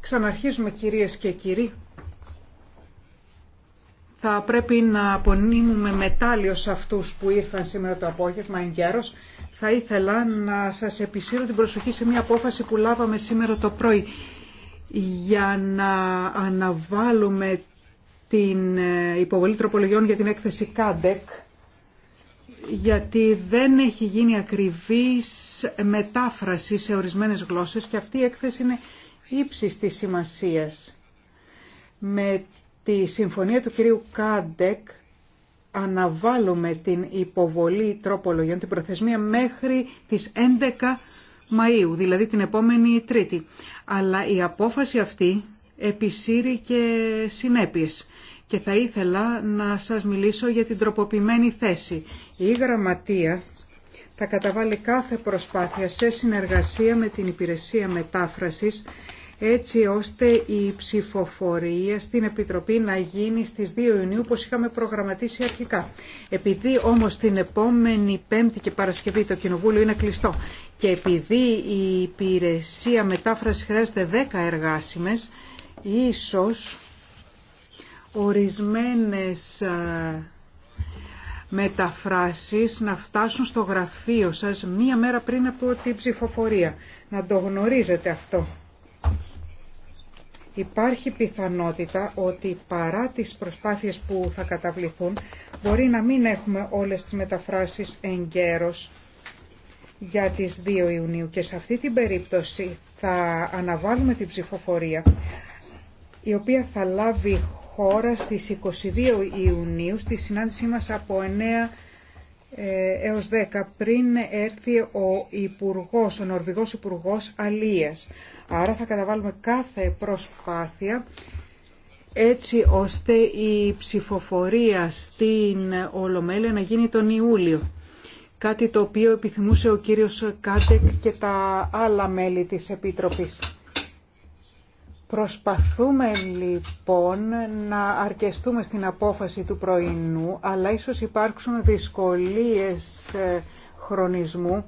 Ξαναρχίζουμε κυρίες και κύριοι. Θα πρέπει να απονείμουμε μετάλλιο σε αυτούς που ήρθαν σήμερα το απόγευμα εν Θα ήθελα να σας επισύρω την προσοχή σε μια απόφαση που λάβαμε σήμερα το πρωί για να αναβάλουμε την ε, υποβολή τροπολογιών για την έκθεση ΚΑΝΤΕΚ γιατί δεν έχει γίνει ακριβής μετάφραση σε ορισμένες γλώσσες και αυτή η έκθεση είναι ύψης της σημασίας. Με τη συμφωνία του κυρίου Κάντεκ αναβάλουμε την υποβολή τροπολογιών, την προθεσμία μέχρι τις 11 Μαΐου, δηλαδή την επόμενη Τρίτη. Αλλά η απόφαση αυτή επισύρει και συνέπειες. Και θα ήθελα να σας μιλήσω για την τροποποιημένη θέση η Γραμματεία θα καταβάλει κάθε προσπάθεια σε συνεργασία με την Υπηρεσία Μετάφρασης έτσι ώστε η ψηφοφορία στην Επιτροπή να γίνει στις 2 Ιουνίου όπως είχαμε προγραμματίσει αρχικά. Επειδή όμως την επόμενη Πέμπτη και Παρασκευή το Κοινοβούλιο είναι κλειστό και επειδή η υπηρεσία μετάφραση χρειάζεται 10 εργάσιμες, ίσως ορισμένες μεταφράσεις να φτάσουν στο γραφείο σας μία μέρα πριν από την ψηφοφορία. Να το γνωρίζετε αυτό. Υπάρχει πιθανότητα ότι παρά τις προσπάθειες που θα καταβληθούν μπορεί να μην έχουμε όλες τις μεταφράσεις εγκαίρως για τις 2 Ιουνίου και σε αυτή την περίπτωση θα αναβάλουμε την ψηφοφορία η οποία θα λάβει χώρα στις 22 Ιουνίου στη συνάντησή μας από 9 ε, έως 10 πριν έρθει ο Υπουργός, ο Νορβηγός Υπουργός Αλίας. Άρα θα καταβάλουμε κάθε προσπάθεια έτσι ώστε η ψηφοφορία στην Ολομέλεια να γίνει τον Ιούλιο. Κάτι το οποίο επιθυμούσε ο κύριος Κάτεκ και τα άλλα μέλη της Επίτροπης. Προσπαθούμε λοιπόν να αρκεστούμε στην απόφαση του πρωινού, αλλά ίσως υπάρξουν δυσκολίες ε, χρονισμού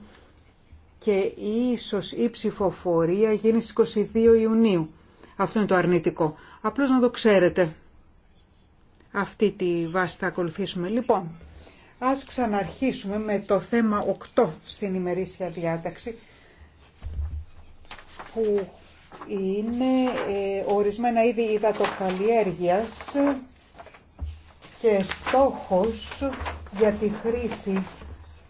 και ίσως η ψηφοφορία γίνει στις 22 Ιουνίου. Αυτό είναι το αρνητικό. Απλώς να το ξέρετε. Αυτή τη βάση θα ακολουθήσουμε. Λοιπόν, ας ξαναρχίσουμε με το θέμα 8 στην ημερήσια διάταξη που είναι ε, ορισμένα είδη υδατοκαλλιέργειας και στόχος για τη χρήση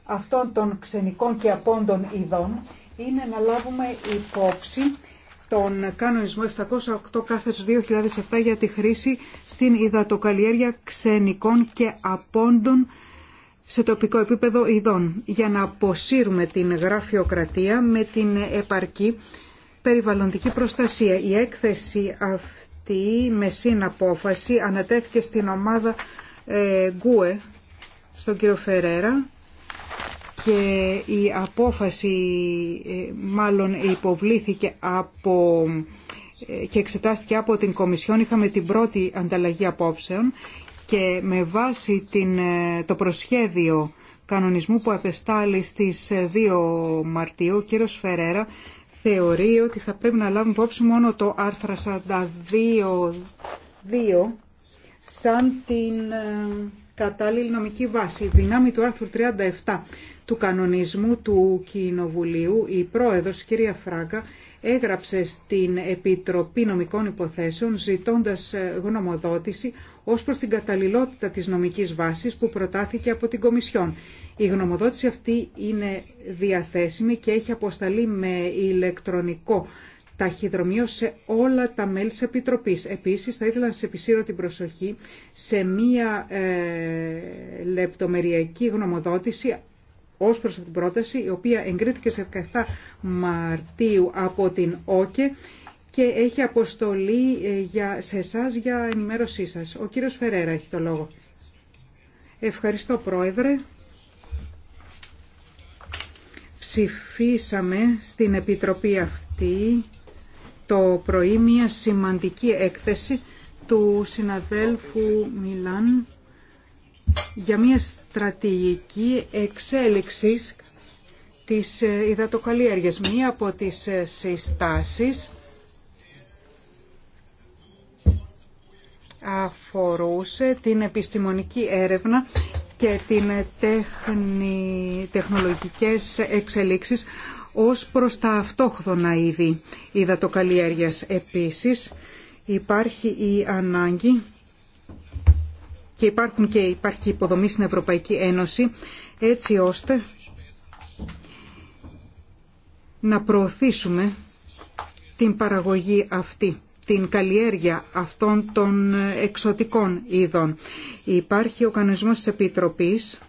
αυτών των ξενικών και απόντων ειδών είναι να λάβουμε υπόψη τον κανονισμό 708 κάθετος 2007 για τη χρήση στην υδατοκαλλιέργεια ξενικών και απόντων σε τοπικό επίπεδο ειδών για να αποσύρουμε την γραφειοκρατία με την επαρκή περιβαλλοντική προστασία. Η έκθεση αυτή με συναπόφαση ανατέθηκε στην ομάδα ε, Γκουε, στον κύριο Φερέρα και η απόφαση ε, μάλλον υποβλήθηκε από ε, και εξετάστηκε από την Κομισιόν. Είχαμε την πρώτη ανταλλαγή απόψεων και με βάση την, ε, το προσχέδιο κανονισμού που απεστάλλει στις 2 Μαρτίου, ο κύριος Φερέρα θεωρεί ότι θα πρέπει να λάβουν υπόψη μόνο το άρθρα 42.2 σαν την ε, κατάλληλη νομική βάση. δυνάμη του άρθρου 37 του κανονισμού του Κοινοβουλίου, η πρόεδρος κυρία Φράγκα έγραψε στην Επιτροπή Νομικών Υποθέσεων ζητώντας ε, γνωμοδότηση ως προς την καταλληλότητα της νομικής βάσης που προτάθηκε από την Κομισιόν. Η γνωμοδότηση αυτή είναι διαθέσιμη και έχει αποσταλεί με ηλεκτρονικό ταχυδρομείο σε όλα τα μέλη της Επιτροπής. Επίσης, θα ήθελα να σε επισύρω την προσοχή σε μία ε, λεπτομεριακή γνωμοδότηση ως προς την πρόταση, η οποία εγκρίθηκε σε 17 Μαρτίου από την ΟΚΕ και έχει αποστολή ε, για, σε εσά για ενημέρωσή σας. Ο κύριος Φερέρα έχει το λόγο. Ευχαριστώ Πρόεδρε. Ψηφίσαμε στην Επιτροπή αυτή το πρωί μια σημαντική έκθεση του συναδέλφου Μιλάν για μια στρατηγική εξέλιξης της ε, υδατοκαλλιέργειας. Μία από τις ε, συστάσεις αφορούσε την επιστημονική έρευνα και την τεχνολογικές εξελίξεις ως προς τα αυτόχθονα είδη υδατοκαλλιέργειας. Επίσης υπάρχει η ανάγκη και, υπάρχουν και υπάρχει υποδομή στην Ευρωπαϊκή Ένωση έτσι ώστε να προωθήσουμε την παραγωγή αυτή την καλλιέργεια αυτών των εξωτικών είδων. Υπάρχει ο κανονισμός της Επιτροπής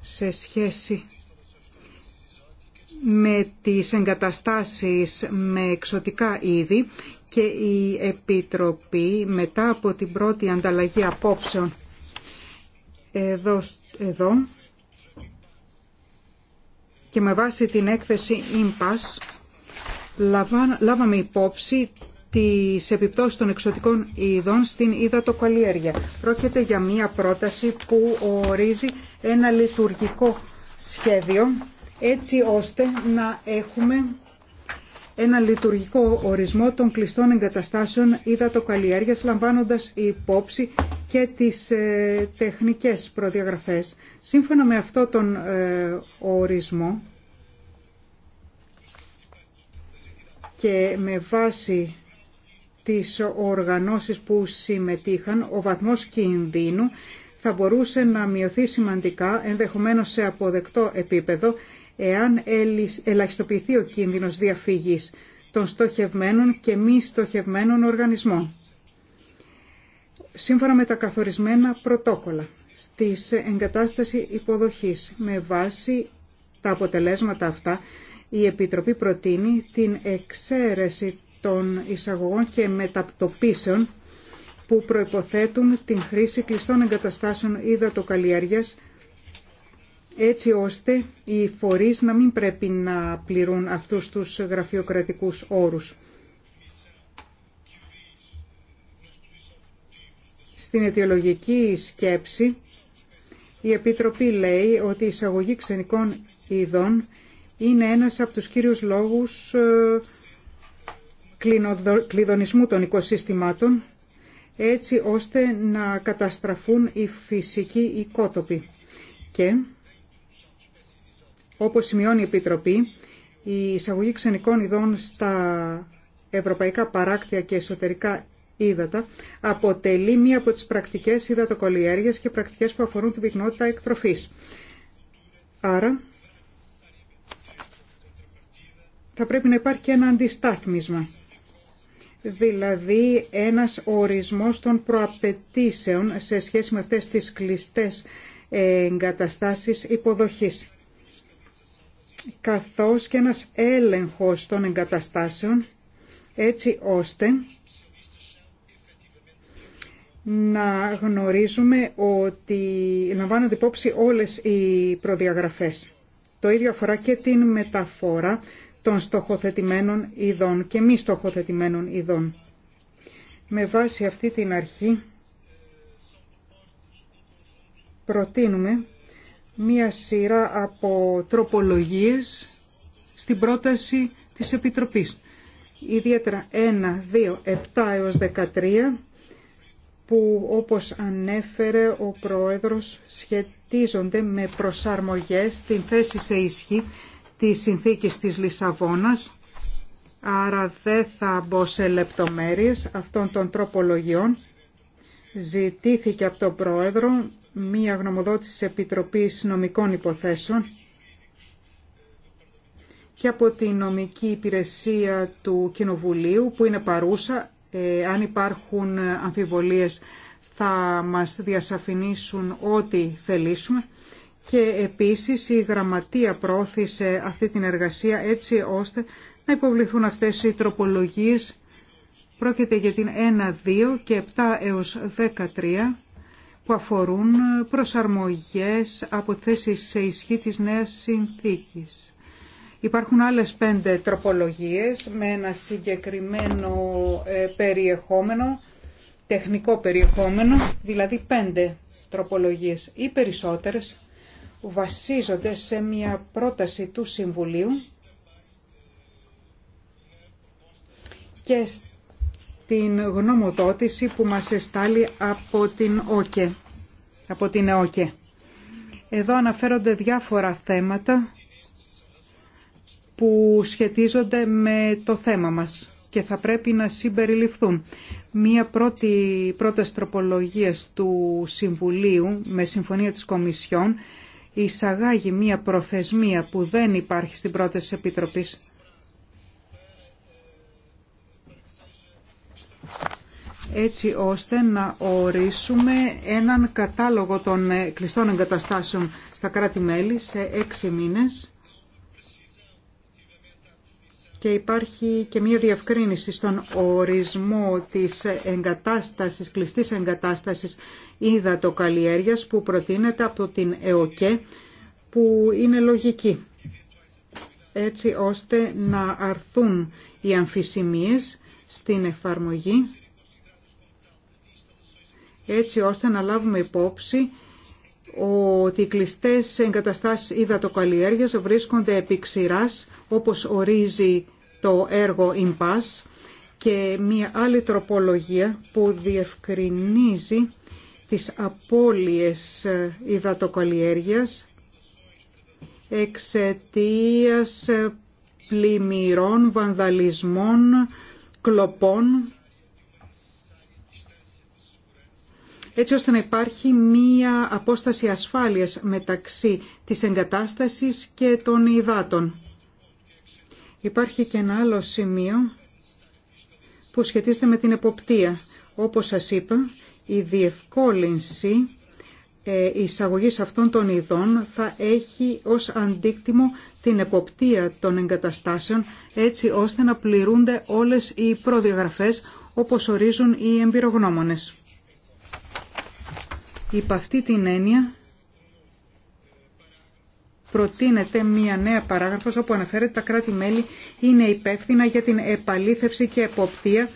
σε σχέση με τις εγκαταστάσεις με εξωτικά είδη και η Επιτροπή μετά από την πρώτη ανταλλαγή απόψεων εδώ, και με βάση την έκθεση Ίμπας Λάβαμε υπόψη τι επιπτώσει των εξωτικών ειδών στην υδατοκαλλιέργεια. Πρόκειται για μία πρόταση που ορίζει ένα λειτουργικό σχέδιο έτσι ώστε να έχουμε ένα λειτουργικό ορισμό των κλειστών εγκαταστάσεων υδατοκαλλιέργειας λαμβάνοντας υπόψη και τις ε, τεχνικές προδιαγραφές. Σύμφωνα με αυτό τον ε, ορισμό και με βάση τις οργανώσεις που συμμετείχαν, ο βαθμός κινδύνου θα μπορούσε να μειωθεί σημαντικά, ενδεχομένως σε αποδεκτό επίπεδο, εάν ελαχιστοποιηθεί ο κίνδυνος διαφύγης των στοχευμένων και μη στοχευμένων οργανισμών. Σύμφωνα με τα καθορισμένα πρωτόκολλα στις εγκατάσταση υποδοχής με βάση τα αποτελέσματα αυτά η Επιτροπή προτείνει την εξαίρεση των εισαγωγών και μεταπτωπίσεων που προϋποθέτουν την χρήση κλειστών εγκαταστάσεων υδατοκαλλιέργειας έτσι ώστε οι φορείς να μην πρέπει να πληρούν αυτούς τους γραφειοκρατικούς όρους. Στην αιτιολογική σκέψη, η Επιτροπή λέει ότι η εισαγωγή ξενικών ειδών είναι ένας από τους κύριους λόγους ε, κλειδονισμού των οικοσύστημάτων έτσι ώστε να καταστραφούν οι φυσικοί οικότοποι. Και, όπως σημειώνει η Επιτροπή, η εισαγωγή ξενικών ειδών στα ευρωπαϊκά παράκτια και εσωτερικά ύδατα αποτελεί μία από τις πρακτικές υδατοκολιέργειες και πρακτικές που αφορούν την πυκνότητα εκτροφής. Άρα, θα πρέπει να υπάρχει και ένα αντιστάθμισμα. Δηλαδή ένας ορισμός των προαπαιτήσεων σε σχέση με αυτές τις κλειστές εγκαταστάσεις υποδοχής. Καθώς και ένας έλεγχος των εγκαταστάσεων έτσι ώστε να γνωρίζουμε ότι λαμβάνονται υπόψη όλες οι προδιαγραφές. Το ίδιο αφορά και την μεταφορά των στοχοθετημένων ειδών και μη στοχοθετημένων ειδών. Με βάση αυτή την αρχή προτείνουμε μία σειρά από τροπολογίες στην πρόταση της Επιτροπής. Ιδιαίτερα 1, 2, 7 έως 13 που όπως ανέφερε ο Πρόεδρος σχετίζονται με προσαρμογές στην θέση σε ισχύ τη συνθήκης της Λισαβόνας, άρα δεν θα μπω σε λεπτομέρειες αυτών των τροπολογιών. Ζητήθηκε από τον Πρόεδρο μία γνωμοδότηση της Επιτροπής Νομικών Υποθέσεων και από τη νομική υπηρεσία του Κοινοβουλίου που είναι παρούσα. Ε, αν υπάρχουν αμφιβολίες θα μας διασαφηνίσουν ό,τι θελήσουμε. Και επίσης η γραμματεία πρόθεσε αυτή την εργασία έτσι ώστε να υποβληθούν αυτές οι τροπολογίες. Πρόκειται για την 1, 2 και 7 έως 13 που αφορούν προσαρμογές από θέσεις σε ισχύ της νέας συνθήκης. Υπάρχουν άλλες πέντε τροπολογίες με ένα συγκεκριμένο ε, περιεχόμενο, τεχνικό περιεχόμενο, δηλαδή πέντε τροπολογίες ή περισσότερες βασίζονται σε μια πρόταση του Συμβουλίου και στην γνωμοδότηση που μας εστάλει από την ΟΚΕ. Από την ΕΟΚΕ. Εδώ αναφέρονται διάφορα θέματα που σχετίζονται με το θέμα μας και θα πρέπει να συμπεριληφθούν. Μία πρώτη, πρώτες του Συμβουλίου με συμφωνία της Κομισιόν εισαγάγει μία προθεσμία που δεν υπάρχει στην πρόταση Επιτροπής. έτσι ώστε να ορίσουμε έναν κατάλογο των κλειστών εγκαταστάσεων στα κράτη-μέλη σε έξι μήνες και υπάρχει και μία διευκρίνηση στον ορισμό της εγκατάστασης, κλειστής εγκατάστασης υδατοκαλλιέργειας που προτείνεται από την ΕΟΚΕ που είναι λογική έτσι ώστε να αρθούν οι αμφισημίες στην εφαρμογή έτσι ώστε να λάβουμε υπόψη ότι οι κλειστές εγκαταστάσεις υδατοκαλλιέργειας βρίσκονται επί ξηράς όπως ορίζει το έργο Impasse και μία άλλη τροπολογία που διευκρινίζει τις απώλειες ε, υδατοκαλλιέργειας εξαιτίας ε, πλημμυρών, βανδαλισμών, κλοπών έτσι ώστε να υπάρχει μία απόσταση ασφάλειας μεταξύ της εγκατάστασης και των υδάτων. Υπάρχει και ένα άλλο σημείο που σχετίζεται με την εποπτεία. Όπως σας είπα, η διευκόλυνση ε, εισαγωγής αυτών των ειδών θα έχει ως αντίκτυμο την εποπτεία των εγκαταστάσεων έτσι ώστε να πληρούνται όλες οι προδιαγραφές όπως ορίζουν οι εμπειρογνώμονες. Υπ' αυτή την έννοια προτείνεται μία νέα παράγραφος όπου αναφέρεται τα κράτη-μέλη είναι υπεύθυνα για την επαλήθευση και εποπτεία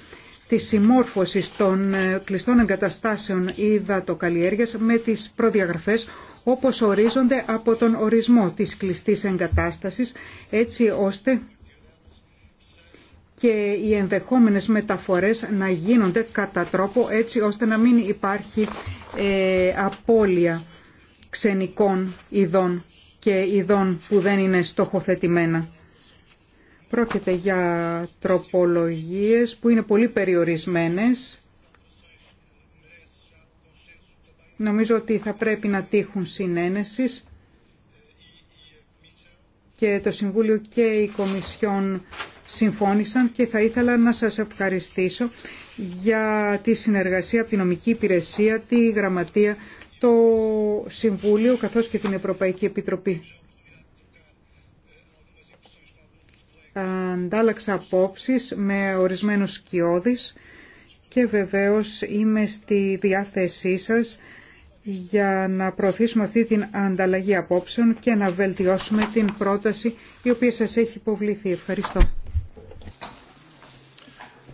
της συμμόρφωσης των ε, κλειστών εγκαταστάσεων υδατοκαλλιέργειας με τις προδιαγραφές όπως ορίζονται από τον ορισμό της κλειστής εγκατάστασης έτσι ώστε και οι ενδεχόμενες μεταφορές να γίνονται κατά τρόπο έτσι ώστε να μην υπάρχει ε, απώλεια ξενικών ειδών και ειδών που δεν είναι στοχοθετημένα. Πρόκειται για τροπολογίες που είναι πολύ περιορισμένες. Νομίζω ότι θα πρέπει να τύχουν συνένεσης και το Συμβούλιο και η Κομισιόν συμφώνησαν και θα ήθελα να σας ευχαριστήσω για τη συνεργασία από την νομική υπηρεσία, τη γραμματεία το Συμβούλιο καθώς και την Ευρωπαϊκή Επιτροπή. Αντάλλαξα απόψεις με ορισμένους σκιώδεις και βεβαίως είμαι στη διάθεσή σας για να προωθήσουμε αυτή την ανταλλαγή απόψεων και να βελτιώσουμε την πρόταση η οποία σας έχει υποβληθεί. Ευχαριστώ.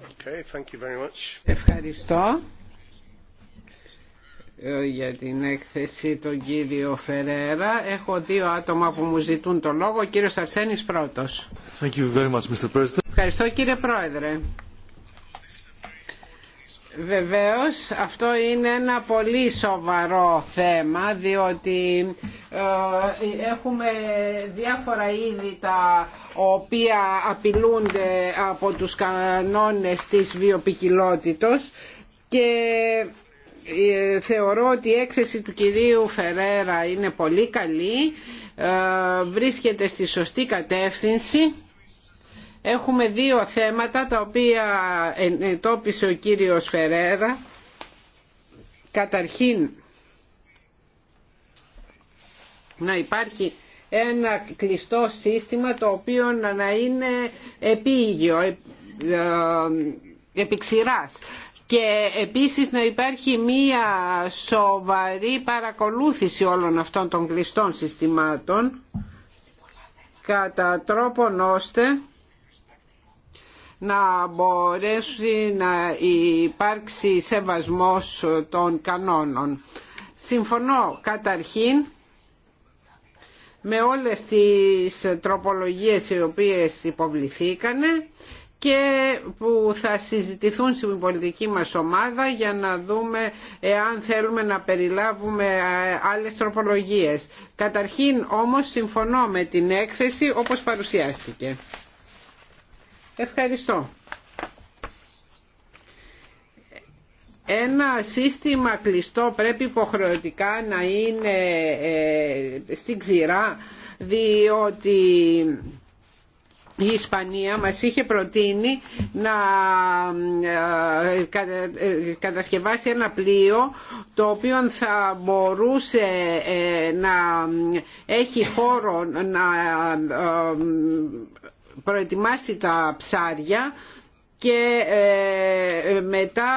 Okay, thank you very Ευχαριστώ. Ε, για την έκθεση τον κύριο Φερέρα. Έχω δύο άτομα που μου ζητούν το λόγο. Ο κύριος Αρσένης πρώτος. Thank you very Ευχαριστώ κύριε Πρόεδρε. Βεβαίως αυτό είναι ένα πολύ σοβαρό θέμα διότι ε, έχουμε διάφορα είδη τα οποία απειλούνται από τους κανόνες της βιοπικιλότητος και ε, θεωρώ ότι η έκθεση του κυρίου Φερέρα είναι πολύ καλή, ε, βρίσκεται στη σωστή κατεύθυνση. Έχουμε δύο θέματα τα οποία εντόπισε ο κύριος Φερέρα. Καταρχήν να υπάρχει ένα κλειστό σύστημα το οποίο να είναι επίγειο, ε, επί και επίσης να υπάρχει μία σοβαρή παρακολούθηση όλων αυτών των κλειστών συστημάτων κατά τρόπον ώστε να μπορέσει να υπάρξει σεβασμός των κανόνων. Συμφωνώ καταρχήν με όλες τις τροπολογίες οι οποίες υποβληθήκανε και που θα συζητηθούν στην πολιτική μας ομάδα για να δούμε εάν θέλουμε να περιλάβουμε ε, άλλες τροπολογίες. Καταρχήν όμως συμφωνώ με την έκθεση όπως παρουσιάστηκε. Ευχαριστώ. Ένα σύστημα κλειστό πρέπει υποχρεωτικά να είναι ε, στην ξηρά διότι η Ισπανία μας είχε προτείνει να ε, ε, κατασκευάσει ένα πλοίο το οποίο θα μπορούσε ε, να έχει χώρο να προετοιμάσει τα ψάρια και ε, μετά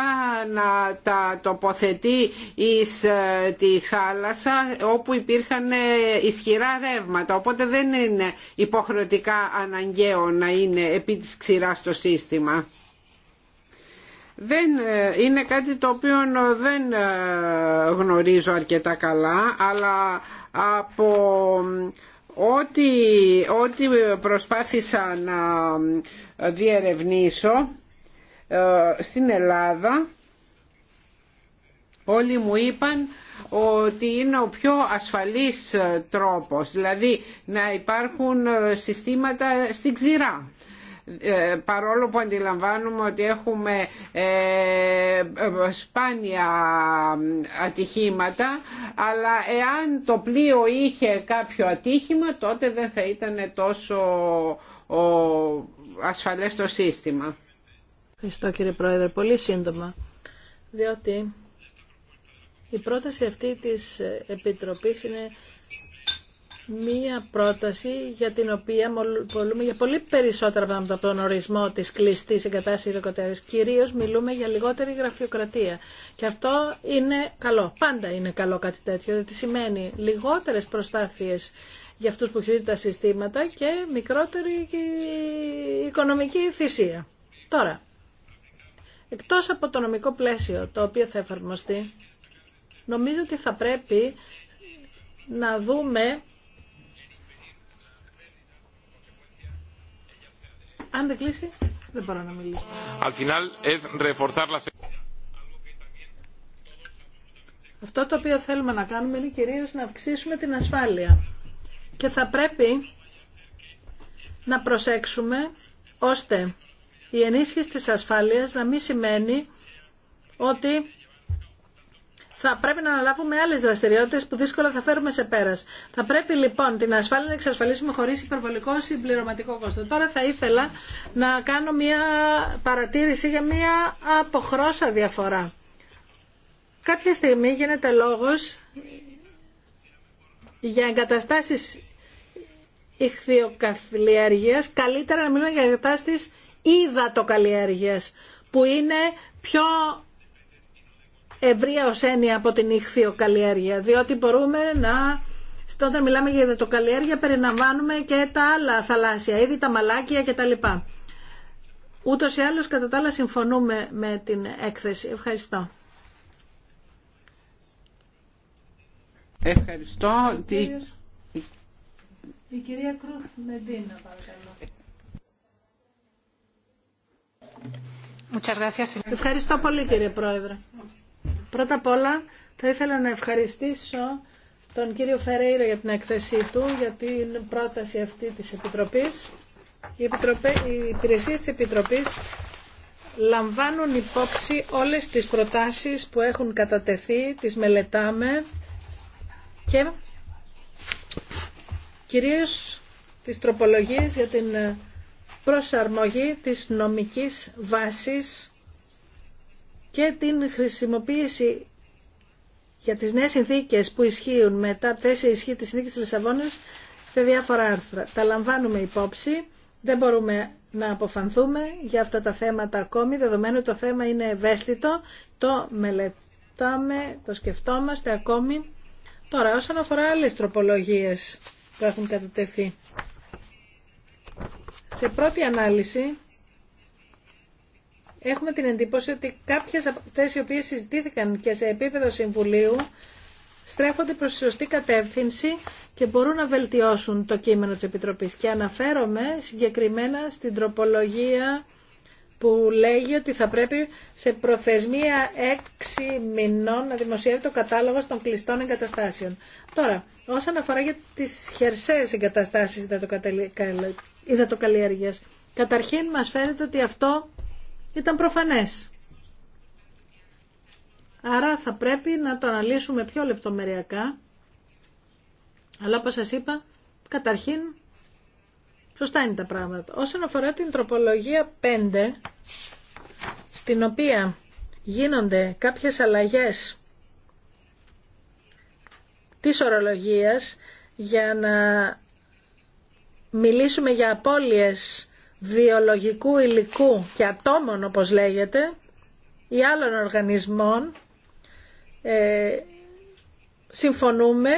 να τα τοποθετεί εις ε, τη θάλασσα όπου υπήρχαν ε, ισχυρά ρεύματα. Οπότε δεν είναι υποχρεωτικά αναγκαίο να είναι επί της ξηράς το σύστημα. Δεν, είναι κάτι το οποίο δεν γνωρίζω αρκετά καλά, αλλά από ό,τι, ό,τι προσπάθησα να διερευνήσω ε, στην Ελλάδα όλοι μου είπαν ότι είναι ο πιο ασφαλής ε, τρόπος, δηλαδή να υπάρχουν ε, συστήματα στην ξηρά. Παρόλο που αντιλαμβάνουμε ότι έχουμε σπάνια ατυχήματα, αλλά εάν το πλοίο είχε κάποιο ατύχημα τότε δεν θα ήταν τόσο ασφαλές το σύστημα. Ευχαριστώ κύριε Πρόεδρε. Πολύ σύντομα. Διότι η πρόταση αυτή της Επιτροπής είναι μία πρόταση για την οποία μιλούμε για πολύ περισσότερα από τον ορισμό της κλειστής εγκατάστασης ιδιοκοτέρης. Κυρίως μιλούμε για λιγότερη γραφειοκρατία. Και αυτό είναι καλό. Πάντα είναι καλό κάτι τέτοιο, διότι σημαίνει λιγότερες προστάθειες για αυτούς που χρειάζονται τα συστήματα και μικρότερη οικονομική θυσία. Τώρα, εκτός από το νομικό πλαίσιο το οποίο θα εφαρμοστεί, νομίζω ότι θα πρέπει να δούμε Αν δεν κλείσει, δεν μπορώ να μιλήσω. Αυτό το οποίο θέλουμε να κάνουμε είναι κυρίως να αυξήσουμε την ασφάλεια και θα πρέπει να προσέξουμε ώστε η ενίσχυση της ασφάλειας να μην σημαίνει ότι θα πρέπει να αναλάβουμε άλλες δραστηριότητες που δύσκολα θα φέρουμε σε πέρας. Θα πρέπει λοιπόν την ασφάλεια να εξασφαλίσουμε χωρίς υπερβολικό συμπληρωματικό κόστο. Τώρα θα ήθελα να κάνω μια παρατήρηση για μια αποχρώσα διαφορά. Κάποια στιγμή γίνεται λόγος για εγκαταστάσει ιχθυοκαλλιέργειας, καλύτερα να μιλούμε για το υδατοκαλλιέργεια, που είναι πιο ευρεία ω έννοια από την ηχθειοκαλλιέργεια, διότι μπορούμε να... Όταν μιλάμε για υδατοκαλλιέργεια περιλαμβάνουμε και τα άλλα θαλάσσια είδη, τα μαλάκια κτλ. Ούτως ή άλλως κατά τα άλλα συμφωνούμε με την έκθεση. Ευχαριστώ. Ευχαριστώ. η κυρία Μεντίνα, παρακαλώ. Ευχαριστώ πολύ κύριε Πρόεδρε. Πρώτα απ' όλα θα ήθελα να ευχαριστήσω τον κύριο Φερέιρο για την έκθεσή του, για την πρόταση αυτή της Επιτροπής. Οι, Επιτροπέ, οι υπηρεσίες της Επιτροπής λαμβάνουν υπόψη όλες τις προτάσεις που έχουν κατατεθεί, τις μελετάμε και κυρίως της τροπολογίας για την ε, προσαρμογή της νομικής βάσης και την χρησιμοποίηση για τις νέες συνθήκες που ισχύουν μετά θέση ισχύ της συνθήκης της Λισαβόνης σε διάφορα άρθρα. Τα λαμβάνουμε υπόψη, δεν μπορούμε να αποφανθούμε για αυτά τα θέματα ακόμη, δεδομένου το θέμα είναι ευαίσθητο, το μελετάμε, το σκεφτόμαστε ακόμη Τώρα, όσον αφορά άλλες τροπολογίες που έχουν κατατεθεί. Σε πρώτη ανάλυση, έχουμε την εντύπωση ότι κάποιες από αυτές οι οποίες συζητήθηκαν και σε επίπεδο Συμβουλίου στρέφονται προς τη σωστή κατεύθυνση και μπορούν να βελτιώσουν το κείμενο της Επιτροπής. Και αναφέρομαι συγκεκριμένα στην τροπολογία που λέγει ότι θα πρέπει σε προθεσμία έξι μηνών να δημοσιεύει το κατάλογο των κλειστών εγκαταστάσεων. Τώρα, όσον αφορά για τις χερσαίες εγκαταστάσεις υδατοκαλλιέργειας, καταρχήν μας φαίνεται ότι αυτό ήταν προφανές. Άρα θα πρέπει να το αναλύσουμε πιο λεπτομεριακά, αλλά όπως σας είπα, καταρχήν Σωστά είναι τα πράγματα. Όσον αφορά την τροπολογία 5, στην οποία γίνονται κάποιες αλλαγές της ορολογίας για να μιλήσουμε για απώλειες βιολογικού υλικού και ατόμων όπως λέγεται ή άλλων οργανισμών ε, συμφωνούμε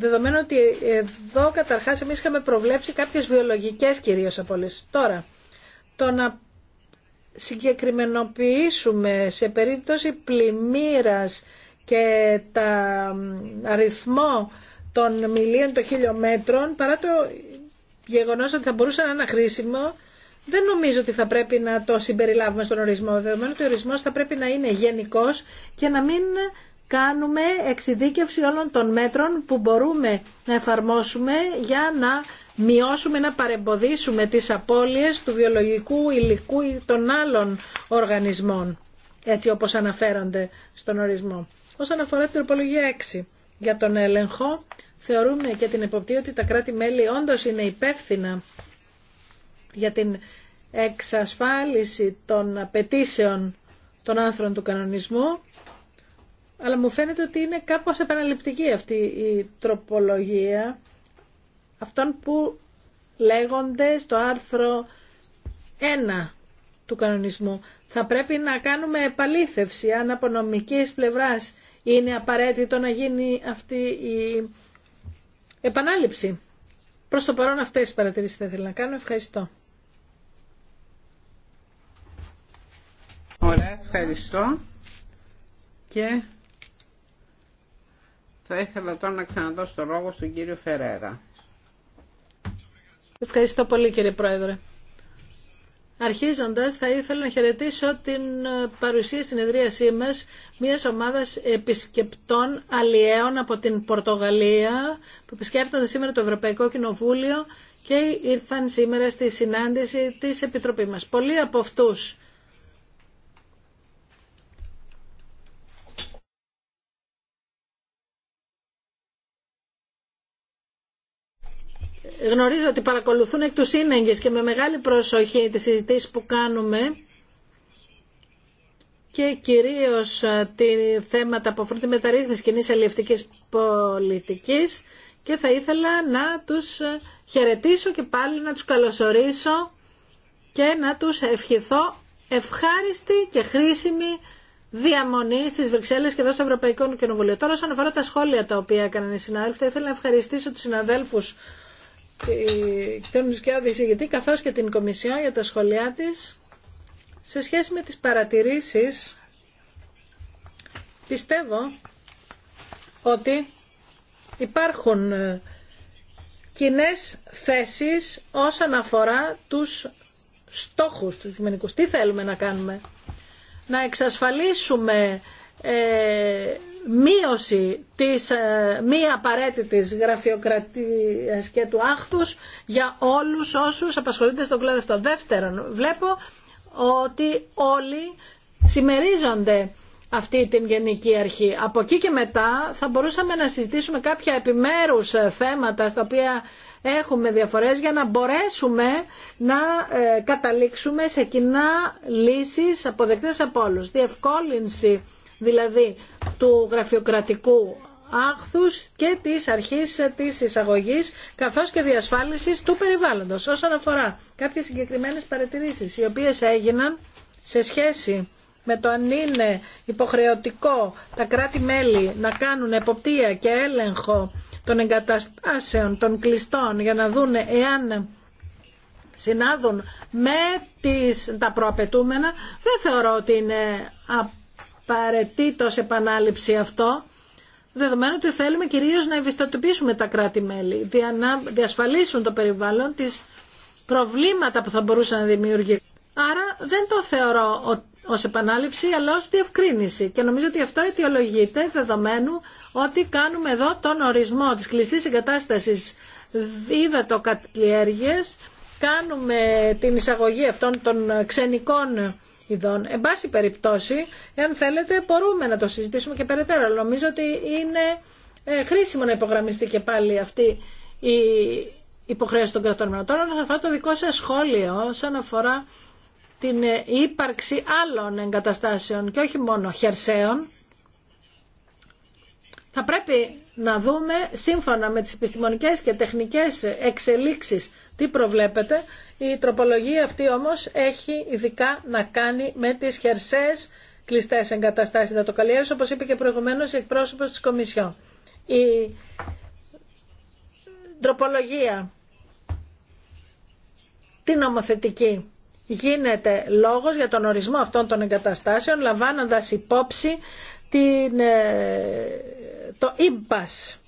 Δεδομένου ότι εδώ καταρχάς εμείς είχαμε προβλέψει κάποιες βιολογικές κυρίως απολύσεις. Τώρα, το να συγκεκριμενοποιήσουμε σε περίπτωση πλημμύρας και τα αριθμό των μιλίων των χιλιόμετρων, παρά το γεγονός ότι θα μπορούσε να είναι χρήσιμο, δεν νομίζω ότι θα πρέπει να το συμπεριλάβουμε στον ορισμό, δεδομένου ότι ο ορισμός θα πρέπει να είναι γενικός και να μην κάνουμε εξειδίκευση όλων των μέτρων που μπορούμε να εφαρμόσουμε για να μειώσουμε, να παρεμποδίσουμε τις απώλειες του βιολογικού υλικού των άλλων οργανισμών, έτσι όπως αναφέρονται στον ορισμό. Όσον αφορά την τροπολογία 6 για τον έλεγχο, θεωρούμε και την εποπτεία ότι τα κράτη-μέλη όντως είναι υπεύθυνα για την εξασφάλιση των απαιτήσεων των άνθρων του κανονισμού αλλά μου φαίνεται ότι είναι κάπως επαναληπτική αυτή η τροπολογία αυτών που λέγονται στο άρθρο 1 του κανονισμού. Θα πρέπει να κάνουμε επαλήθευση αν από νομικής πλευράς είναι απαραίτητο να γίνει αυτή η επανάληψη. Προς το παρόν αυτές τις παρατηρήσεις θα ήθελα να κάνω. Ευχαριστώ. Ωραία, ευχαριστώ. Και θα ήθελα τώρα να ξαναδώσω το λόγο στον κύριο Φερέρα. Ευχαριστώ πολύ κύριε Πρόεδρε. Αρχίζοντας θα ήθελα να χαιρετήσω την ε, παρουσία συνεδρίασή μας μιας ομάδας επισκεπτών αλλιέων από την Πορτογαλία που επισκέφτονται σήμερα το Ευρωπαϊκό Κοινοβούλιο και ήρθαν σήμερα στη συνάντηση της Επιτροπής μας. Πολλοί από αυτούς γνωρίζω ότι παρακολουθούν εκ του σύνεγγες και με μεγάλη προσοχή τις συζητήσεις που κάνουμε και κυρίως ε, τη θέματα που αφορούν τη μεταρρύθμιση κοινή αλληλευτικής πολιτικής και θα ήθελα να τους ε, χαιρετήσω και πάλι να τους καλωσορίσω και να τους ευχηθώ ευχάριστη και χρήσιμη διαμονή στι Βρυξέλλε και εδώ στο Ευρωπαϊκό Κοινοβούλιο. Τώρα, όσον αφορά τα σχόλια τα οποία έκαναν οι συνάδελφοι, θα ήθελα να ευχαριστήσω του συναδέλφου τον Ισκιάδη γιατί καθώς και την Κομισιά για τα σχολιά της σε σχέση με τις παρατηρήσεις πιστεύω ότι υπάρχουν ε, κοινέ θέσεις όσον αφορά τους στόχους του κοινωνικού. Τι θέλουμε να κάνουμε. Να εξασφαλίσουμε ε, μείωση της ε, μη απαραίτητης γραφειοκρατίας και του άχθους για όλους όσους απασχολούνται στον κλάδο αυτό. Δεύτερον, βλέπω ότι όλοι συμμερίζονται αυτή την γενική αρχή. Από εκεί και μετά θα μπορούσαμε να συζητήσουμε κάποια επιμέρους ε, θέματα στα οποία έχουμε διαφορές για να μπορέσουμε να ε, καταλήξουμε σε κοινά λύσεις αποδεκτές από όλους. Διευκόλυνση δηλαδή του γραφειοκρατικού άχθους και της αρχής της εισαγωγής καθώς και διασφάλισης του περιβάλλοντος. Όσον αφορά κάποιες συγκεκριμένες παρατηρήσεις οι οποίες έγιναν σε σχέση με το αν είναι υποχρεωτικό τα κράτη-μέλη να κάνουν εποπτεία και έλεγχο των εγκαταστάσεων, των κλειστών για να δουν εάν συνάδουν με τις, τα προαπαιτούμενα δεν θεωρώ ότι είναι σε επανάληψη αυτό, δεδομένου ότι θέλουμε κυρίως να ευαισθητοποιήσουμε τα κράτη-μέλη, να διασφαλίσουν το περιβάλλον, τις προβλήματα που θα μπορούσαν να δημιουργήσουν. Άρα δεν το θεωρώ ως επανάληψη, αλλά ως διευκρίνηση. Και νομίζω ότι αυτό αιτιολογείται, δεδομένου ότι κάνουμε εδώ τον ορισμό της κλειστής εγκατάστασης δίδατο κάνουμε την εισαγωγή αυτών των ξενικών ειδών. Εν πάση περιπτώσει, εάν θέλετε, μπορούμε να το συζητήσουμε και περαιτέρω. νομίζω ότι είναι ε, χρήσιμο να υπογραμμιστεί και πάλι αυτή η υποχρέωση των κρατών Τώρα, αφορά το δικό σας σχόλιο, σαν αφορά την ε, ύπαρξη άλλων εγκαταστάσεων και όχι μόνο χερσαίων, θα πρέπει να δούμε σύμφωνα με τις επιστημονικές και τεχνικές εξελίξεις τι προβλέπετε η τροπολογία αυτή όμως έχει ειδικά να κάνει με τις χερσαίες κλειστές εγκαταστάσεις δατοκαλλιέρωσης, όπως είπε και προηγουμένως η εκπρόσωπος της Κομισιόν. Η τροπολογία, την νομοθετική, γίνεται λόγος για τον ορισμό αυτών των εγκαταστάσεων, λαμβάνοντας υπόψη την, ε, το ίμπας.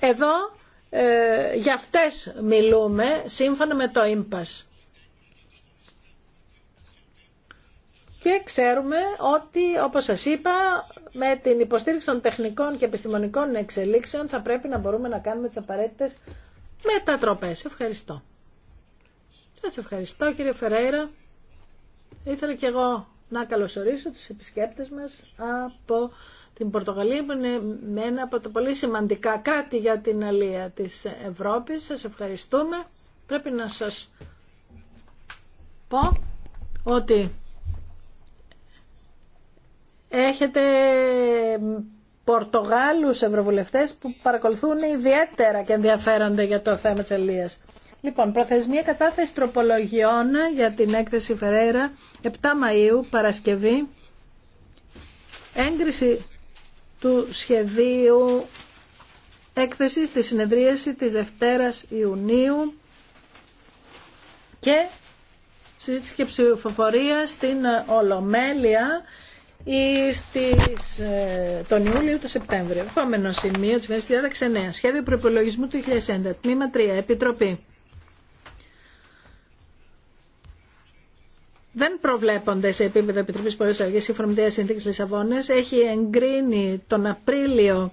Εδώ ε, για αυτές μιλούμε σύμφωνα με το ΙΜΠΑΣ. Και ξέρουμε ότι, όπως σας είπα, με την υποστήριξη των τεχνικών και επιστημονικών εξελίξεων θα πρέπει να μπορούμε να κάνουμε τις απαραίτητες μετατροπές. Ευχαριστώ. Σας ευχαριστώ κύριε Φερέιρα. Ήθελα και εγώ να καλωσορίσω τους επισκέπτες μας από την Πορτογαλία που είναι ένα από τα πολύ σημαντικά κράτη για την αλία της Ευρώπης. Σας ευχαριστούμε. Πρέπει να σας πω ότι έχετε Πορτογάλους ευρωβουλευτές που παρακολουθούν ιδιαίτερα και ενδιαφέρονται για το θέμα της αλίας. Λοιπόν, προθεσμία κατάθεση τροπολογιών για την έκθεση Φεραίρα 7 Μαΐου, Παρασκευή. Έγκριση του σχεδίου έκθεσης στη συνεδρίαση της Δευτέρας Ιουνίου και συζήτηση και ψηφοφορία στην ε, Ολομέλεια ή στις, ε, τον Ιούλιο του Σεπτέμβριο. Επόμενο σημείο της Σχέδιο προπολογισμού του 2011. Τμήμα 3. Επιτροπή. δεν προβλέπονται σε επίπεδο Επιτροπή Πολιτική Αλλαγή σύμφωνα με τη Συνθήκη Λισαβόνα. Έχει εγκρίνει τον Απρίλιο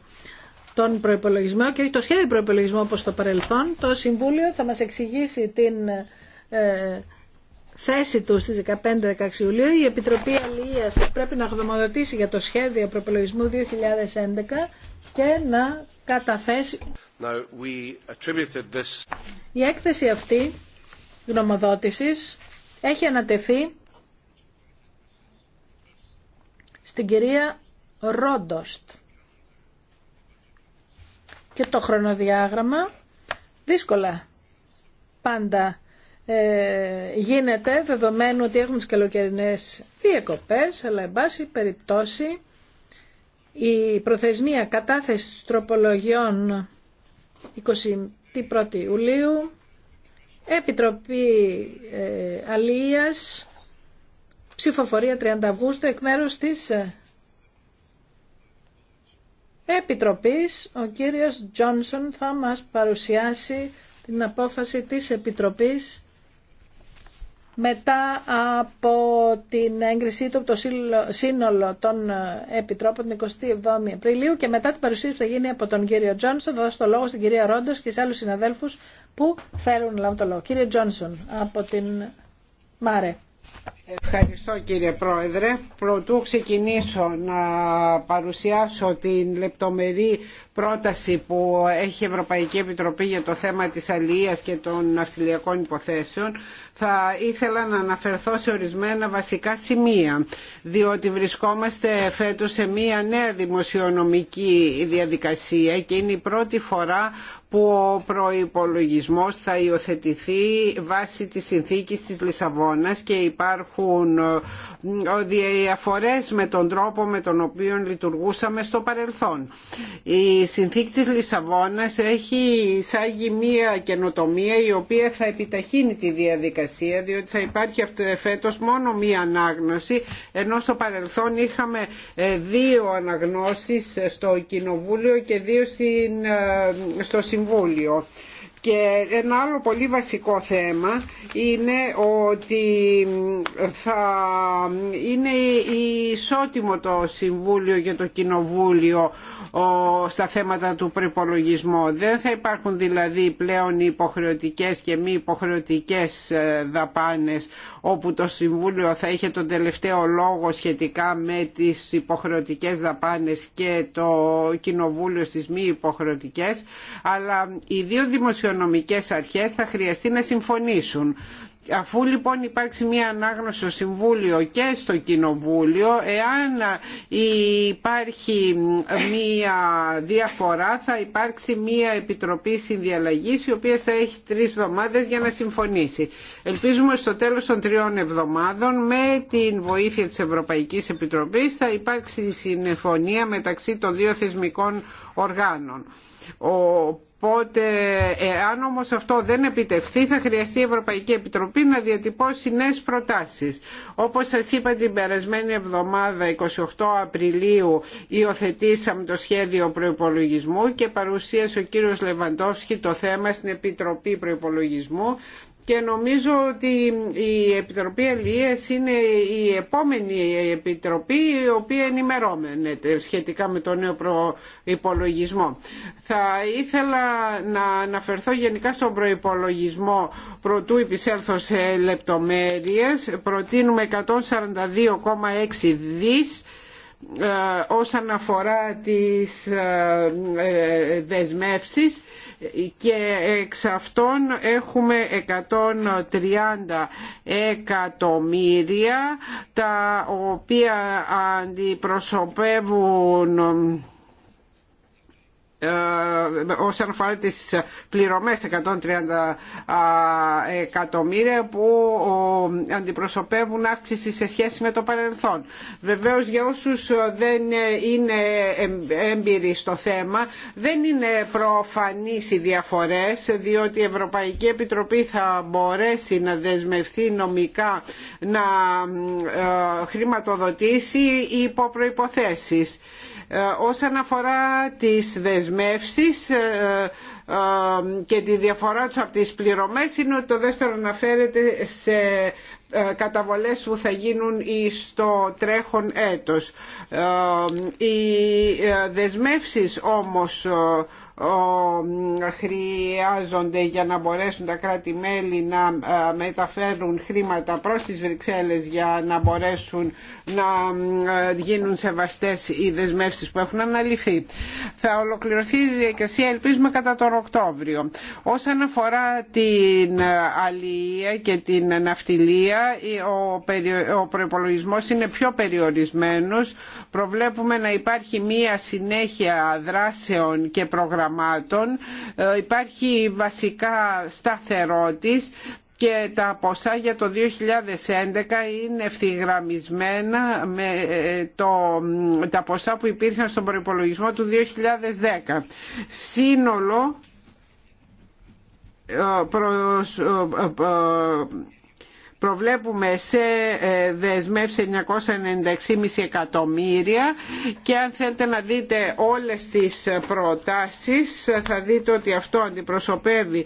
τον προπολογισμό και όχι το σχέδιο προπολογισμού όπω στο παρελθόν. Το Συμβούλιο θα μα εξηγήσει την ε, θέση του στι 15-16 Ιουλίου. Η Επιτροπή Αλληλεία θα πρέπει να γνωμοδοτήσει για το σχέδιο προπολογισμού 2011 και να καταθέσει. Now, this... Η έκθεση αυτή γνωμοδότησης έχει ανατεθεί στην κυρία Ρόντοστ. Και το χρονοδιάγραμμα δύσκολα πάντα ε, γίνεται δεδομένου ότι έχουν τις καλοκαιρινές διακοπές αλλά εν πάση περιπτώσει η προθεσμία κατάθεση τροπολογιών 21 21η Ιουλίου Επιτροπή ε, Αλίας, ψηφοφορία 30 Αυγούστου, εκ μέρους της ε, Επιτροπής, ο κύριος Τζόνσον θα μας παρουσιάσει την απόφαση της Επιτροπής μετά από την έγκρισή του από το σύνολο των ε, Επιτρόπων την 27η Απριλίου και μετά την παρουσίαση που θα γίνει από τον κύριο Τζόνσον θα δώσω το λόγο στην κυρία Ρόντος και σε άλλους συναδέλφους που θέλουν να λάβουν το λόγο. Κύριε Τζόνσον από την Μάρε. Ευχαριστώ κύριε Πρόεδρε. Προτού ξεκινήσω να παρουσιάσω την λεπτομερή πρόταση που έχει η Ευρωπαϊκή Επιτροπή για το θέμα της αλληλείας και των ναυτιλιακών υποθέσεων, θα ήθελα να αναφερθώ σε ορισμένα βασικά σημεία, διότι βρισκόμαστε φέτος σε μία νέα δημοσιονομική διαδικασία και είναι η πρώτη φορά που ο προϋπολογισμός θα υιοθετηθεί βάσει της συνθήκης της Λισαβόνας και υπάρχουν υπάρχουν ε, διαφορές με τον τρόπο με τον οποίο λειτουργούσαμε στο παρελθόν. Η συνθήκη της Λισαβόνας έχει εισάγει μία καινοτομία η οποία θα επιταχύνει τη διαδικασία διότι θα υπάρχει φέτο μόνο μία ανάγνωση ενώ στο παρελθόν είχαμε ε, δύο αναγνώσεις στο Κοινοβούλιο και δύο ε, στο Συμβούλιο. Και ένα άλλο πολύ βασικό θέμα είναι ότι ε, θα είναι ισότιμο το Συμβούλιο για το Κοινοβούλιο στα θέματα του προπολογισμού. Δεν θα υπάρχουν δηλαδή πλέον υποχρεωτικές και μη υποχρεωτικές ε, δαπάνες όπου το Συμβούλιο θα είχε τον τελευταίο λόγο σχετικά με τις υποχρεωτικές δαπάνες και το Κοινοβούλιο στις μη υποχρεωτικές αλλά οι δύο δημοσιονομικές αρχές θα χρειαστεί να συμφωνήσουν Αφού λοιπόν υπάρξει μια ανάγνωση στο Συμβούλιο και στο Κοινοβούλιο, εάν υπάρχει μια διαφορά θα υπάρξει μια Επιτροπή Συνδιαλλαγής η οποία θα έχει τρεις εβδομάδες για να συμφωνήσει. Ελπίζουμε στο τέλος των τριών εβδομάδων με την βοήθεια της Ευρωπαϊκής Επιτροπής θα υπάρξει συμφωνία μεταξύ των δύο θεσμικών οργάνων. Οπότε, εάν όμως αυτό δεν επιτευχθεί, θα χρειαστεί η Ευρωπαϊκή Επιτροπή να διατυπώσει νέες προτάσεις. Όπως σας είπα την περασμένη εβδομάδα, 28 Απριλίου, υιοθετήσαμε το σχέδιο προϋπολογισμού και παρουσίασε ο κύριος Λεβαντόφσκι το θέμα στην Επιτροπή Προϋπολογισμού και νομίζω ότι η Επιτροπή Ελίες είναι η επόμενη επιτροπή η οποία ενημερώμενε σχετικά με το νέο προϋπολογισμό. Θα ήθελα να αναφερθώ γενικά στον προϋπολογισμό προτού επισέλθω σε λεπτομέρειες. Προτείνουμε 142,6 δις ε, όσον αφορά τις ε, ε, δεσμεύσεις και εξ αυτών έχουμε 130 εκατομμύρια τα οποία αντιπροσωπεύουν ε, όσον αφορά τις πληρωμές 130 εκατομμύρια που αντιπροσωπεύουν αύξηση σε σχέση με το παρελθόν. Βεβαίως για όσους δεν είναι έμπειροι στο θέμα δεν είναι προφανείς οι διαφορές διότι η Ευρωπαϊκή Επιτροπή θα μπορέσει να δεσμευθεί νομικά να ε, χρηματοδοτήσει υπό προϋποθέσεις. Ε, όσον αφορά τις δεσμεύσεις ε, ε, και τη διαφορά τους από τις πληρωμές είναι ότι το δεύτερο αναφέρεται σε καταβολές που θα γίνουν στο τρέχον έτος. Οι δεσμεύσεις όμως χρειάζονται για να μπορέσουν τα κράτη-μέλη να ε, μεταφέρουν χρήματα προς τις Βρυξέλλες για να μπορέσουν να ε, γίνουν σεβαστές οι δεσμεύσεις που έχουν αναλυθεί. Θα ολοκληρωθεί η διαδικασία ελπίζουμε κατά τον Οκτώβριο. Όσον αφορά την ε, αλληλεία και την ναυτιλία ο προϋπολογισμός είναι πιο περιορισμένος. Προβλέπουμε να υπάρχει μία συνέχεια δράσεων και προγραμμάτων ε, υπάρχει βασικά σταθερότης και τα ποσά για το 2011 είναι ευθυγραμμισμένα με ε, το, τα ποσά που υπήρχαν στον προϋπολογισμό του 2010. Σύνολο ε, προς, προβλέπουμε σε ε, δεσμεύσει 996,5 εκατομμύρια και αν θέλετε να δείτε όλες τις προτάσεις θα δείτε ότι αυτό αντιπροσωπεύει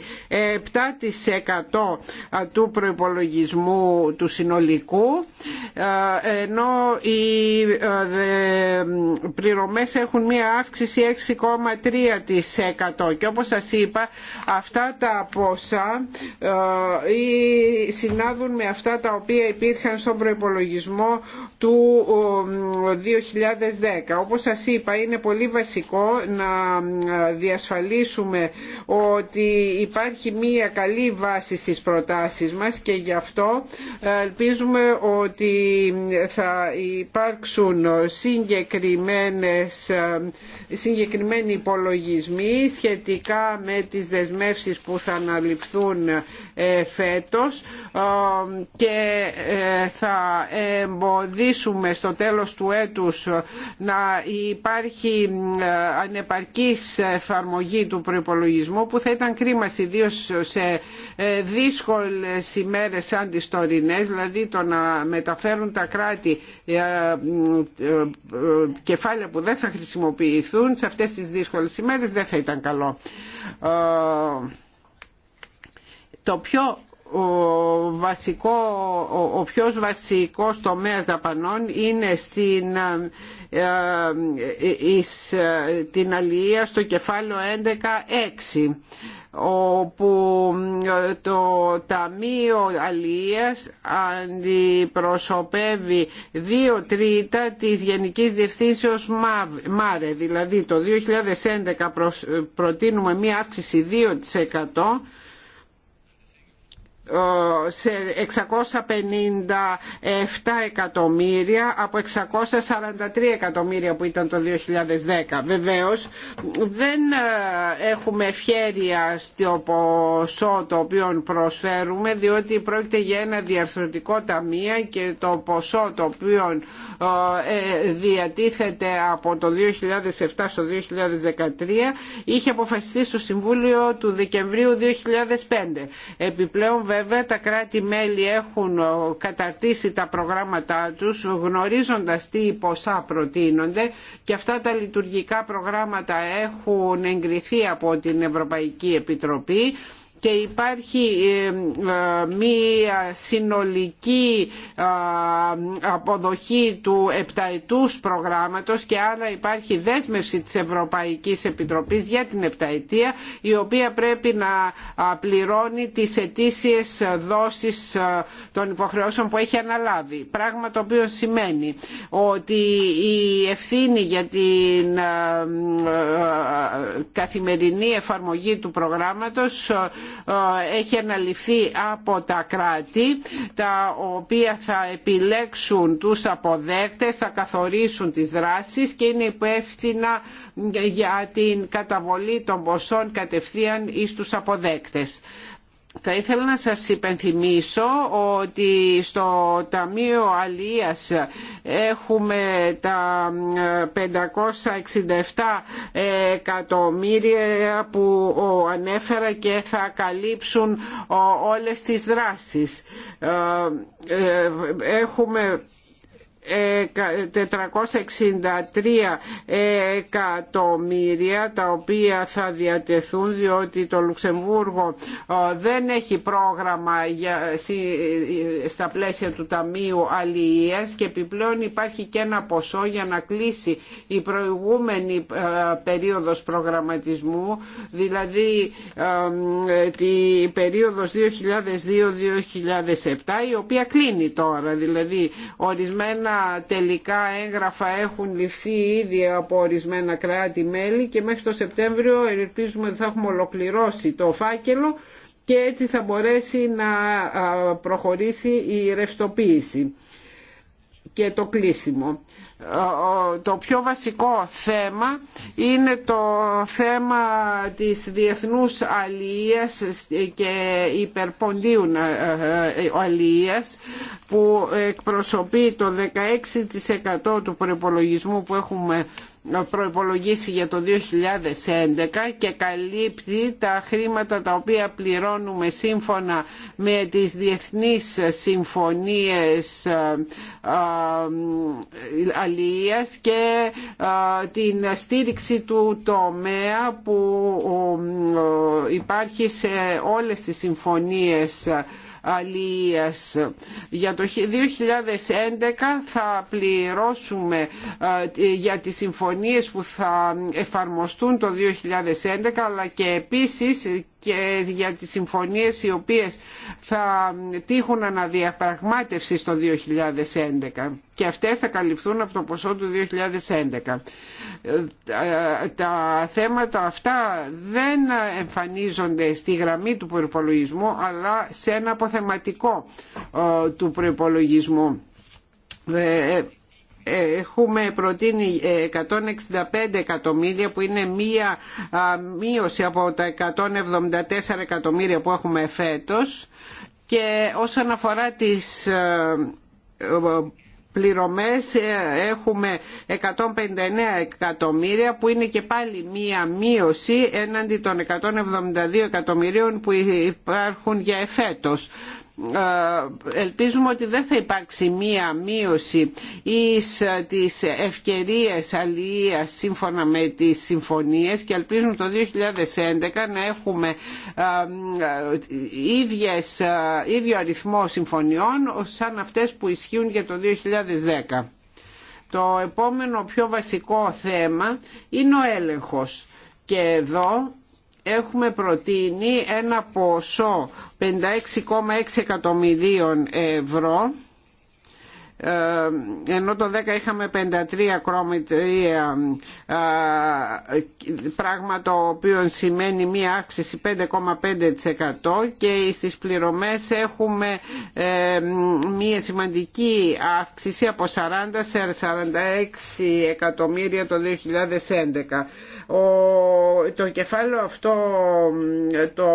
7% του προϋπολογισμού του συνολικού ε, ενώ οι ε, πληρωμές έχουν μία αύξηση 6,3% και όπως σας είπα αυτά τα ποσά συνάδουν με αυτά τα οποία υπήρχαν στον προϋπολογισμό του 2010. Όπως σας είπα είναι πολύ βασικό να διασφαλίσουμε ότι υπάρχει μία καλή βάση στις προτάσεις μας και γι' αυτό ε, ελπίζουμε ότι θα υπάρξουν συγκεκριμένες, ε, συγκεκριμένοι υπολογισμοί σχετικά με τις δεσμεύσεις που θα αναλυφθούν ε, φέτος και ε, θα εμποδίσουμε στο τέλος του έτους να υπάρχει ε, ανεπαρκής εφαρμογή του προϋπολογισμού που θα ήταν κρίμα ιδίω σε ε, δύσκολες ημέρες σαν δηλαδή το να μεταφέρουν τα κράτη κεφάλαια που δεν θα χρησιμοποιηθούν σε αυτές τις δύσκολες ημέρες δεν θα ήταν καλό. Το πιο ο, βασικό, ο, πιο βασικός τομέας δαπανών είναι στην, ε, ε, ε, την αλληλεία στο κεφάλαιο 11.6 όπου το Ταμείο Αλληλείας αντιπροσωπεύει δύο τρίτα της Γενικής Διευθύνσεως ΜΑΡΕ. Δηλαδή το 2011 προτείνουμε μία αύξηση 2% σε 657 εκατομμύρια από 643 εκατομμύρια που ήταν το 2010. Βεβαίως δεν ε, έχουμε ευχέρεια στο ποσό το οποίο προσφέρουμε διότι πρόκειται για ένα διαρθρωτικό ταμείο και το ποσό το οποίο ε, ε, διατίθεται από το 2007 στο 2013 είχε αποφασιστεί στο Συμβούλιο του Δεκεμβρίου 2005. Επιπλέον βέβαια τα κράτη-μέλη έχουν ε, καταρτήσει τα προγράμματά τους γνωρίζοντας τι ποσά προτείνονται και αυτά τα λειτουργικά προγράμματα έχουν εγκριθεί από την Ευρωπαϊκή Επιτροπή και υπάρχει ε, ε, μία συνολική ε, αποδοχή του επταετούς προγράμματος και άρα υπάρχει δέσμευση της Ευρωπαϊκής Επιτροπής για την επταετία η οποία πρέπει να πληρώνει τις ετήσιες δόσεις των υποχρεώσεων που έχει αναλάβει. Πράγμα το οποίο σημαίνει ότι η ευθύνη για την καθημερινή εφαρμογή του προγράμματος έχει αναλυθεί από τα κράτη τα οποία θα επιλέξουν τους αποδέκτες, θα καθορίσουν τις δράσεις και είναι υπεύθυνα για την καταβολή των ποσών κατευθείαν εις τους αποδέκτες θα ήθελα να σας υπενθυμίσω ότι στο Ταμείο Αλίας έχουμε τα 567 εκατομμύρια που ανέφερα και θα καλύψουν όλες τις δράσεις. Ε, ε, έχουμε 463 εκατομμύρια τα οποία θα διατεθούν διότι το Λουξεμβούργο ε, δεν έχει πρόγραμμα για, στα πλαίσια του Ταμείου Αλληλείας και επιπλέον υπάρχει και ένα ποσό για να κλείσει η προηγούμενη ε, περίοδος προγραμματισμού δηλαδή η περίοδος 2002-2007 η οποία κλείνει τώρα δηλαδή ορισμένα τελικά έγγραφα έχουν ληφθεί ήδη από ορισμένα κράτη-μέλη και μέχρι το Σεπτέμβριο ελπίζουμε ότι θα έχουμε ολοκληρώσει το φάκελο και έτσι θα μπορέσει να προχωρήσει η ρευστοποίηση και το κλείσιμο το πιο βασικό θέμα είναι το θέμα της διεθνούς αλίας και υπερποντίου ε, ε, αλίες που εκπροσωπεί το 16% του προπολογισμού που έχουμε προϋπολογίσει για το 2011 και καλύπτει τα χρήματα τα οποία πληρώνουμε σύμφωνα με τις διεθνείς συμφωνίες ε, ε, αλληλείας και ε, την στήριξη του τομέα που υπάρχει σε όλες τις συμφωνίες για το 2011 θα πληρώσουμε για τις συμφωνίες που θα εφαρμοστούν το 2011 αλλά και επίσης και για τις συμφωνίες οι οποίες θα τύχουν αναδιαπραγμάτευση το 2011 και αυτές θα καλυφθούν από το ποσό του 2011. Τα θέματα αυτά δεν εμφανίζονται στη γραμμή του προϋπολογισμού αλλά σε ένα αποθεματικό ε, του προϋπολογισμού ε, έχουμε προτείνει 165 ε, εκατομμύρια που είναι μία μείωση από τα 174 εκατομμύρια που έχουμε φέτος και όσον αφορά τις ε, πληρωμές ε, έχουμε 159 εκατομμύρια που είναι και πάλι μία μείωση έναντι των 172 εκατομμυρίων που υπάρχουν για εφέτος. Ε, ελπίζουμε ότι δεν θα υπάρξει μία μείωση εις ε, τις ευκαιρίες αλληλείας σύμφωνα με τις συμφωνίες και ελπίζουμε το 2011 να έχουμε ε, ίδιες, ίδιο αριθμό συμφωνιών σαν αυτές που ισχύουν για το 2010. Το επόμενο πιο βασικό θέμα είναι ο έλεγχος και εδώ έχουμε προτείνει ένα ποσό 56,6 εκατομμυρίων ευρώ ε, ενώ το 10 είχαμε 53 κρόμητρια ε, ε, πράγμα το οποίο σημαίνει μία αύξηση 5,5% και στις πληρωμές έχουμε μία σημαντική αύξηση από 40 σε 46 εκατομμύρια το 2011. Ο, το κεφάλαιο αυτό το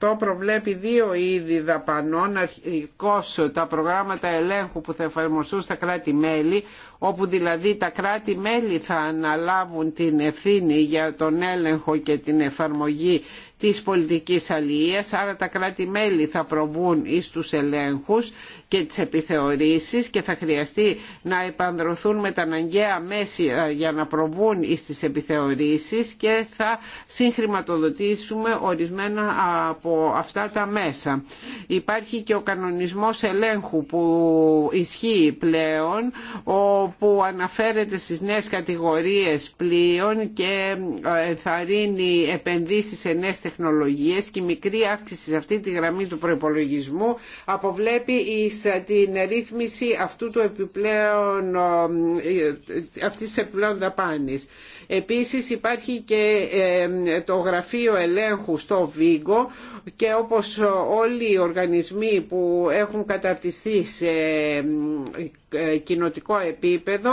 1108 προβλέπει δύο είδη δαπανών αρχικώς τα προγράμματα προγράμματα ελέγχου που θα εφαρμοστούν στα κράτη-μέλη όπου δηλαδή τα κράτη-μέλη θα αναλάβουν την ευθύνη για τον έλεγχο και την εφαρμογή της πολιτικής αλληλείας, άρα τα κράτη-μέλη θα προβούν εις τους ελέγχους και τις επιθεωρήσεις και θα χρειαστεί να επανδρωθούν με τα αναγκαία μέση ε, για να προβούν εις τις επιθεωρήσεις και θα συγχρηματοδοτήσουμε ορισμένα από αυτά τα μέσα. Υπάρχει και ο κανονισμός ελέγχου που ισχύει πλέον, που αναφέρεται στις νέες κατηγορίες πλοίων και ενθαρρύνει επενδύσεις σε νέες τεχνολογίες και η μικρή αύξηση σε αυτή τη γραμμή του προϋπολογισμού αποβλέπει ε, την ρύθμιση αυτού του επιπλέον, ε, ε, αυτής της επιπλέον δαπάνης. Επίσης υπάρχει και το γραφείο ελέγχου στο Βίγκο και όπως όλοι οι οργανισμοί που έχουν καταρτιστεί σε ε, κοινοτικό επίπεδο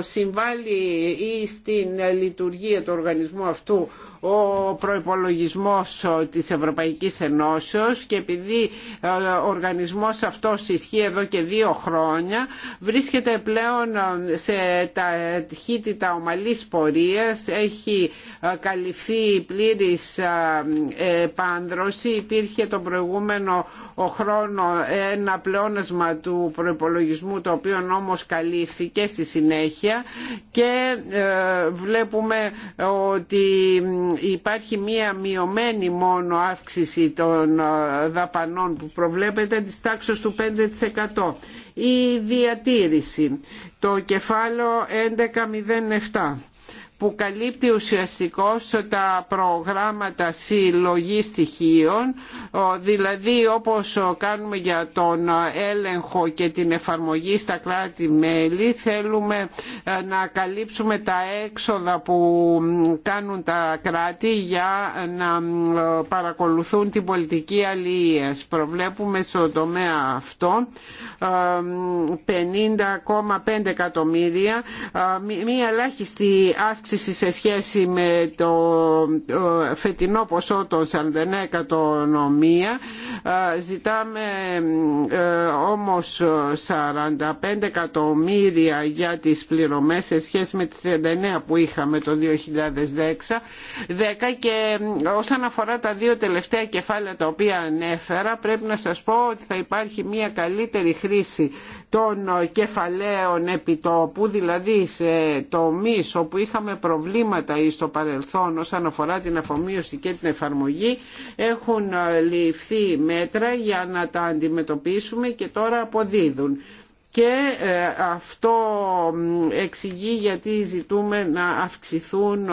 συμβάλλει ή στην λειτουργία του οργανισμού αυτού ο προϋπολογισμός της Ευρωπαϊκής Ενώσεως και επειδή ε, ο οργανισμός αυτός ισχύει εδώ και δύο χρόνια βρίσκεται πλέον ε, σε ταχύτητα ομαλής πορείας έχει ε, καλυφθεί πλήρης πάντρωση υπήρχε τον προηγούμενο ο χρόνο ένα πλεόνασμα του προπολογισμού το οποίο όμως καλύφθηκε στη συνέχεια και ε, βλέπουμε ότι υπάρχει μία μειωμένη μόνο αύξηση των ε, δαπανών που προβλέπεται της τάξης του 5% η διατήρηση το κεφάλαιο 1107 που καλύπτει ουσιαστικώς τα προγράμματα συλλογή στοιχείων, δηλαδή όπως κάνουμε για τον έλεγχο και την εφαρμογή στα κράτη-μέλη, θέλουμε ε, να καλύψουμε τα έξοδα που κάνουν τα κράτη για να ε, παρακολουθούν την πολιτική αλληλείας. Προβλέπουμε στο τομέα αυτό 50,5 ε, εκατομμύρια, μία ελάχιστη αύξηση αύξηση σε σχέση με το φετινό ποσό των 49 εκατονομία. Ζητάμε ε, όμως 45 εκατομμύρια για τις πληρωμές σε σχέση με τις 39 που είχαμε το 2010 και ε, όσον αφορά τα δύο τελευταία κεφάλαια τα οποία ανέφερα πρέπει να σας πω ότι θα υπάρχει μια καλύτερη χρήση των ε, κεφαλαίων επιτόπου, δηλαδή σε τομείς όπου είχαμε προβλήματα ή στο παρελθόν όσον αφορά την αφομοίωση και την εφαρμογή, έχουν ε, ληφθεί μέτρα για να τα αντιμετωπίσουμε και τώρα αποδίδουν και ε, αυτό εξηγεί γιατί ζητούμε να αυξηθούν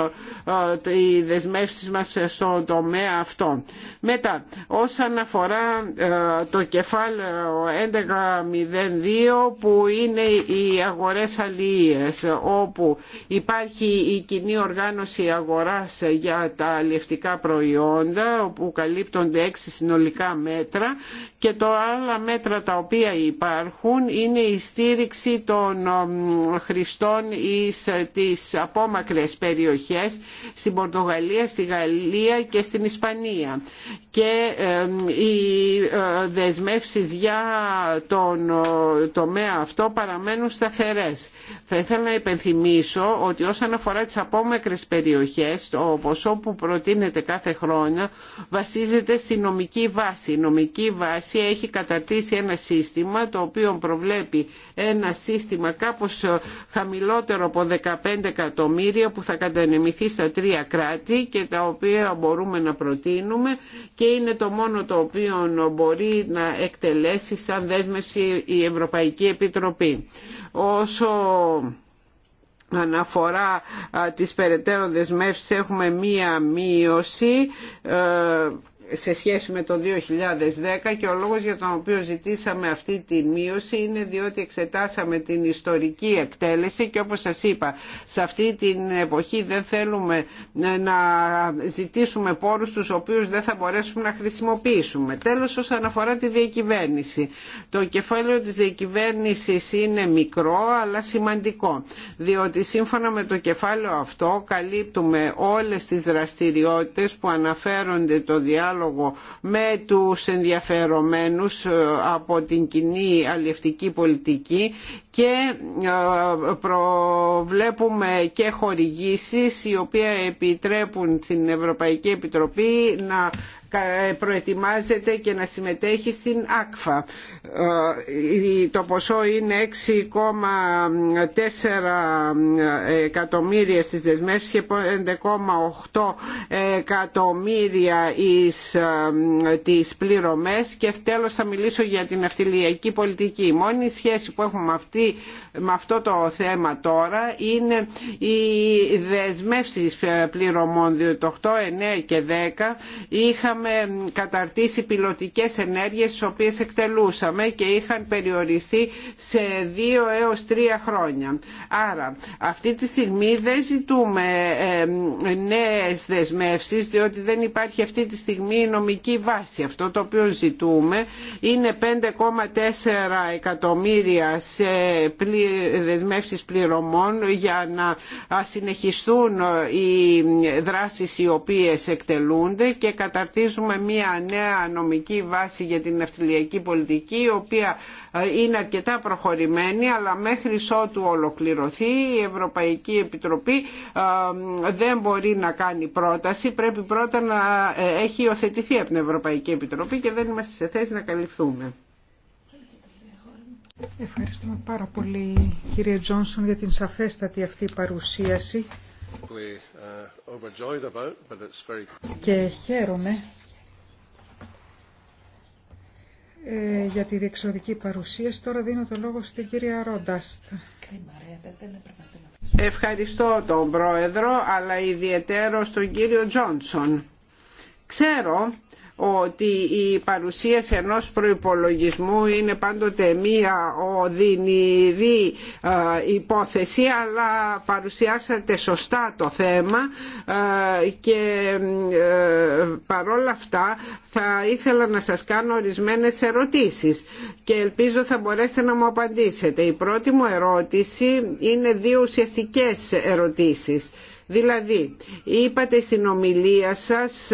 ε, οι δεσμεύσεις μας στο τομέα αυτό. Μετά, όσον αφορά ε, το κεφάλαιο 1102 που είναι οι αγορές αλληλείες όπου υπάρχει η κοινή οργάνωση αγοράς για τα αλληλευτικά προϊόντα όπου καλύπτονται έξι συνολικά μέτρα και το άλλα μέτρα τα οποία υπάρχουν είναι η στήριξη των χρηστών εις τις απόμακρες περιοχές στην Πορτογαλία, στη Γαλλία και στην Ισπανία και ε, οι ε, δεσμεύσεις για τον ε, τομέα αυτό παραμένουν σταθερές. Θα ήθελα να υπενθυμίσω ότι όσον αφορά τις απόμακρες περιοχές το ποσό που προτείνεται κάθε χρόνια βασίζεται στη νομική βάση. νομική βάση και έχει καταρτήσει ένα σύστημα το οποίο προβλέπει ένα σύστημα κάπως χαμηλότερο από 15 εκατομμύρια που θα κατανεμηθεί στα τρία κράτη και τα οποία μπορούμε να προτείνουμε και είναι το μόνο το οποίο μπορεί να εκτελέσει σαν δέσμευση η Ευρωπαϊκή Επιτροπή. Όσο αναφορά τις περαιτέρω δεσμεύσεις έχουμε μία μείωση ε, σε σχέση με το 2010 και ο λόγος για τον οποίο ζητήσαμε αυτή τη μείωση είναι διότι εξετάσαμε την ιστορική εκτέλεση και όπως σας είπα σε αυτή την εποχή δεν θέλουμε να ζητήσουμε πόρους τους οποίους δεν θα μπορέσουμε να χρησιμοποιήσουμε. Τέλος όσον αφορά τη διακυβέρνηση. Το κεφάλαιο της διακυβέρνησης είναι μικρό αλλά σημαντικό διότι σύμφωνα με το κεφάλαιο αυτό καλύπτουμε όλες τις δραστηριότητες που αναφέρονται το διάλογο με τους ενδιαφερομένους ε, από την κοινή αλληλευτική πολιτική και ε, προβλέπουμε και χορηγήσεις οι οποίες επιτρέπουν την Ευρωπαϊκή Επιτροπή να ε, προετοιμάζεται και να συμμετέχει στην ΑΚΦΑ. Ε, το ποσό είναι 6,4 ε, εκατομμύρια στις δεσμεύσεις και 5,8 εκατομμύρια εις τις πληρωμές και τέλος θα μιλήσω για την αυτιλιακή πολιτική. Η μόνη σχέση που έχουμε αυτή, με αυτό το θέμα τώρα είναι οι δεσμεύσεις πληρωμών διότι 8, 9 και 10 είχαμε είχαμε καταρτήσει πιλωτικές ενέργειες τις οποίες εκτελούσαμε και είχαν περιοριστεί σε δύο έως τρία χρόνια. Άρα αυτή τη στιγμή δεν ζητούμε νέες δεσμεύσεις διότι δεν υπάρχει αυτή τη στιγμή νομική βάση. Αυτό το οποίο ζητούμε είναι 5,4 εκατομμύρια σε δεσμεύσεις πληρωμών για να συνεχιστούν οι δράσεις οι οποίες εκτελούνται και καταρτίζουν με μια νέα νομική βάση για την ναυτιλιακή πολιτική η οποία ε, είναι αρκετά προχωρημένη αλλά μέχρι ότου ολοκληρωθεί η Ευρωπαϊκή Επιτροπή ε, δεν μπορεί να κάνει πρόταση πρέπει πρώτα να ε, έχει υιοθετηθεί από την Ευρωπαϊκή Επιτροπή και δεν είμαστε σε θέση να καλυφθούμε. Ευχαριστούμε πάρα πολύ κύριε Τζόνσον για την σαφέστατη αυτή παρουσίαση uh, και χαίρομαι ε, για τη διεξοδική παρουσίαση. Τώρα δίνω το λόγο στην κυρία Ρόνταστ. Ευχαριστώ τον Πρόεδρο, αλλά ιδιαίτερο τον κύριο Τζόνσον. Ξέρω ότι η παρουσίαση ενός προϋπολογισμού είναι πάντοτε μία οδυνηρή ε, υπόθεση αλλά παρουσιάσατε σωστά το θέμα ε, και ε, παρόλα αυτά θα ήθελα να σας κάνω ορισμένες ερωτήσεις και ελπίζω θα μπορέσετε να μου απαντήσετε. Η πρώτη μου ερώτηση είναι δύο ουσιαστικές ερωτήσεις. Δηλαδή, είπατε στην ομιλία σας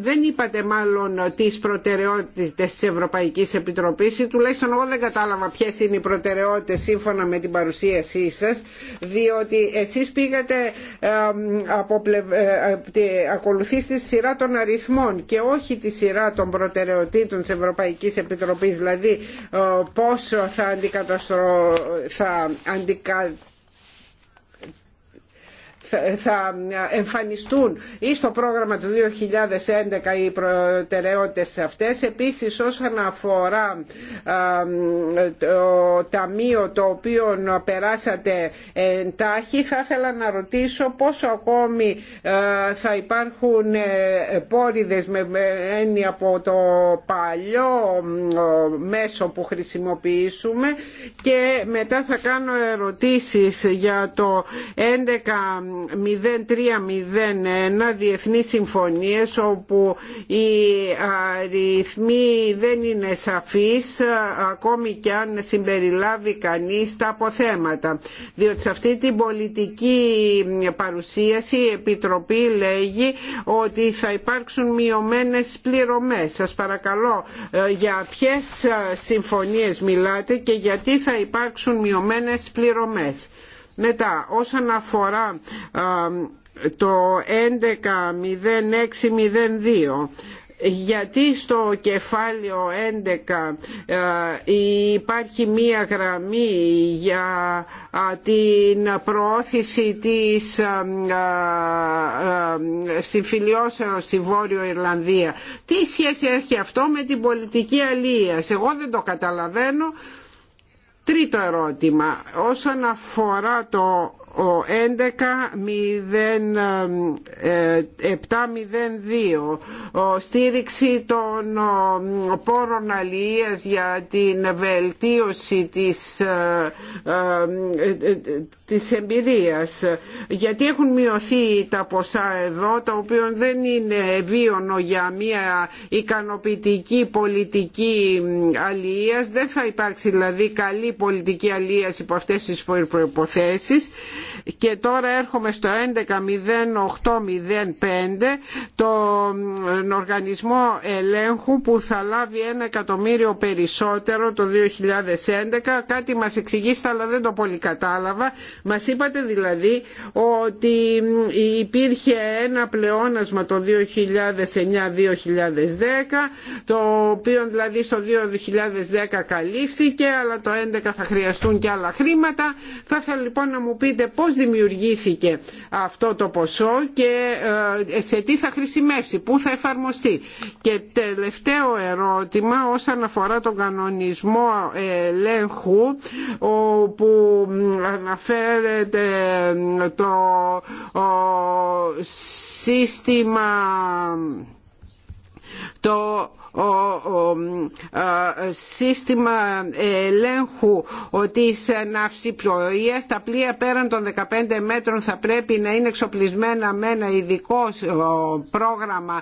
δεν είπατε μάλλον τις προτεραιότητες της Ευρωπαϊκής Επιτροπής ή τουλάχιστον εγώ δεν κατάλαβα ποιες είναι οι προτεραιότητες σύμφωνα με την παρουσίασή σας διότι εσείς πήγατε ε, από ε, τη σειρά των αριθμών και όχι τη σειρά των προτεραιοτήτων της Ευρωπαϊκής Επιτροπής δηλαδή ε, πώς θα, αντικαταστρώ θα θα εμφανιστούν ή στο πρόγραμμα του 2011 οι προτεραιότητες αυτές. Επίσης όσον αφορά το ταμείο το οποίο περάσατε εντάχει θα ήθελα να ρωτήσω πόσο ακόμη θα υπάρχουν ε, πόροι με από το παλιό μέσο που χρησιμοποιήσουμε και μετά θα κάνω ερωτήσεις για το 11 0301 διεθνείς συμφωνίες όπου οι αριθμοί δεν είναι σαφείς ακόμη και αν συμπεριλάβει κανείς τα αποθέματα διότι σε αυτή την πολιτική παρουσίαση η Επιτροπή λέγει ότι θα υπάρξουν μειωμένες πληρωμές σας παρακαλώ ε, για ποιες ε, συμφωνίες μιλάτε και γιατί θα υπάρξουν μειωμένες πληρωμές μετά, όσον αφορά το 11.06.02 γιατί στο κεφάλαιο 11 υπάρχει μία γραμμή για την προώθηση της συμφιλιώσεως στη Βόρειο Ιρλανδία. Τι σχέση έχει αυτό με την πολιτική αλίας. Εγώ δεν το καταλαβαίνω Τρίτο ερώτημα, όσον αφορά το 11.702 ε, στήριξη των πόρων αλληλείας για την βελτίωση της, ε, ε, της εμπειρίας γιατί έχουν μειωθεί τα ποσά εδώ τα οποία δεν είναι βίωνο για μια ικανοποιητική πολιτική αλληλείας δεν θα υπάρξει δηλαδή καλή πολιτική αλληλείας υπό αυτές τις προϋποθέσεις και τώρα έρχομαι στο 110805 τον ε, οργανισμό ελέγχου που θα λάβει ένα εκατομμύριο περισσότερο το 2011 κάτι μας εξηγήσετε αλλά δεν το πολύ κατάλαβα μας είπατε δηλαδή ότι ε, υπήρχε ένα πλεόνασμα το 2009-2010 το οποίο δηλαδή στο 2010 καλύφθηκε αλλά το 2011 θα χρειαστούν και άλλα χρήματα θα ήθελα λοιπόν να μου πείτε πώς δημιουργήθηκε αυτό το ποσό και ε, σε τι θα χρησιμεύσει, πού θα εφαρμοστεί. Και τελευταίο ερώτημα όσον αφορά τον κανονισμό ελέγχου που αναφέρεται το σύστημα το ο σύστημα ελέγχου της ναυσιπλοείας τα πλοία πέραν των 15 μέτρων θα πρέπει να είναι εξοπλισμένα με ένα ειδικό πρόγραμμα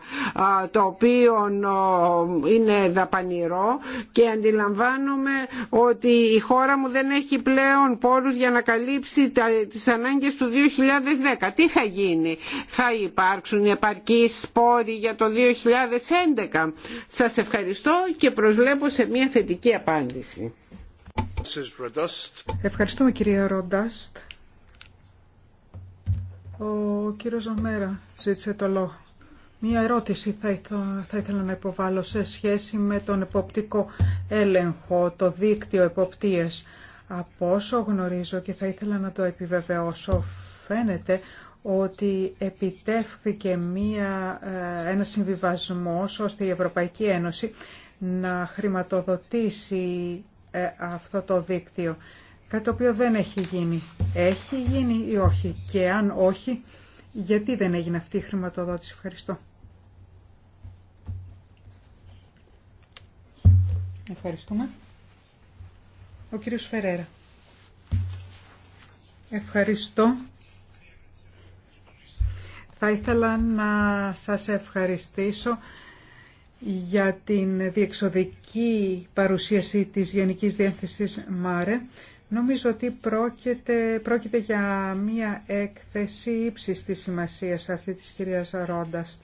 το οποίο είναι δαπανηρό και αντιλαμβάνομαι ότι η χώρα μου δεν έχει πλέον πόρους για να καλύψει τις ανάγκες του 2010. Τι θα γίνει, θα υπάρξουν επαρκείς πόροι για το 2011 σας ευχαριστώ και προσβλέπω σε μια θετική απάντηση. Ευχαριστούμε κυρία Ροντάστ. Ο κύριος Ζωμέρα ζήτησε το λόγο. Μία ερώτηση θα ήθελα, να υποβάλω σε σχέση με τον εποπτικό έλεγχο, το δίκτυο εποπτείες. Από όσο γνωρίζω και θα ήθελα να το επιβεβαιώσω, φαίνεται ότι επιτεύχθηκε μία, ε, ένα συμβιβασμός ώστε η Ευρωπαϊκή Ένωση να χρηματοδοτήσει ε, αυτό το δίκτυο, κάτι το οποίο δεν έχει γίνει. Έχει γίνει ή όχι και αν όχι, γιατί δεν έγινε αυτή η χρηματοδότηση. Ευχαριστώ. Ευχαριστούμε. Ο κύριος Φερέρα. Ευχαριστώ. Θα ήθελα να σας ευχαριστήσω για την διεξοδική παρουσίαση της Γενικής Διεύθυνσης ΜΑΡΕ. Νομίζω ότι πρόκειται, για μία έκθεση ύψης της σημασίας αυτή της κυρίας Ρόνταστ.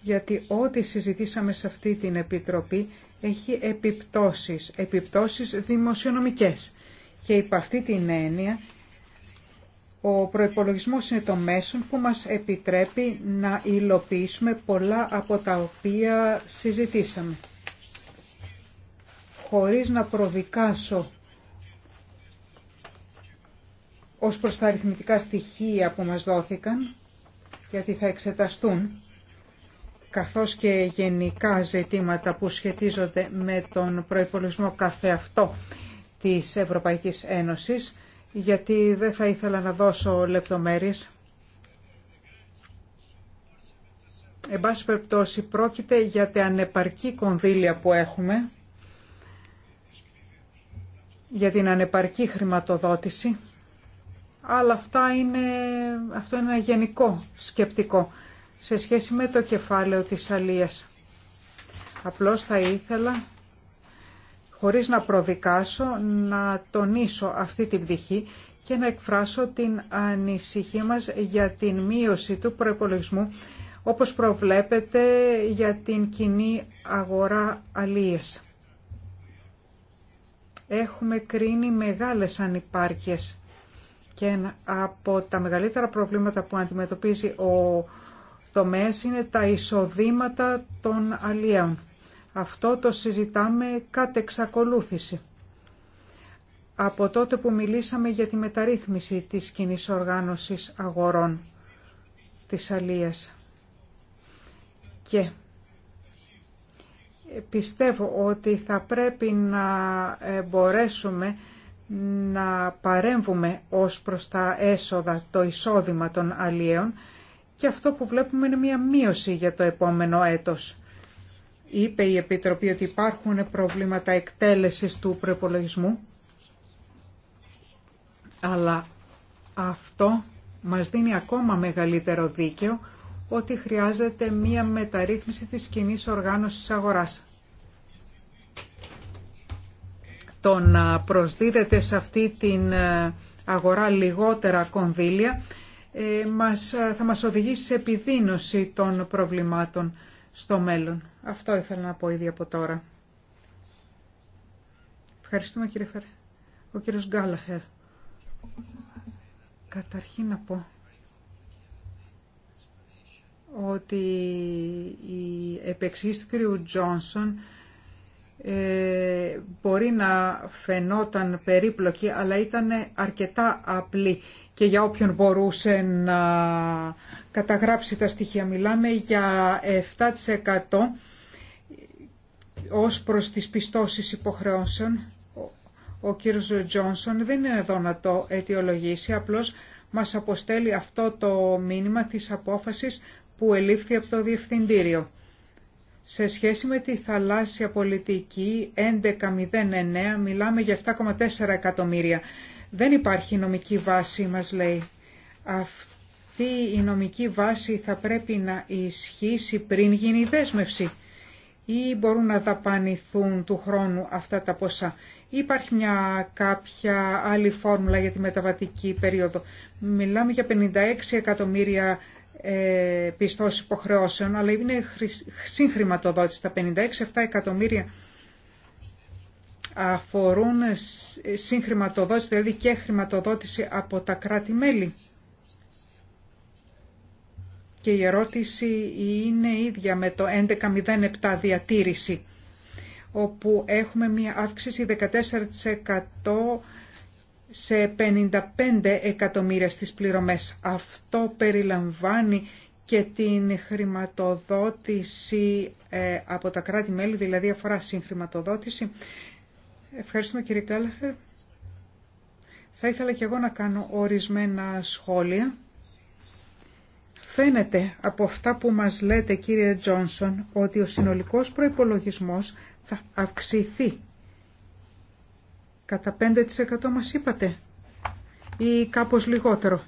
Γιατί ό,τι συζητήσαμε σε αυτή την Επιτροπή έχει επιπτώσεις, επιπτώσεις δημοσιονομικές. Και υπ' αυτή την έννοια ο προϋπολογισμός είναι το μέσον που μας επιτρέπει να υλοποιήσουμε πολλά από τα οποία συζητήσαμε. Χωρίς να προδικάσω ως προς τα αριθμητικά στοιχεία που μας δόθηκαν, γιατί θα εξεταστούν, καθώς και γενικά ζητήματα που σχετίζονται με τον προϋπολογισμό καθεαυτό της Ευρωπαϊκής Ένωσης, γιατί δεν θα ήθελα να δώσω λεπτομέρειες. Εν πάση περιπτώσει, πρόκειται για τα ανεπαρκή κονδύλια που έχουμε, για την ανεπαρκή χρηματοδότηση, αλλά αυτά είναι, αυτό είναι ένα γενικό σκεπτικό σε σχέση με το κεφάλαιο της αλίας. Απλώς θα ήθελα χωρίς να προδικάσω, να τονίσω αυτή την πτυχή και να εκφράσω την ανησυχία μας για την μείωση του προπολογισμού όπως προβλέπεται για την κοινή αγορά αλίες. Έχουμε κρίνει μεγάλες ανυπάρκειες και από τα μεγαλύτερα προβλήματα που αντιμετωπίζει ο τομέας είναι τα εισοδήματα των αλίων. Αυτό το συζητάμε κατ' εξακολούθηση. Από τότε που μιλήσαμε για τη μεταρρύθμιση της κοινή οργάνωσης αγορών της Αλίας. Και πιστεύω ότι θα πρέπει να ε, μπορέσουμε να παρέμβουμε ως προς τα έσοδα, το εισόδημα των αλλιέων και αυτό που βλέπουμε είναι μία μείωση για το επόμενο έτος είπε η Επιτροπή ότι υπάρχουν προβλήματα εκτέλεσης του προπολογισμού, αλλά αυτό μας δίνει ακόμα μεγαλύτερο δίκαιο ότι χρειάζεται μία μεταρρύθμιση της κοινή οργάνωσης αγοράς. Το να προσδίδεται σε αυτή την ε, αγορά λιγότερα κονδύλια ε, μας, ε, θα μας οδηγήσει σε επιδείνωση των προβλημάτων στο μέλλον. Αυτό ήθελα να πω ήδη από τώρα. Ευχαριστούμε κύριε Φερέ. Ο κύριος Γκάλαχερ. Καταρχήν να πω ότι η επεξήγηση του κύριου Τζόνσον ε, μπορεί να φαινόταν περίπλοκη, αλλά ήταν αρκετά απλή και για όποιον μπορούσε να καταγράψει τα στοιχεία. Μιλάμε για 7% ως προς τις πιστώσεις υποχρεώσεων. Ο κύριος Τζόνσον δεν είναι εδώ να το αιτιολογήσει, απλώς μας αποστέλει αυτό το μήνυμα της απόφασης που ελήφθη από το Διευθυντήριο. Σε σχέση με τη θαλάσσια πολιτική 1109 μιλάμε για 7,4 εκατομμύρια. Δεν υπάρχει νομική βάση, μας λέει. Αυτή η νομική βάση θα πρέπει να ισχύσει πριν γίνει η δέσμευση ή μπορούν να δαπανηθούν του χρόνου αυτά τα ποσά. Υπάρχει μια κάποια άλλη φόρμουλα για τη μεταβατική περίοδο. Μιλάμε για 56 εκατομμύρια ε, πιστώσεις υποχρεώσεων, αλλά είναι συγχρηματοδότηση. Τα 56 7 εκατομμύρια αφορούν συγχρηματοδότηση, δηλαδή και χρηματοδότηση από τα κράτη-μέλη. Και η ερώτηση είναι ίδια με το 1107 διατήρηση, όπου έχουμε μία αύξηση 14% σε 55 εκατομμύρια στις πληρωμές. Αυτό περιλαμβάνει και την χρηματοδότηση ε, από τα κράτη-μέλη, δηλαδή αφορά συγχρηματοδότηση. Ευχαριστούμε κύριε Κάλαχερ. Θα ήθελα και εγώ να κάνω ορισμένα σχόλια. Φαίνεται από αυτά που μας λέτε κύριε Τζόνσον ότι ο συνολικός προϋπολογισμός θα αυξηθεί. Κατά 5% μας είπατε ή κάπως λιγότερο.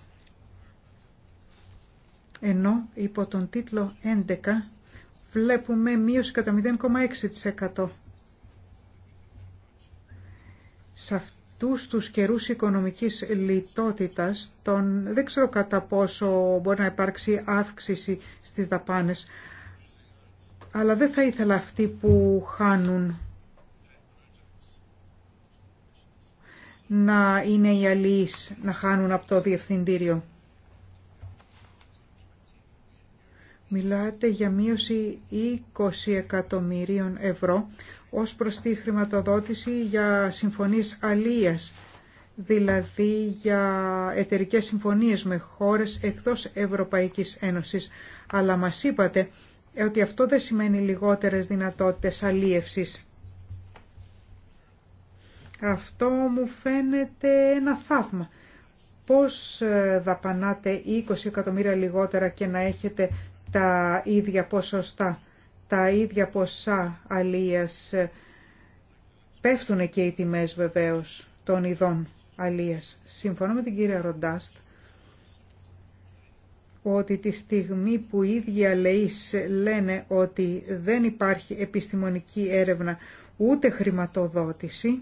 Ενώ υπό τον τίτλο 11 βλέπουμε μείωση κατά 0,6% σε αυτούς τους καιρούς οικονομικής λιτότητας τον, δεν ξέρω κατά πόσο μπορεί να υπάρξει αύξηση στις δαπάνες αλλά δεν θα ήθελα αυτοί που χάνουν να είναι οι αλληλείς να χάνουν από το διευθυντήριο. Μιλάτε για μείωση 20 εκατομμυρίων ευρώ ως προς τη χρηματοδότηση για συμφωνίες αλίας, δηλαδή για εταιρικέ συμφωνίες με χώρες εκτός Ευρωπαϊκής Ένωσης. Αλλά μας είπατε ότι αυτό δεν σημαίνει λιγότερες δυνατότητες αλίευσης. Αυτό μου φαίνεται ένα θαύμα. Πώς ε, δαπανάτε 20 εκατομμύρια λιγότερα και να έχετε τα ίδια ποσοστά τα ίδια ποσά αλίας πέφτουν και οι τιμές βεβαίως των ειδών αλίας. Συμφωνώ με την κυρία Ροντάστ ότι τη στιγμή που οι ίδιοι αλεείς λένε ότι δεν υπάρχει επιστημονική έρευνα ούτε χρηματοδότηση,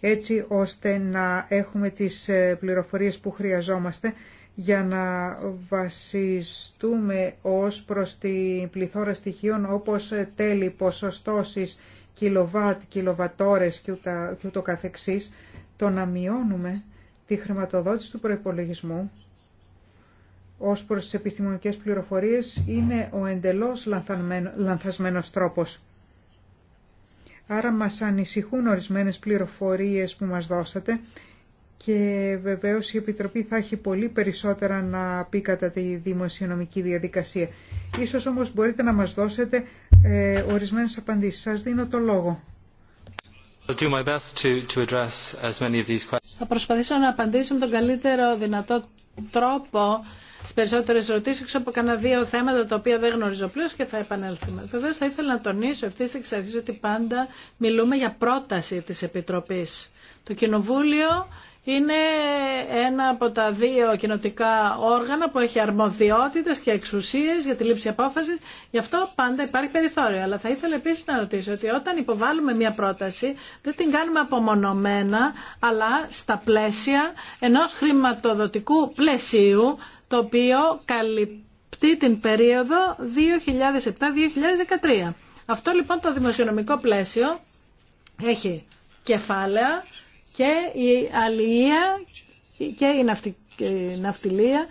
έτσι ώστε να έχουμε τις ε, πληροφορίες που χρειαζόμαστε για να βασιστούμε ως προς την πληθώρα στοιχείων όπως τέλη, ποσοστώσεις, κιλοβάτ, κιλοβατόρες και ούτω καθεξής, το να μειώνουμε τη χρηματοδότηση του προϋπολογισμού ως προς τις επιστημονικές πληροφορίες είναι ο εντελώς λανθασμένος τρόπος. Άρα μας ανησυχούν ορισμένες πληροφορίες που μας δώσατε και βεβαίως η Επιτροπή θα έχει πολύ περισσότερα να πει κατά τη δημοσιονομική διαδικασία. Ίσως όμως μπορείτε να μας δώσετε ε, ορισμένες απαντήσεις. Σας δίνω το λόγο. Θα προσπαθήσω να απαντήσω με τον καλύτερο δυνατό τρόπο στι περισσότερε ερωτήσει, έξω από κανένα δύο θέματα τα οποία δεν γνωρίζω πλέον και θα επανέλθουμε. Βεβαίω, θα ήθελα να τονίσω ευθύ εξ αρχή ότι πάντα μιλούμε για πρόταση τη Επιτροπή. Το Κοινοβούλιο είναι ένα από τα δύο κοινοτικά όργανα που έχει αρμοδιότητες και εξουσίες για τη λήψη απόφαση. Γι' αυτό πάντα υπάρχει περιθώριο. Αλλά θα ήθελα επίσης να ρωτήσω ότι όταν υποβάλλουμε μια πρόταση δεν την κάνουμε απομονωμένα αλλά στα πλαίσια ενός χρηματοδοτικού πλαισίου το οποίο καλυπτεί την περίοδο 2007-2013. Αυτό λοιπόν το δημοσιονομικό πλαίσιο έχει κεφάλαια και η αλληλεία και η ναυτιλία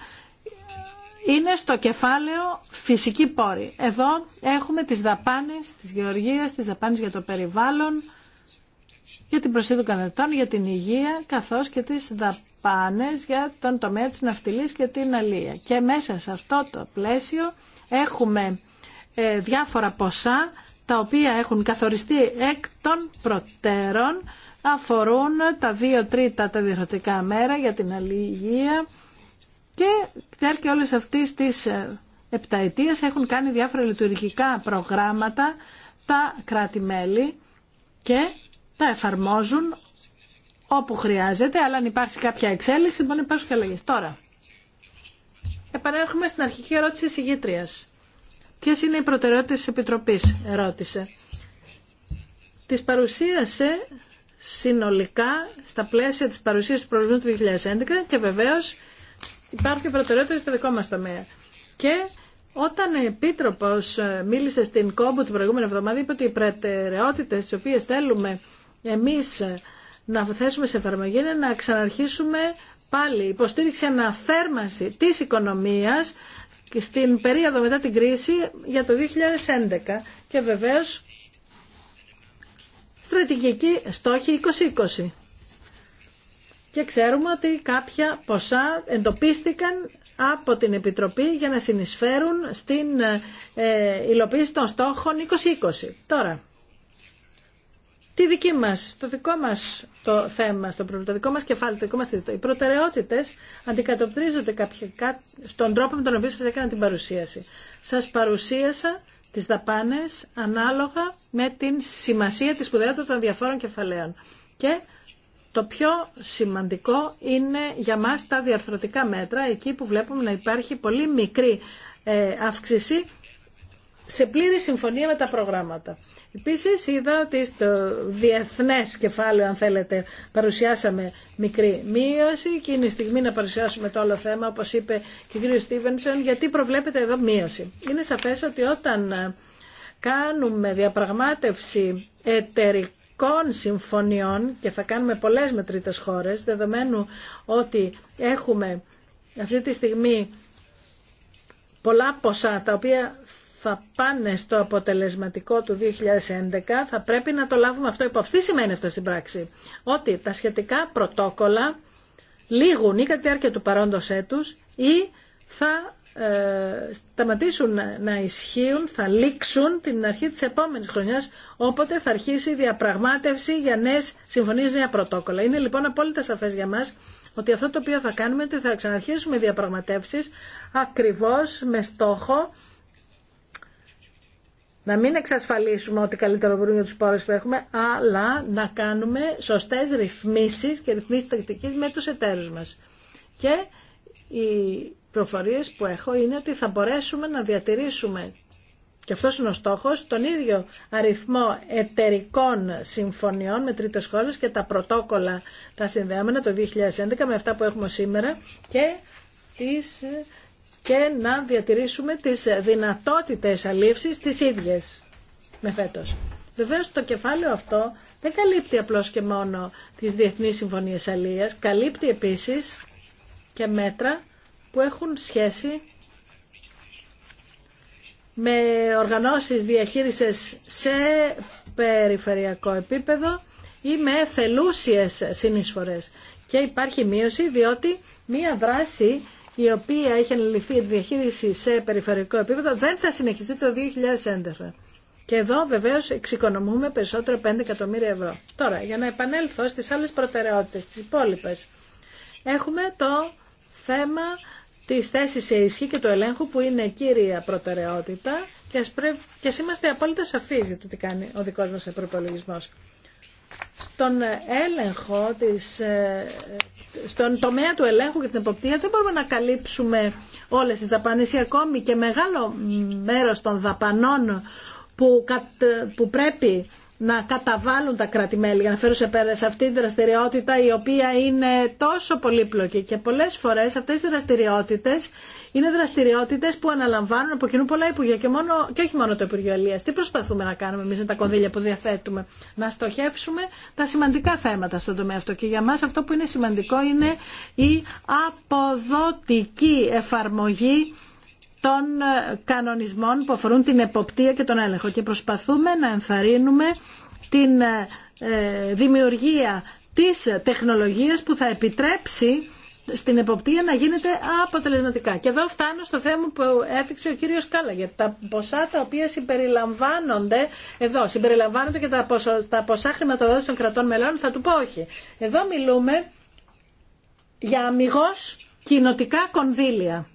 είναι στο κεφάλαιο φυσική πόρη. Εδώ έχουμε τις δαπάνες της γεωργίας, τις δαπάνες για το περιβάλλον, για την προσθήκη των κανετών, για την υγεία, καθώς και τις δαπάνες για τον τομέα της ναυτιλίας και την αλληλεία. Και μέσα σε αυτό το πλαίσιο έχουμε ε, διάφορα ποσά, τα οποία έχουν καθοριστεί εκ των προτέρων αφορούν τα δύο τρίτα τα διαχρονικά μέρα για την αλληλεγγύη και διάρκεια όλες αυτής της ε, επταετίας έχουν κάνει διάφορα λειτουργικά προγράμματα τα κράτη-μέλη και τα εφαρμόζουν όπου χρειάζεται, αλλά αν υπάρχει κάποια εξέλιξη μπορεί να υπάρχουν και Τώρα, επανέρχομαι στην αρχική ερώτηση της ηγήτριας. Ποιες είναι οι προτεραιότητες της Επιτροπής, ρώτησε. Τις παρουσίασε συνολικά στα πλαίσια της παρουσίας του προορισμού του 2011 και βεβαίως υπάρχει προτεραιότητα στο δικό μας τομέα. Και όταν ο Επίτροπος ε, μίλησε στην Κόμπου την προηγούμενη εβδομάδα είπε ότι οι προτεραιότητες τις οποίες θέλουμε εμείς ε, να θέσουμε σε εφαρμογή είναι να ξαναρχίσουμε πάλι υποστήριξη αναθέρμανση της οικονομίας στην περίοδο μετά την κρίση για το 2011 και βεβαίως στρατηγική στόχη 2020. Και ξέρουμε ότι κάποια ποσά εντοπίστηκαν από την Επιτροπή για να συνεισφέρουν στην ε, ε, υλοποίηση των στόχων 2020. Τώρα, τι δική μας, το δικό μας το θέμα, το δικό μας κεφάλαιο, το δικό μας Οι προτεραιότητες αντικατοπτρίζονται στον τρόπο με τον οποίο σας έκανα την παρουσίαση. Σας παρουσίασα τις δαπάνες ανάλογα με την σημασία της σπουδαιότητα των διαφόρων κεφαλαίων. Και το πιο σημαντικό είναι για μας τα διαρθρωτικά μέτρα, εκεί που βλέπουμε να υπάρχει πολύ μικρή ε, αύξηση σε πλήρη συμφωνία με τα προγράμματα. Επίσης είδα ότι στο διεθνές κεφάλαιο, αν θέλετε, παρουσιάσαμε μικρή μείωση και είναι η στιγμή να παρουσιάσουμε το άλλο θέμα, όπως είπε και ο κ. Στίβενσον, γιατί προβλέπεται εδώ μείωση. Είναι σαφές ότι όταν κάνουμε διαπραγμάτευση εταιρικών συμφωνιών και θα κάνουμε πολλές με τρίτες χώρες, δεδομένου ότι έχουμε αυτή τη στιγμή πολλά ποσά τα οποία θα πάνε στο αποτελεσματικό του 2011 θα πρέπει να το λάβουμε αυτό υπόψη. Τι σημαίνει αυτό στην πράξη. Ότι τα σχετικά πρωτόκολλα λήγουν ή κατά τη διάρκεια του παρόντος έτους ή θα ε, σταματήσουν να ισχύουν, θα λήξουν την αρχή της επόμενης χρονιάς, όποτε θα αρχίσει η διαπραγμάτευση για νέες συμφωνίες, νέα πρωτόκολλα. Είναι λοιπόν απόλυτα σαφές για μας ότι αυτό το οποίο θα κάνουμε είναι ότι θα ξαναρχίσουμε διαπραγματεύσεις ακριβώς με στόχο να μην εξασφαλίσουμε ότι καλύτερο μπορούμε για τους πόρους που έχουμε, αλλά να κάνουμε σωστές ρυθμίσεις και ρυθμίσεις τακτικής με τους εταίρους μας. Και οι προφορίες που έχω είναι ότι θα μπορέσουμε να διατηρήσουμε και αυτός είναι ο στόχος, τον ίδιο αριθμό εταιρικών συμφωνιών με τρίτες χώρες και τα πρωτόκολλα τα συνδέαμενα το 2011 με αυτά που έχουμε σήμερα και τις και να διατηρήσουμε τις δυνατότητες αλήψης τις ίδιες με φέτος. Βεβαίω το κεφάλαιο αυτό δεν καλύπτει απλώς και μόνο τις διεθνείς συμφωνίες αλίας, καλύπτει επίσης και μέτρα που έχουν σχέση με οργανώσεις διαχείρισης σε περιφερειακό επίπεδο ή με θελούσιες συνεισφορές. Και υπάρχει μείωση διότι μία δράση η οποία έχει αναλυθεί διαχείριση σε περιφερειακό επίπεδο δεν θα συνεχιστεί το 2011. Και εδώ βεβαίω εξοικονομούμε περισσότερο 5 εκατομμύρια ευρώ. Τώρα, για να επανέλθω στι άλλε προτεραιότητε, τι υπόλοιπε. Έχουμε το θέμα τη θέση σε ισχύ και του ελέγχου που είναι κύρια προτεραιότητα και α είμαστε απόλυτα σαφεί για το τι κάνει ο δικό μα προπολογισμό. Στον έλεγχο της ε, στον τομέα του ελέγχου και την εποπτεία δεν μπορούμε να καλύψουμε όλες τις δαπάνες ή ακόμη και μεγάλο μέρος των δαπανών που, που πρέπει να καταβάλουν τα κράτη-μέλη για να φέρουν σε πέρα σε αυτή τη δραστηριότητα η οποία είναι τόσο πολύπλοκη και πολλές φορές αυτές οι δραστηριότητες είναι δραστηριότητες που αναλαμβάνουν από κοινού πολλά Υπουργεία και, μόνο, και όχι μόνο το Υπουργείο Αλίας. Τι προσπαθούμε να κάνουμε εμείς με τα κονδύλια που διαθέτουμε. Να στοχεύσουμε τα σημαντικά θέματα στον τομέα αυτό και για μας αυτό που είναι σημαντικό είναι η αποδοτική εφαρμογή των ε, κανονισμών που αφορούν την εποπτεία και τον έλεγχο και προσπαθούμε να ενθαρρύνουμε την ε, ε, δημιουργία της τεχνολογίας που θα επιτρέψει στην εποπτεία να γίνεται αποτελεσματικά. Και εδώ φτάνω στο θέμα που έφυξε ο κύριος Κάλαγερ. τα ποσά τα οποία συμπεριλαμβάνονται εδώ. Συμπεριλαμβάνονται και τα ποσά, τα ποσά χρηματοδότηση των κρατών μελών. Θα του πω όχι. Εδώ μιλούμε για αμυγός κοινοτικά κονδύλια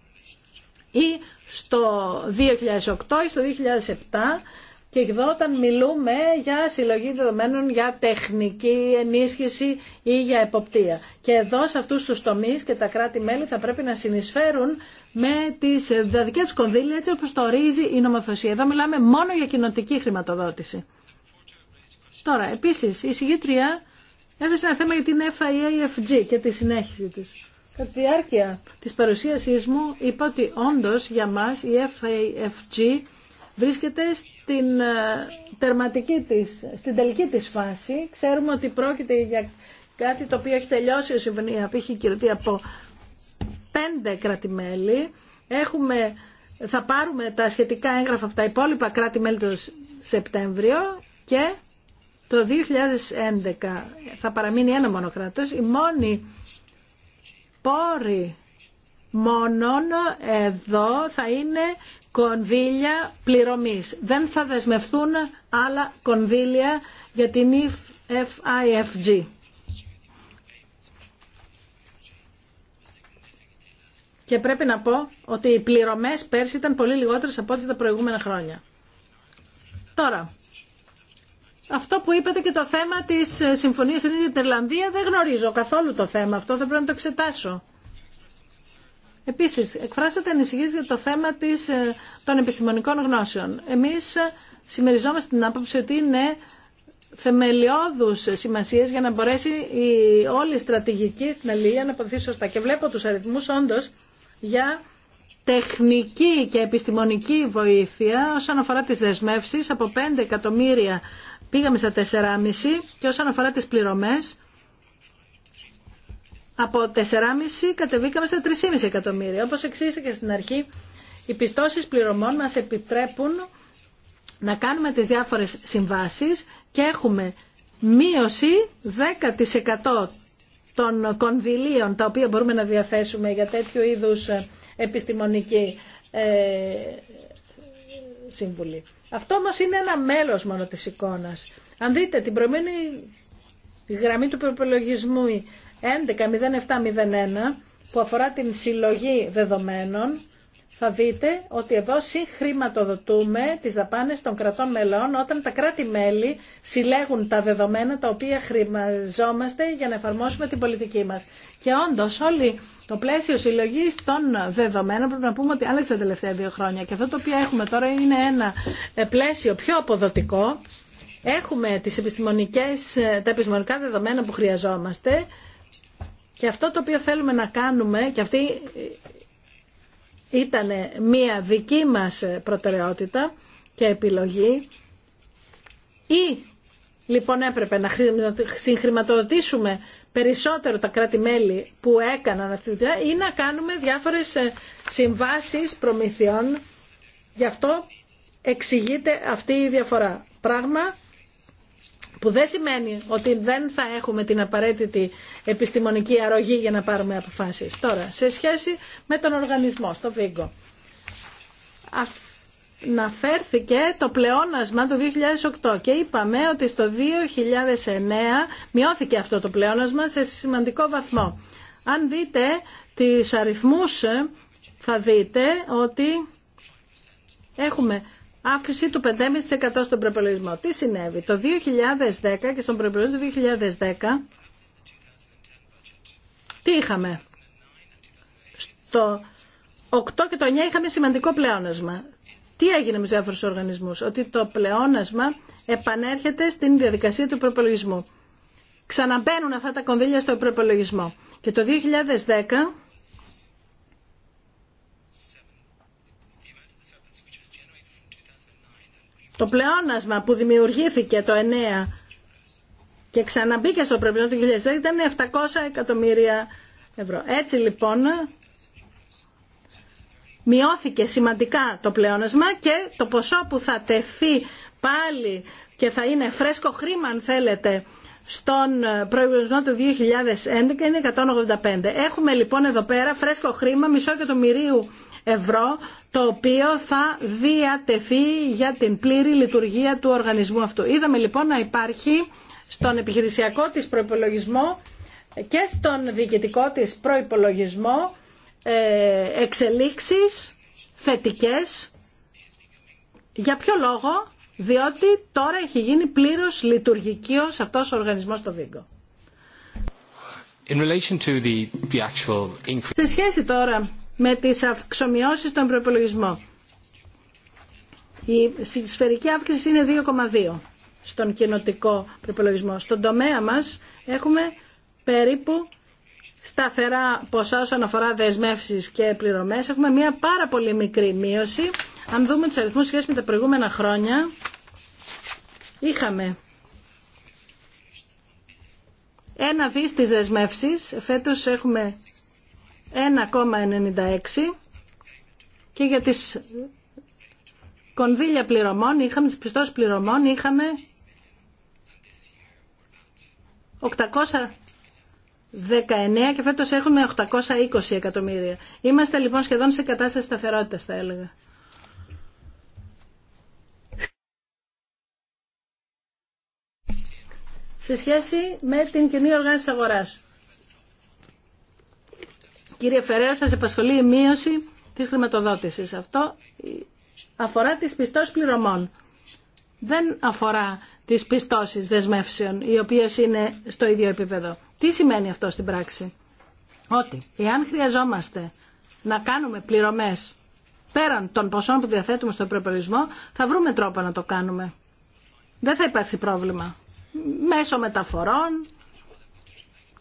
ή στο 2008 ή στο 2007 και εδώ όταν μιλούμε για συλλογή δεδομένων, για τεχνική ενίσχυση ή για εποπτεία. Και εδώ σε αυτούς τους τομείς και τα κράτη-μέλη θα πρέπει να συνεισφέρουν με τις δαδικές κονδύλια έτσι όπως το ορίζει η νομοθεσία. Εδώ μιλάμε μόνο για κοινοτική χρηματοδότηση. Τώρα, επίσης, η συγγήτρια έθεσε ένα θέμα για την FIAFG και τη συνέχιση της. Κατά διάρκεια της παρουσίασή μου είπα ότι όντω για μας η FAFG βρίσκεται στην ε, τερματική της, στην τελική της φάση. Ξέρουμε ότι πρόκειται για κάτι το οποίο έχει τελειώσει η συμφωνία που έχει κυρωθεί από πέντε κράτη-μέλη. Έχουμε, θα πάρουμε τα σχετικά έγγραφα από τα υπόλοιπα κράτη-μέλη το Σεπτέμβριο και το 2011 θα παραμείνει ένα μόνο Η μόνη πόροι μόνο εδώ θα είναι κονδύλια πληρωμής. Δεν θα δεσμευτούν άλλα κονδύλια για την FIFG. Και πρέπει να πω ότι οι πληρωμές πέρσι ήταν πολύ λιγότερες από ό,τι τα προηγούμενα χρόνια. Τώρα, αυτό που είπατε και το θέμα της ε, συμφωνίας στην ίδια την δεν γνωρίζω καθόλου το θέμα αυτό, δεν πρέπει να το εξετάσω. Επίσης, εκφράσατε ανησυχίε για το θέμα της, ε, των επιστημονικών γνώσεων. Εμείς ε, συμμεριζόμαστε την άποψη ότι είναι θεμελιώδους σημασίες για να μπορέσει η όλη η στρατηγική στην αλληλεία να αποδοθεί σωστά. Και βλέπω του αριθμού όντω για τεχνική και επιστημονική βοήθεια όσον αφορά τις δεσμεύσεις από 5 εκατομμύρια πήγαμε στα 4,5 και όσον αφορά τις πληρωμές από 4,5 κατεβήκαμε στα 3,5 εκατομμύρια. Όπως εξήγησα και στην αρχή, οι πιστώσεις πληρωμών μας επιτρέπουν να κάνουμε τις διάφορες συμβάσεις και έχουμε μείωση 10% των κονδυλίων τα οποία μπορούμε να διαθέσουμε για τέτοιου είδους επιστημονική ε, σύμβουλη. Αυτό όμως είναι ένα μέλος μόνο της εικόνας. Αν δείτε την προηγούμενη γραμμή του προπολογισμού 11.07.01 που αφορά την συλλογή δεδομένων, θα δείτε ότι εδώ συγχρηματοδοτούμε τις δαπάνες των κρατών μελών όταν τα κράτη-μέλη συλλέγουν τα δεδομένα τα οποία χρημαζόμαστε για να εφαρμόσουμε την πολιτική μας. Και όντως όλοι το πλαίσιο συλλογή των δεδομένων πρέπει να πούμε ότι άλλαξε τα τελευταία δύο χρόνια και αυτό το οποίο έχουμε τώρα είναι ένα ε, πλαίσιο πιο αποδοτικό. Έχουμε τις επιστημονικές, ε, τα επιστημονικά δεδομένα που χρειαζόμαστε και αυτό το οποίο θέλουμε να κάνουμε και αυτή ε, ήταν μία δική μας προτεραιότητα και επιλογή ή λοιπόν έπρεπε να συγχρηματοδοτήσουμε περισσότερο τα κράτη-μέλη που έκαναν αυτή τη δουλειά ή να κάνουμε διάφορες ε, συμβάσεις προμηθειών. Γι' αυτό εξηγείται αυτή η διαφορά. Πράγμα που δεν σημαίνει ότι δεν θα έχουμε την απαραίτητη επιστημονική αρρωγή για να πάρουμε αποφάσεις. Τώρα, σε σχέση με τον οργανισμό, στο Βίγκο να φέρθηκε το πλεόνασμα του 2008 και είπαμε ότι στο 2009 μειώθηκε αυτό το πλεόνασμα σε σημαντικό βαθμό. Αν δείτε τις αριθμούς θα δείτε ότι έχουμε αύξηση του 5,5% στον προπολογισμό. Τι συνέβη το 2010 και στον προϋπολογισμό του 2010 τι είχαμε. Στο 8 και το 9 είχαμε σημαντικό πλεόνασμα τι έγινε με διάφορου διάφορους ότι το πλεόνασμα επανέρχεται στην διαδικασία του προπολογισμού. Ξαναμπαίνουν αυτά τα κονδύλια στο προπολογισμό. Και το 2010 το πλεόνασμα που δημιουργήθηκε το 9 και ξαναμπήκε στο προπολογισμό του 2010 ήταν 700 εκατομμύρια ευρώ. Έτσι λοιπόν μειώθηκε σημαντικά το πλεόνασμα και το ποσό που θα τεθεί πάλι και θα είναι φρέσκο χρήμα αν θέλετε στον προϋπολογισμό του 2011 είναι 185. Έχουμε λοιπόν εδώ πέρα φρέσκο χρήμα μισό και το μυρίου ευρώ το οποίο θα διατεθεί για την πλήρη λειτουργία του οργανισμού αυτού. Είδαμε λοιπόν να υπάρχει στον επιχειρησιακό της προϋπολογισμό και στον διοικητικό της προϋπολογισμό ε, εξελίξεις θετικές. Για ποιο λόγο, διότι τώρα έχει γίνει πλήρως ως αυτός ο οργανισμός στο Βίγκο. In to the, the actual increase... Σε σχέση τώρα με τις αυξομοιώσεις στον προπολογισμό, η σφαιρική αύξηση είναι 2,2 στον κοινοτικό προπολογισμό. Στον τομέα μας έχουμε περίπου σταθερά ποσά όσον αφορά δεσμεύσεις και πληρωμές. Έχουμε μια πάρα πολύ μικρή μείωση. Αν δούμε τους αριθμούς σχέση με τα προηγούμενα χρόνια, είχαμε ένα δις της δεσμεύσεις, φέτος έχουμε 1,96 και για τις κονδύλια πληρωμών, είχαμε τις πιστώσεις πληρωμών, είχαμε 800 και φέτος έχουμε 820 εκατομμύρια. Είμαστε λοιπόν σχεδόν σε κατάσταση σταθερότητας θα έλεγα. σε σχέση με την κοινή οργάνωση αγοράς. Κύριε Φερέα, σας επασχολεί η μείωση της χρηματοδότησης. Αυτό αφορά τις πιστώσεις πληρωμών. Δεν αφορά τις πιστώσεις δεσμεύσεων, οι οποίες είναι στο ίδιο επίπεδο. Τι σημαίνει αυτό στην πράξη. Ότι εάν χρειαζόμαστε να κάνουμε πληρωμές πέραν των ποσών που διαθέτουμε στον προπολογισμό, θα βρούμε τρόπο να το κάνουμε. Δεν θα υπάρξει πρόβλημα. Μέσω μεταφορών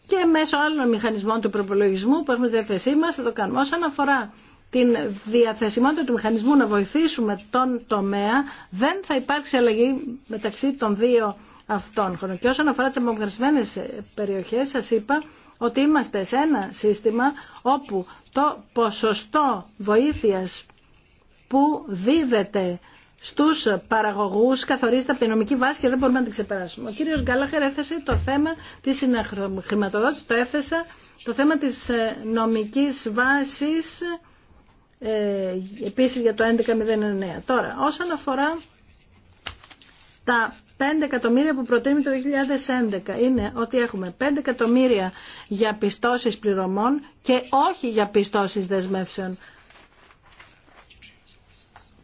και μέσω άλλων μηχανισμών του προπολογισμού που έχουμε στη διαθεσή μας θα το κάνουμε. Όσον αφορά την διαθεσιμότητα του μηχανισμού να βοηθήσουμε τον τομέα, δεν θα υπάρξει αλλαγή μεταξύ των δύο αυτών. Και όσον αφορά τι απομακρυσμένε περιοχές, σας είπα ότι είμαστε σε ένα σύστημα όπου το ποσοστό βοήθειας που δίδεται στους παραγωγούς καθορίζεται από την νομική βάση και δεν μπορούμε να την ξεπεράσουμε. Ο κύριος Γκάλαχερ έθεσε το θέμα της συναχρηματοδότησης, το έθεσα το θέμα της ε, νομικής βάσης ε, επίσης για το 11.09. Τώρα, όσον αφορά τα 5 εκατομμύρια που προτείνει το 2011 είναι ότι έχουμε 5 εκατομμύρια για πιστώσεις πληρωμών και όχι για πιστώσεις δεσμεύσεων.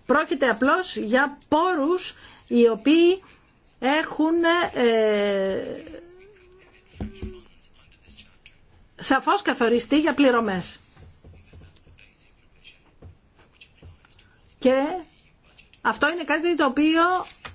Πρόκειται απλώς για πόρους οι οποίοι έχουν ε, σαφώς καθοριστεί για πληρωμές. Και αυτό είναι κάτι το οποίο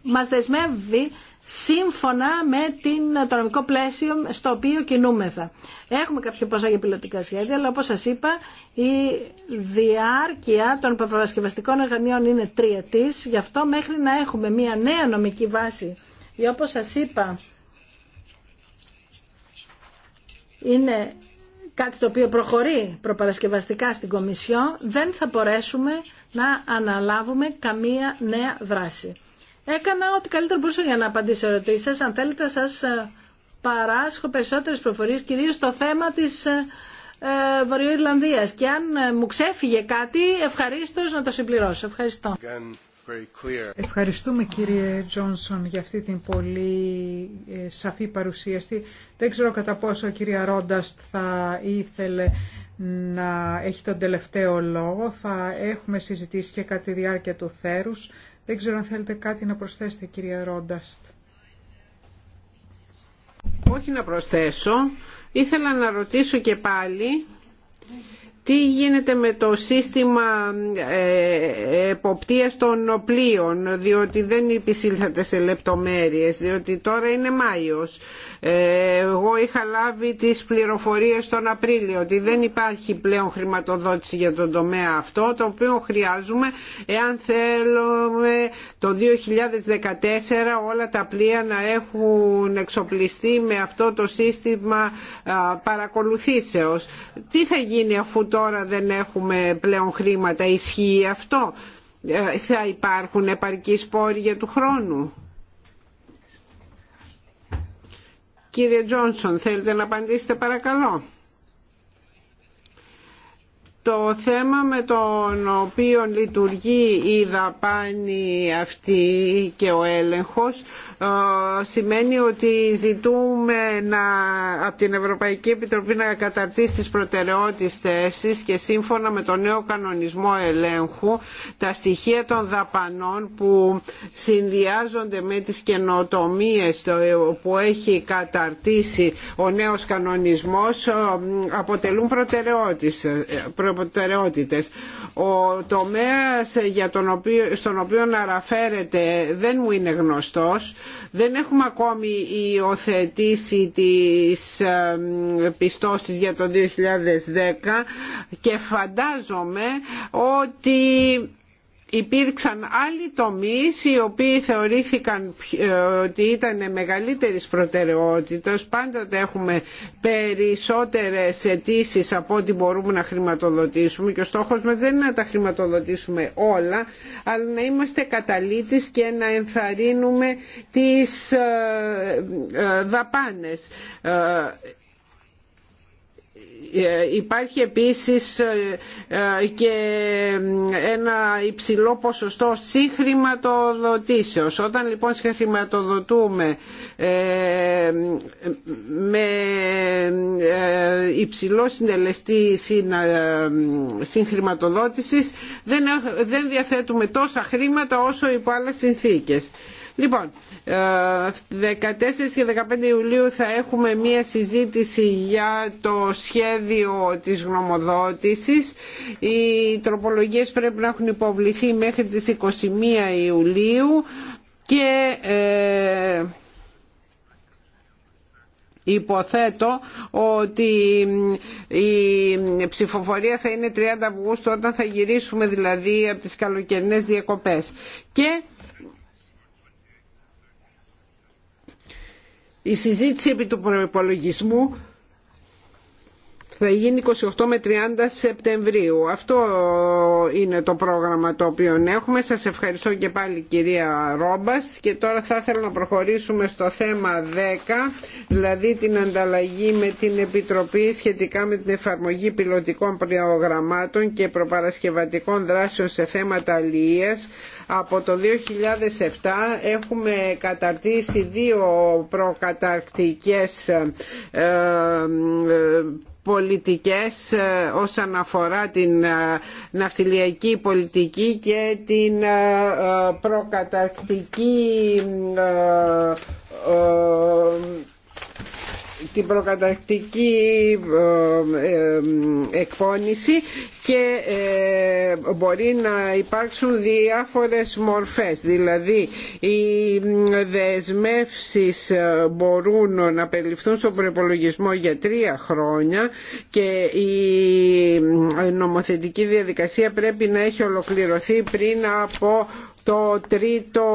μας δεσμεύει σύμφωνα με την, το νομικό πλαίσιο στο οποίο κινούμεθα. Έχουμε κάποια ποσά για πιλωτικά σχέδια, αλλά όπως σας είπα, η διάρκεια των προπαρασκευαστικών εργανείων είναι τριετής, γι' αυτό μέχρι να έχουμε μια νέα νομική βάση, ή όπως σας είπα, είναι κάτι το οποίο προχωρεί προπαρασκευαστικά στην Κομισιό, δεν θα μπορέσουμε να αναλάβουμε καμία νέα δράση. Έκανα ό,τι καλύτερο μπορούσα για να απαντήσω ερωτήσεις σας. Αν θέλετε σας ε, παράσχω περισσότερες προφορίες, κυρίως στο θέμα της ε, ε Βορειοϊρλανδίας. Και αν ε, μου ξέφυγε κάτι, ευχαρίστως να το συμπληρώσω. Ευχαριστώ. Ευχαριστούμε κύριε Τζόνσον για αυτή την πολύ σαφή παρουσίαση. Δεν ξέρω κατά πόσο κυρία Ρόνταστ θα ήθελε να έχει τον τελευταίο λόγο. Θα έχουμε συζητήσει και κατά τη διάρκεια του θέρους. Δεν ξέρω αν θέλετε κάτι να προσθέσετε κυρία Ρόνταστ. Όχι να προσθέσω. Ήθελα να ρωτήσω και πάλι τι γίνεται με το σύστημα ε, εποπτείας των οπλίων διότι δεν υπησύλθατε σε λεπτομέρειες, διότι τώρα είναι Μάιος εγώ είχα λάβει τις πληροφορίες τον Απρίλιο ότι δεν υπάρχει πλέον χρηματοδότηση για τον τομέα αυτό το οποίο χρειάζουμε εάν θέλουμε το 2014 όλα τα πλοία να έχουν εξοπλιστεί με αυτό το σύστημα παρακολουθήσεως. Τι θα γίνει αφού τώρα δεν έχουμε πλέον χρήματα, ισχύει αυτό, ε, θα υπάρχουν επαρκή πόροι για του χρόνου. Κύριε Τζόνσον, θέλετε να απαντήσετε παρακαλώ το θέμα με τον οποίο λειτουργεί η δαπάνη αυτή και ο έλεγχος ε, σημαίνει ότι ζητούμε να, από την Ευρωπαϊκή Επιτροπή να καταρτήσει τις προτεραιότητες θέσεις και σύμφωνα με τον νέο κανονισμό ελέγχου τα στοιχεία των δαπανών που συνδυάζονται με τις καινοτομίες που έχει καταρτήσει ο νέος κανονισμός ε, αποτελούν προτεραιότητες ε, προτεραιότητες. Ο τομέας για τον στον οποίο αναφέρεται δεν μου είναι γνωστός. Δεν έχουμε ακόμη υιοθετήσει τις πιστώσεις για το 2010 και φαντάζομαι ότι υπήρξαν άλλοι τομείς οι οποίοι θεωρήθηκαν ε, ότι ήταν μεγαλύτερης προτεραιότητας. Πάντοτε έχουμε περισσότερες αιτήσει από ό,τι μπορούμε να χρηματοδοτήσουμε και ο στόχος μας δεν είναι να τα χρηματοδοτήσουμε όλα, αλλά να είμαστε καταλήτης και να ενθαρρύνουμε τις ε, ε, δαπάνες ε, υπάρχει επίσης ε, ε, και ένα υψηλό ποσοστό συγχρηματοδοτήσεως. Όταν λοιπόν συγχρηματοδοτούμε με υψηλό συντελεστή συγχρηματοδότησης δεν διαθέτουμε τόσα χρήματα όσο υπό άλλες συνθήκες. Λοιπόν, 14 ε, και 15 Ιουλίου θα έχουμε μία συζήτηση για το σχέδιο της γνωμοδότησης. Οι τροπολογίες πρέπει να έχουν υποβληθεί μέχρι τις 21 Ιουλίου και... Ε, υποθέτω ότι η ψηφοφορία θα είναι 30 Αυγούστου όταν θα γυρίσουμε δηλαδή από τις καλοκαιρινές διακοπές. Και Η συζήτηση επί του προπολογισμού θα γίνει 28 με 30 Σεπτεμβρίου. Αυτό είναι το πρόγραμμα το οποίο έχουμε. Σας ευχαριστώ και πάλι κυρία Ρόμπας και τώρα θα ήθελα να προχωρήσουμε στο θέμα 10, δηλαδή την ανταλλαγή με την Επιτροπή σχετικά με την εφαρμογή πιλωτικών προγραμμάτων και προπαρασκευατικών δράσεων σε θέματα αλληλείας από το 2007 έχουμε καταρτήσει δύο προκαταρκτικές ε, ε, πολιτικές ε, όσον αφορά την ναυτιλιακή πολιτική και την προκαταρκτική την προκαταρκτική ε, ε, εκφώνηση και ε, μπορεί να υπάρξουν διάφορες μορφές δηλαδή οι δεσμεύσεις μπορούν να περιληφθούν στον προπολογισμό για τρία χρόνια και η νομοθετική διαδικασία πρέπει να έχει ολοκληρωθεί πριν από το τρίτο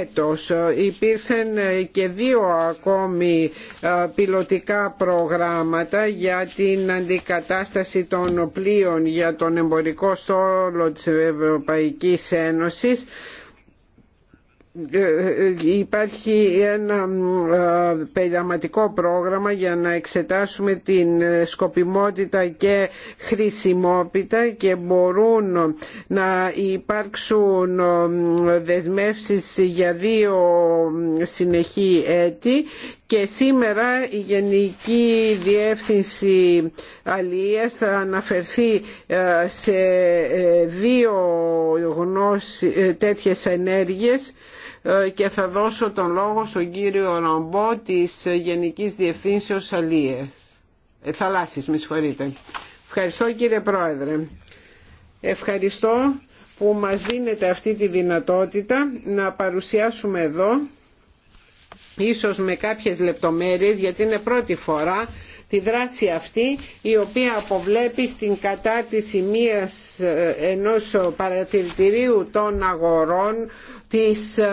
έτος. Υπήρξαν και δύο ακόμη ε, πιλωτικά προγράμματα για την αντικατάσταση των πλοίων για τον εμπορικό στόλο της Ευρωπαϊκής Ένωσης ε, ε, υπάρχει ένα ε, περιγραμματικό πρόγραμμα για να εξετάσουμε την σκοπιμότητα και χρησιμότητα και μπορούν να υπάρξουν δεσμεύσεις για δύο συνεχή έτη και σήμερα η Γενική Διεύθυνση Αλίας θα αναφερθεί σε δύο γνώσεις, τέτοιες ενέργειες και θα δώσω τον λόγο στον κύριο Ρομπό της Γενικής Διευθύνσεως Αλίες. Ε, θαλάσσης, με συγχωρείτε. Ευχαριστώ κύριε Πρόεδρε. Ευχαριστώ που μας δίνετε αυτή τη δυνατότητα να παρουσιάσουμε εδώ ίσως με κάποιες λεπτομέρειες γιατί είναι πρώτη φορά τη δράση αυτή η οποία αποβλέπει στην κατάρτιση μίας ε, ενός παρατηρητηρίου των αγορών της, ε,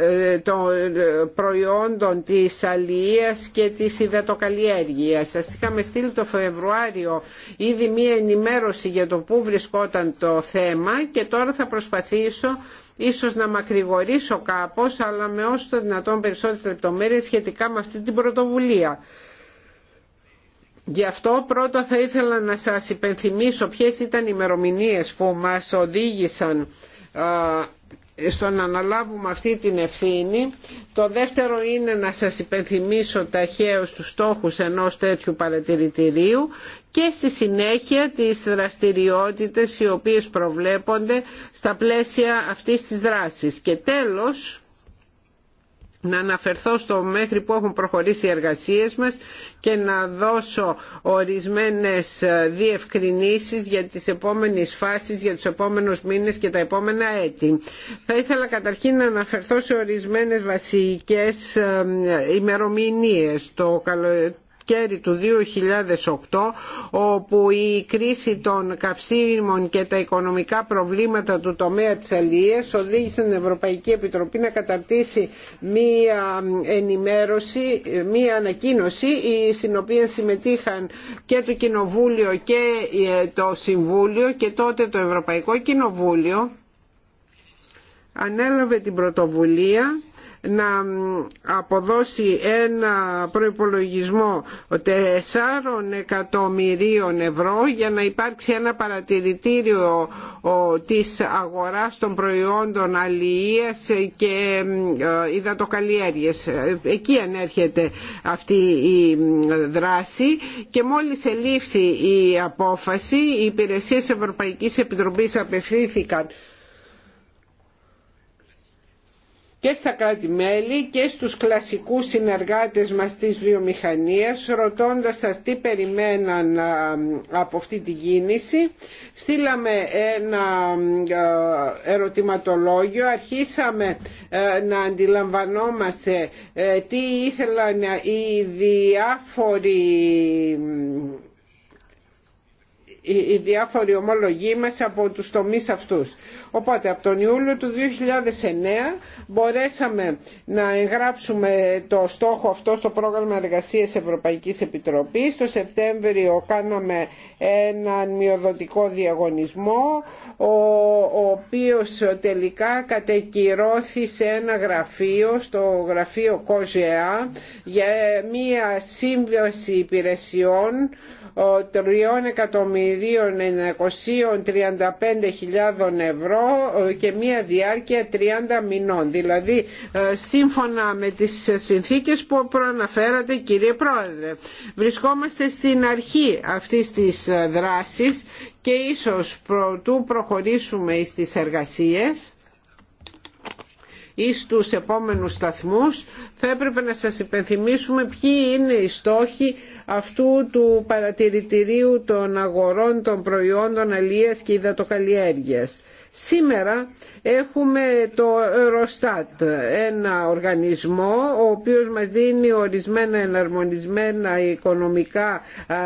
ε, των ε, προϊόντων της αλίας και της υδατοκαλλιέργειας. Σας είχαμε στείλει το Φεβρουάριο ήδη μία ενημέρωση για το πού βρισκόταν το θέμα και τώρα θα προσπαθήσω ίσως να μακρηγορήσω κάπως αλλά με όσο το δυνατόν περισσότερες λεπτομέρειες σχετικά με αυτή την πρωτοβουλία. Γι' αυτό πρώτα θα ήθελα να σας υπενθυμίσω ποιες ήταν οι ημερομηνίες που μας οδήγησαν στο να αναλάβουμε αυτή την ευθύνη. Το δεύτερο είναι να σας υπενθυμίσω ταχαίως τους στόχους ενός τέτοιου παρατηρητηρίου και στη συνέχεια τις δραστηριότητες οι οποίες προβλέπονται στα πλαίσια αυτής της δράσης. Και τέλος, να αναφερθώ στο μέχρι που έχουν προχωρήσει οι εργασίες μας και να δώσω ορισμένες διευκρινήσεις για τις επόμενες φάσεις, για τους επόμενους μήνες και τα επόμενα έτη. Θα ήθελα καταρχήν να αναφερθώ σε ορισμένες βασικές ε, ημερομηνίες. Το καλοκαίρι του 2008 όπου η κρίση των καυσίμων και τα οικονομικά προβλήματα του τομέα της αλληλείας οδήγησαν την Ευρωπαϊκή Επιτροπή να καταρτήσει μία ενημέρωση, μία ανακοίνωση στην οποία συμμετείχαν και το Κοινοβούλιο και ε, το Συμβούλιο και τότε το Ευρωπαϊκό Κοινοβούλιο ανέλαβε την πρωτοβουλία να αποδώσει ένα προϋπολογισμό 4 εκατομμυρίων ευρώ για να υπάρξει ένα παρατηρητήριο της αγοράς των προϊόντων αλληλείας και ε, υδατοκαλλιέργειας. Εκεί ανέρχεται αυτή η δράση και μόλις ελήφθη η απόφαση οι υπηρεσίες Ευρωπαϊκής Επιτροπής απευθύνθηκαν και στα κράτη-μέλη και στους κλασικούς συνεργάτες μας της βιομηχανίας ρωτώντας σας τι περιμέναν από αυτή τη γίνηση. Στείλαμε ένα ερωτηματολόγιο, αρχίσαμε ε, να αντιλαμβανόμαστε ε, τι ήθελαν οι διάφοροι οι διάφοροι ομολογοί μας από τους τομείς αυτούς. Οπότε από τον Ιούλιο του 2009 μπορέσαμε να εγγράψουμε το στόχο αυτό στο πρόγραμμα εργασίας Ευρωπαϊκής Επιτροπής. Το Σεπτέμβριο κάναμε έναν μειοδοτικό διαγωνισμό ο, ο οποίος τελικά κατεκυρώθη ένα γραφείο στο γραφείο ΚΟΖΕΑ για μία σύμβαση υπηρεσιών 3.935.000 ευρώ και μία διάρκεια 30 μηνών. Δηλαδή ε, σύμφωνα με τις συνθήκες που προαναφέρατε κύριε Πρόεδρε. Βρισκόμαστε στην αρχή αυτής της ε, δράσης και ίσως προτού προχωρήσουμε στις εργασίες ή στους επόμενους σταθμούς θα έπρεπε να σας υπενθυμίσουμε ποιοι είναι οι στόχοι αυτού του παρατηρητηρίου των αγορών των προϊόντων αλίας και υδατοκαλλιέργειας. Σήμερα έχουμε το Eurostat, ένα οργανισμό ο οποίος μας δίνει ορισμένα εναρμονισμένα οικονομικά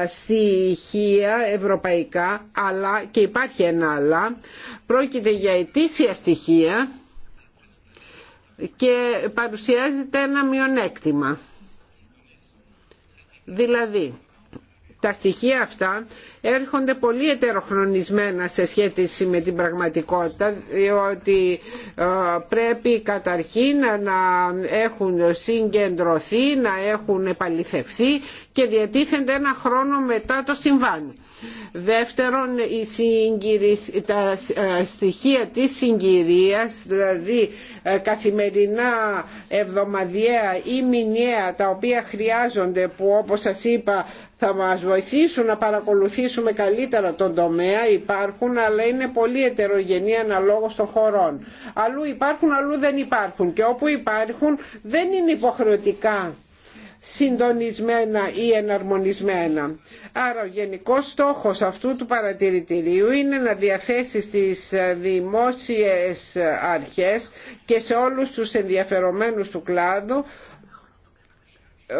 στοιχεία ευρωπαϊκά, αλλά και υπάρχει ένα αλλά, πρόκειται για ετήσια στοιχεία και παρουσιάζεται ένα μειονέκτημα. Δηλαδή, τα στοιχεία αυτά έρχονται πολύ ετεροχρονισμένα σε σχέση με την πραγματικότητα διότι ε, πρέπει καταρχήν να έχουν συγκεντρωθεί, να έχουν επαληθευθεί και διατίθενται ένα χρόνο μετά το συμβάν. Δεύτερον, η τα ε, στοιχεία της συγκυρίας, δηλαδή ε, καθημερινά, εβδομαδιαία ή μηνιαία, τα οποία χρειάζονται που όπως σας είπα θα μας βοηθήσουν να παρακολουθήσουμε καλύτερα τον τομέα υπάρχουν αλλά είναι πολύ ετερογενή αναλόγως των χωρών. Αλλού υπάρχουν, αλλού δεν υπάρχουν και όπου υπάρχουν δεν είναι υποχρεωτικά συντονισμένα ή εναρμονισμένα. Άρα ο γενικός στόχος αυτού του παρατηρητηρίου είναι να διαθέσει στις ε, δημόσιες ε, αρχές και σε όλους τους ενδιαφερομένους του κλάδου ε,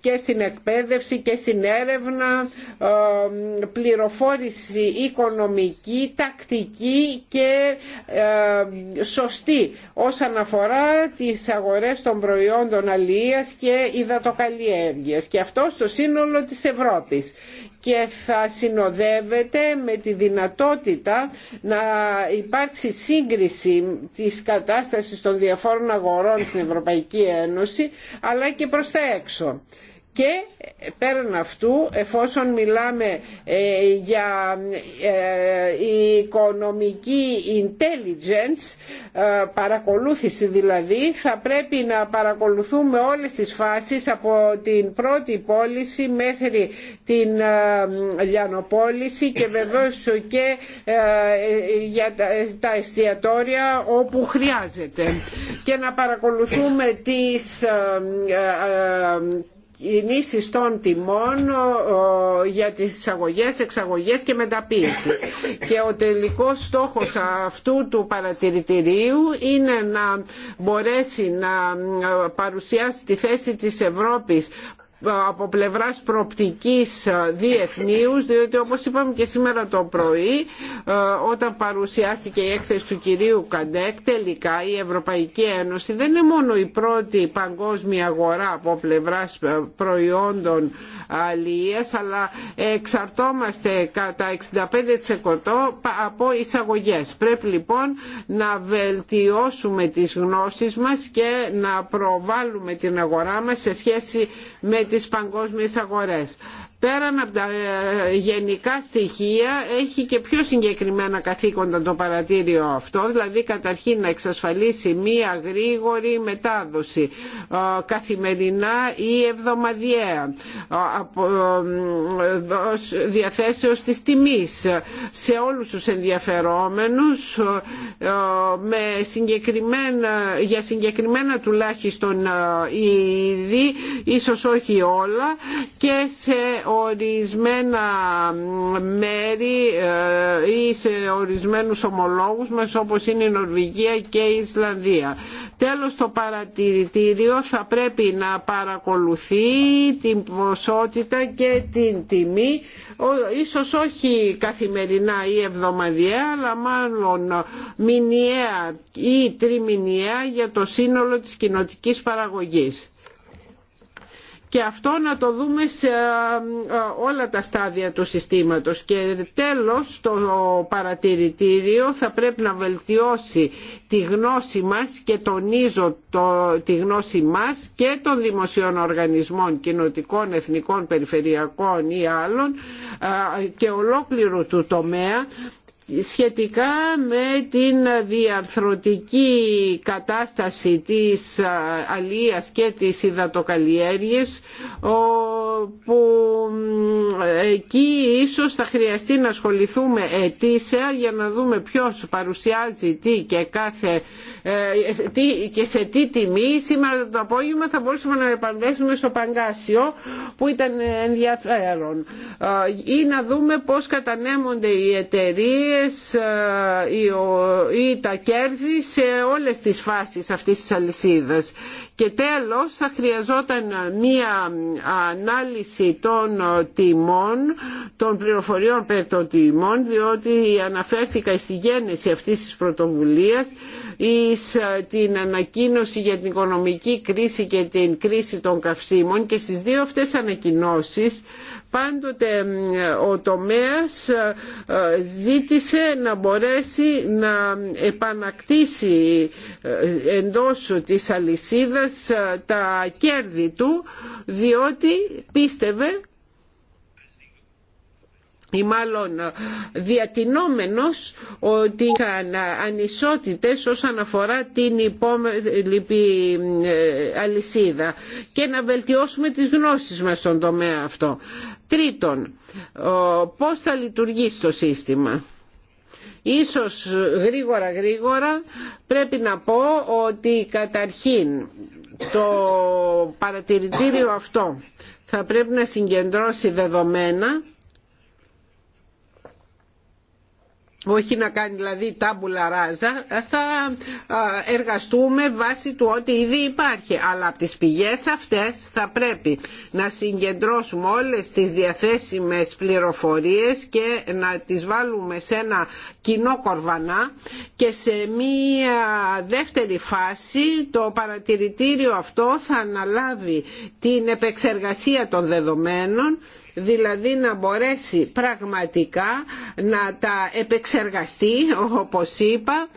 και στην εκπαίδευση και στην έρευνα, ε, πληροφόρηση οικονομική, τακτική και ε, σωστή όσον αφορά τις αγορές των προϊόντων αλληλείας και υδατοκαλλιέργειας και αυτό στο σύνολο της Ευρώπης και θα συνοδεύεται με τη δυνατότητα να υπάρξει σύγκριση της κατάστασης των διαφόρων αγορών στην Ευρωπαϊκή Ένωση αλλά και προς τα έξω και ε, πέραν αυτού εφόσον μιλάμε ε, για ε, οικονομική intelligence παρακολούθηση δηλαδή θα πρέπει να παρακολουθούμε όλες τις φάσεις από την πρώτη πώληση μέχρι την λιανοπόληση και βεβαίως και για τα εστιατόρια όπου χρειάζεται και να παρακολουθούμε τις κινήσεις των τιμών για τις εισαγωγές, εξαγωγές και μεταποίηση. Και ο τελικός στόχος αυτού του παρατηρητηρίου είναι να μπορέσει να ε, παρουσιάσει τη θέση της Ευρώπης από πλευράς προπτικής διεθνίους διότι όπως είπαμε και σήμερα το πρωί ε, όταν παρουσιάστηκε η έκθεση του κυρίου Καντέκ τελικά η Ευρωπαϊκή Ένωση δεν είναι μόνο η πρώτη παγκόσμια αγορά από πλευράς ε, προϊόντων αλληλείας αλλά εξαρτόμαστε κατά 65% από εισαγωγές. Πρέπει λοιπόν να βελτιώσουμε τις γνώσεις μας και να προβάλλουμε την αγορά μας σε σχέση με τις παγκόσμιες αγορές πέραν από τα ε, γενικά στοιχεία έχει και πιο συγκεκριμένα καθήκοντα το παρατήριο αυτό δηλαδή καταρχήν να εξασφαλίσει μία γρήγορη μετάδοση ε, καθημερινά ή εβδομαδιαία ε, διαθέσεως της τιμής σε όλους τους ενδιαφερόμενους με συγκεκριμένα, για συγκεκριμένα τουλάχιστον είδη ίσως όχι όλα και σε ορισμένα μέρη ε, ή σε ορισμένους ομολόγους μας όπως είναι η Νορβηγία και η Ισλανδία. Τέλος το παρατηρητήριο θα πρέπει να παρακολουθεί την ποσότητα και την τιμή ίσως όχι καθημερινά ή εβδομαδιαία αλλά μάλλον μηνιαία ή τριμηνιαία για το σύνολο της κοινοτικής παραγωγής και αυτό να το δούμε σε όλα τα στάδια του συστήματος και τέλος το παρατηρητήριο θα πρέπει να βελτιώσει τη γνώση μας και τονίζω το, τη γνώση μας και των δημοσίων οργανισμών κοινοτικών, εθνικών, περιφερειακών ή άλλων και ολόκληρου του τομέα σχετικά με την διαρθρωτική κατάσταση της αλίας και της υδατοκαλλιέργειας που εκεί ίσως θα χρειαστεί να ασχοληθούμε ετήσια για να δούμε ποιος παρουσιάζει τι και κάθε ε, και σε τι τιμή. Σήμερα το απόγευμα θα μπορούσαμε να επανέλθουμε στο Παγκάσιο που ήταν ενδιαφέρον. Ε, ή να δούμε πώς κατανέμονται οι εταιρείε ε, ή τα κέρδη σε όλες τις φάσεις αυτής της αλυσίδας. Και τέλος θα χρειαζόταν μία ανάλυση των τιμών, των πληροφοριών περί των τιμών, διότι αναφέρθηκα στη γέννηση αυτής της πρωτοβουλίας εις ε, την ανακοίνωση για την οικονομική κρίση και την κρίση των καυσίμων και στις δύο αυτές ανακοινώσεις πάντοτε ο τομέας ε, ε, ζήτησε να μπορέσει να επανακτήσει εντός της αλυσίδας τα κέρδη του διότι πίστευε ή μάλλον ε, διατηνόμενος ότι είχαν ε, ανισότητες όσον αφορά την υπόλοιπη ε, αλυσίδα και να βελτιώσουμε τις γνώσεις μας στον τομέα αυτό. Τρίτον, πώς θα λειτουργήσει το σύστημα. Ίσως γρήγορα γρήγορα πρέπει να πω ότι καταρχήν το παρατηρητήριο αυτό θα πρέπει να συγκεντρώσει δεδομένα όχι να κάνει δηλαδή τάμπουλα ράζα, ε, θα εργαστούμε βάσει του ότι ήδη υπάρχει. Αλλά από τις πηγές αυτές θα πρέπει να συγκεντρώσουμε όλες τις διαθέσιμες πληροφορίες και να τις βάλουμε σε ένα κοινό κορβανά και σε μία δεύτερη φάση το παρατηρητήριο αυτό θα αναλάβει την επεξεργασία των δεδομένων δηλαδή να μπορέσει πραγματικά να τα επεξεργαστεί όπως είπα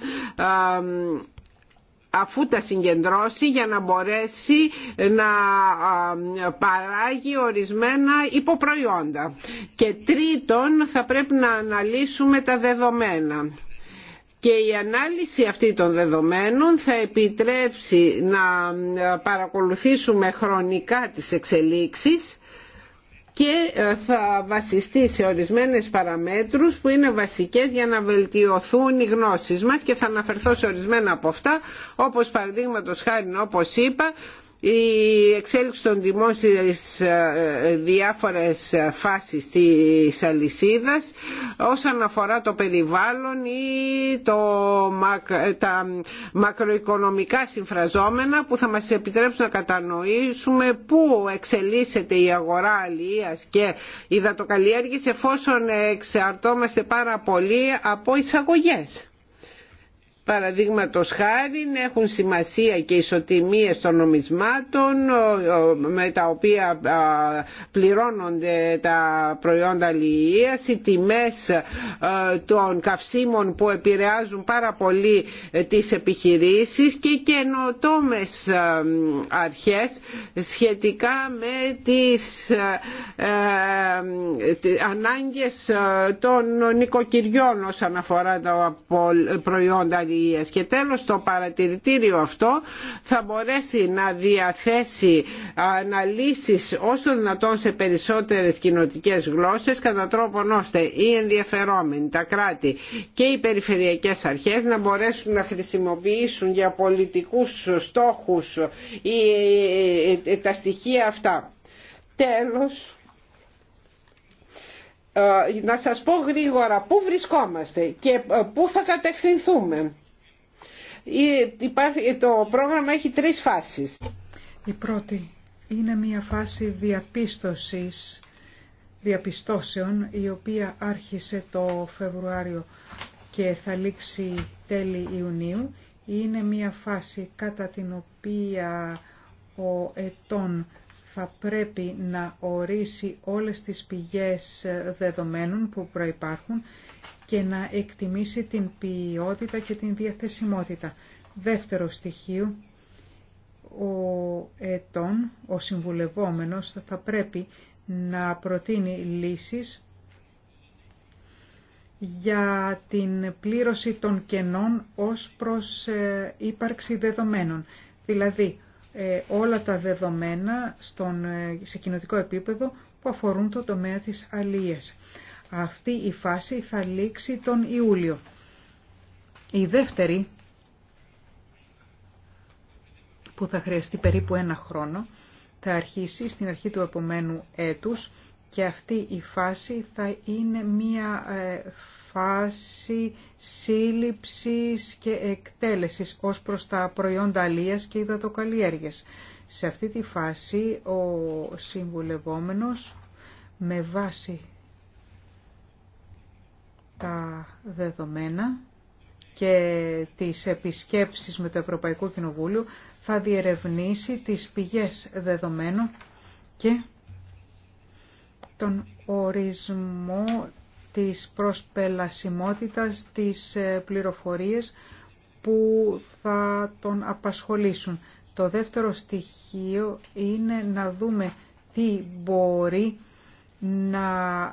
αφού τα συγκεντρώσει για να μπορέσει να παράγει ορισμένα υποπροϊόντα. Και τρίτον θα πρέπει να αναλύσουμε τα δεδομένα και η ανάλυση αυτή των δεδομένων θα επιτρέψει να παρακολουθήσουμε χρονικά τις εξελίξεις και ε, θα βασιστεί σε ορισμένες παραμέτρους που είναι βασικές για να βελτιωθούν οι γνώσεις μας και θα αναφερθώ σε ορισμένα από αυτά όπως παραδείγματο χάρη όπως είπα η εξέλιξη των τιμών στις ε, διάφορες φάσεις της αλυσίδας όσον αφορά το περιβάλλον ή το, ε, τα μακροοικονομικά συμφραζόμενα που θα μας επιτρέψουν να κατανοήσουμε πού εξελίσσεται η αγορά αλίας και η εφόσον εξαρτώμαστε πάρα πολύ από εισαγωγές. Παραδείγματο χάρη έχουν σημασία και ισοτιμίε των νομισμάτων με τα οποία πληρώνονται τα προϊόντα αλληλεία, οι τιμέ των καυσίμων που επηρεάζουν πάρα πολύ ε, τις επιχειρήσεις και καινοτόμες αρχές σχετικά με τις ε, ε, ανάγκες των νοικοκυριών όσον αφορά τα προϊόντα αλληλεία και τέλος το παρατηρητήριο αυτό θα μπορέσει να διαθέσει αναλύσεις όσο δυνατόν σε περισσότερες κοινοτικές γλώσσες κατά τρόπον ώστε οι ενδιαφερόμενοι, τα κράτη και οι περιφερειακές αρχές να μπορέσουν να χρησιμοποιήσουν για πολιτικούς στόχους τα στοιχεία αυτά. Τέλος ε, να σας πω γρήγορα πού βρισκόμαστε και ε, πού θα κατευθυνθούμε το πρόγραμμα έχει τρεις φάσεις. Η πρώτη είναι μια φάση διαπίστωσης, διαπιστώσεων, η οποία άρχισε το Φεβρουάριο και θα λήξει τέλη Ιουνίου. Είναι μια φάση κατά την οποία ο ετών θα πρέπει να ορίσει όλες τις πηγές δεδομένων που προϋπάρχουν και να εκτιμήσει την ποιότητα και την διαθεσιμότητα. Δεύτερο στοιχείο, ο ετών, ο συμβουλευόμενος, θα πρέπει να προτείνει λύσεις για την πλήρωση των κενών ως προς ε, ύπαρξη δεδομένων. Δηλαδή, ε, όλα τα δεδομένα στον, ε, σε επίπεδο που αφορούν το τομέα της αλίας. Αυτή η φάση θα λήξει τον Ιούλιο. Η δεύτερη, που θα χρειαστεί περίπου ένα χρόνο, θα αρχίσει στην αρχή του επομένου έτους και αυτή η φάση θα είναι μία ε, φάση σύλληψης και εκτέλεσης ως προς τα προϊόντα αλίας και υδατοκαλλιέργειας. Σε αυτή τη φάση ο συμβουλευόμενος με βάση τα δεδομένα και τις επισκέψεις με το Ευρωπαϊκό Κοινοβούλιο θα διερευνήσει τις πηγές δεδομένων και τον ορισμό της προσπελασιμότητας της ε, πληροφορίες που θα τον απασχολήσουν. Το δεύτερο στοιχείο είναι να δούμε τι μπορεί να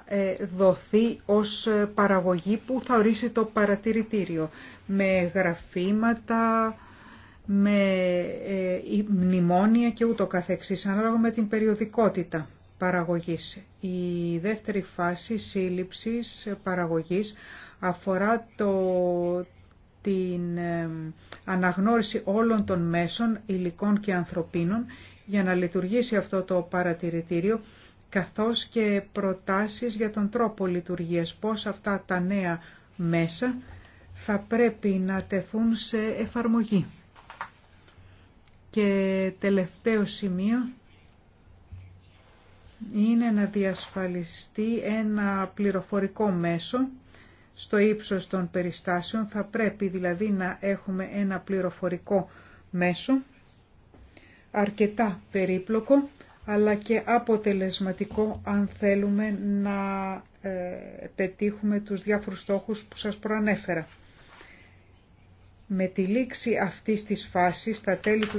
ε, δοθεί ως παραγωγή που θα ορίσει το παρατηρητήριο με γραφήματα, με ε, μνημόνια και ούτω καθεξής, ανάλογα με την περιοδικότητα παραγωγής. Η δεύτερη φάση σύλληψης παραγωγής αφορά το, την ε, αναγνώριση όλων των μέσων, υλικών και ανθρωπίνων για να λειτουργήσει αυτό το παρατηρητήριο καθώς και προτάσεις για τον τρόπο λειτουργίας, πώς αυτά τα νέα μέσα θα πρέπει να τεθούν σε εφαρμογή. Και τελευταίο σημείο είναι να διασφαλιστεί ένα πληροφορικό μέσο στο ύψος των περιστάσεων. Θα πρέπει δηλαδή να έχουμε ένα πληροφορικό μέσο αρκετά περίπλοκο αλλά και αποτελεσματικό αν θέλουμε να ε, πετύχουμε τους διάφορους στόχους που σας προανέφερα. Με τη λήξη αυτής της φάσης, στα τέλη του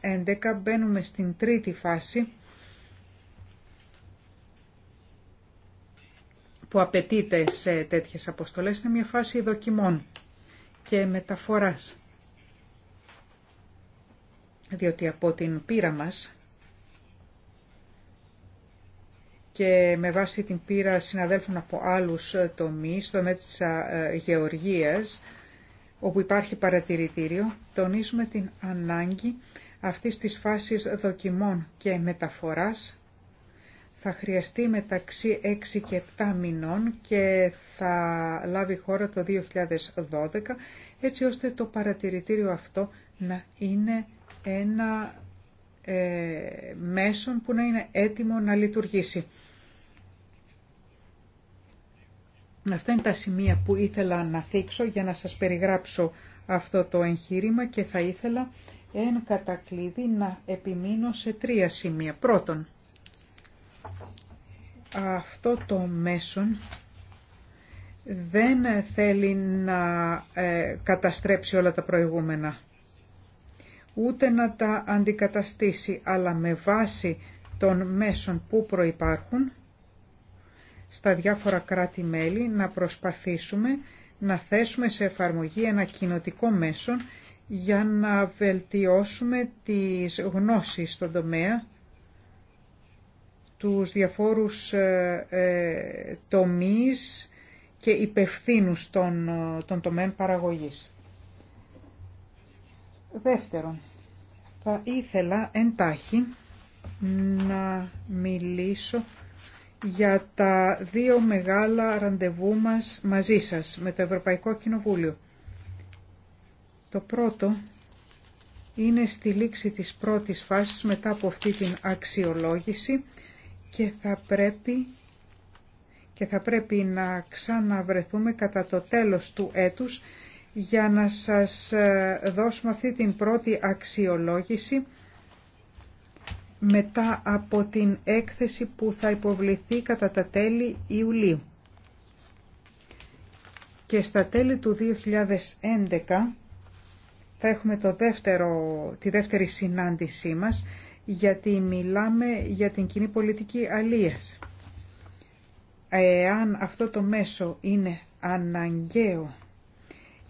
2011, μπαίνουμε στην τρίτη φάση που απαιτείται σε τέτοιες αποστολές. Είναι μια φάση δοκιμών και μεταφοράς. Διότι από την πείρα μας και με βάση την πείρα συναδέλφων από άλλους ε, τομείς, στο μέτρο της ε, γεωργίας, όπου υπάρχει παρατηρητήριο, τονίζουμε την ανάγκη αυτής της φάσης δοκιμών και μεταφοράς. Θα χρειαστεί μεταξύ 6 και 7 μηνών και θα λάβει χώρα το 2012, έτσι ώστε το παρατηρητήριο αυτό να είναι ένα ε, μέσον που να είναι έτοιμο να λειτουργήσει. Αυτά είναι τα σημεία που ήθελα να θίξω για να σας περιγράψω αυτό το εγχείρημα και θα ήθελα εν κατακλείδη να επιμείνω σε τρία σημεία. Πρώτον, αυτό το μέσον δεν θέλει να ε, καταστρέψει όλα τα προηγούμενα, ούτε να τα αντικαταστήσει, αλλά με βάση των μέσων που προϋπάρχουν στα διάφορα κράτη-μέλη να προσπαθήσουμε να θέσουμε σε εφαρμογή ένα κοινοτικό μέσο για να βελτιώσουμε τις γνώσεις στον τομέα, τους διαφόρους ε, ε τομείς και υπευθύνους των, ε, των τομέων παραγωγής. Δεύτερον, θα ήθελα εντάχει να μιλήσω για τα δύο μεγάλα ραντεβού μας μαζί σας με το Ευρωπαϊκό Κοινοβούλιο. Το πρώτο είναι στη λήξη της πρώτης φάσης μετά από αυτή την αξιολόγηση και θα πρέπει και θα πρέπει να ξαναβρεθούμε κατά το τέλος του έτους για να σας ε, δώσουμε αυτή την πρώτη αξιολόγηση μετά από την έκθεση που θα υποβληθεί κατά τα τέλη Ιουλίου. Και στα τέλη του 2011 θα έχουμε το δεύτερο, τη δεύτερη συνάντησή μας γιατί μιλάμε για την κοινή πολιτική αλίας. Εάν αυτό το μέσο είναι αναγκαίο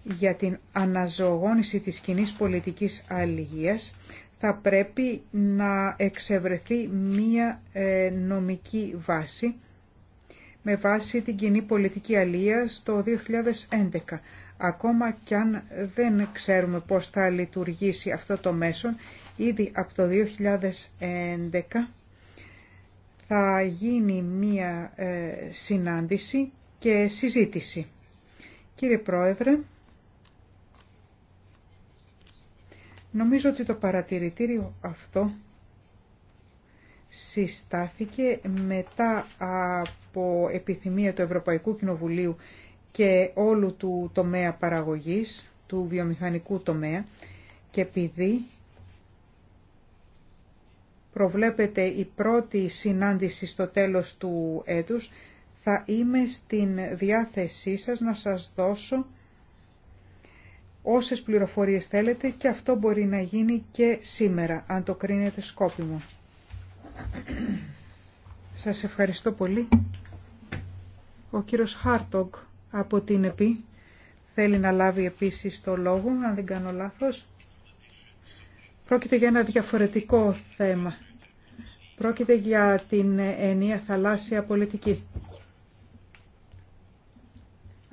για την αναζωογόνηση της κοινής πολιτικής αλληλείας, θα πρέπει να εξευρεθεί μία ε, νομική βάση με βάση την κοινή πολιτική αλίας στο 2011. Ακόμα κι αν δεν ξέρουμε πώς θα λειτουργήσει αυτό το μέσο, ήδη από το 2011 θα γίνει μία ε, συνάντηση και συζήτηση. Κύριε Πρόεδρε, Νομίζω ότι το παρατηρητήριο αυτό συστάθηκε μετά από επιθυμία του Ευρωπαϊκού Κοινοβουλίου και όλου του τομέα παραγωγής, του βιομηχανικού τομέα και επειδή προβλέπεται η πρώτη συνάντηση στο τέλος του έτους, θα είμαι στην διάθεσή σας να σας δώσω όσες πληροφορίες θέλετε και αυτό μπορεί να γίνει και σήμερα, αν το κρίνετε σκόπιμο. Σας ευχαριστώ πολύ. Ο κύριος Χάρτογκ από την ΕΠΗ θέλει να λάβει επίσης το λόγο, αν δεν κάνω λάθος. Πρόκειται για ένα διαφορετικό θέμα. Πρόκειται για την ενία θαλάσσια πολιτική.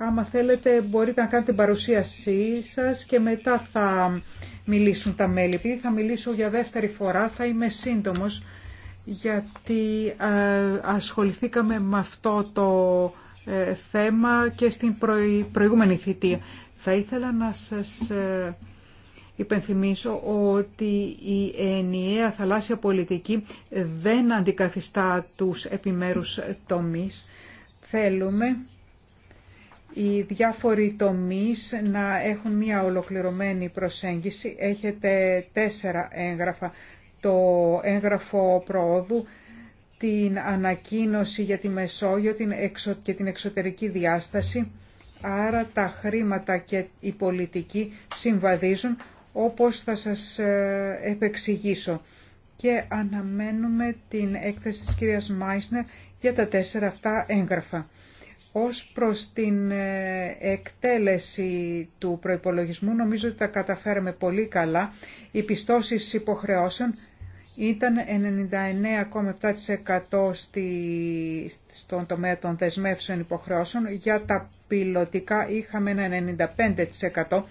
Άμα θέλετε μπορείτε να κάνετε την παρουσίασή σας και μετά θα μιλήσουν τα μέλη. Επειδή θα μιλήσω για δεύτερη φορά θα είμαι σύντομος γιατί ε, ασχοληθήκαμε με αυτό το ε, θέμα και στην προηγούμενη θητεία. Θα ήθελα να σας ε, υπενθυμίσω ότι η ενιαία θαλάσσια πολιτική δεν αντικαθιστά τους επιμέρους τομείς. Θέλουμε οι διάφοροι τομείς να έχουν μια ολοκληρωμένη προσέγγιση. Έχετε τέσσερα έγγραφα. Το έγγραφο προόδου, την ανακοίνωση για τη Μεσόγειο την εξω... και την εξωτερική διάσταση. Άρα τα χρήματα και η πολιτική συμβαδίζουν όπως θα σας ε, επεξηγήσω. Και αναμένουμε την έκθεση της κυρίας Μάισνερ για τα τέσσερα αυτά έγγραφα. Ως προς την ε, εκτέλεση του προϋπολογισμού νομίζω ότι τα καταφέραμε πολύ καλά. Οι πιστώσεις υποχρεώσεων ήταν 99,7% στον τομέα των δεσμεύσεων υποχρεώσεων. Για τα πιλωτικά είχαμε ένα 95%.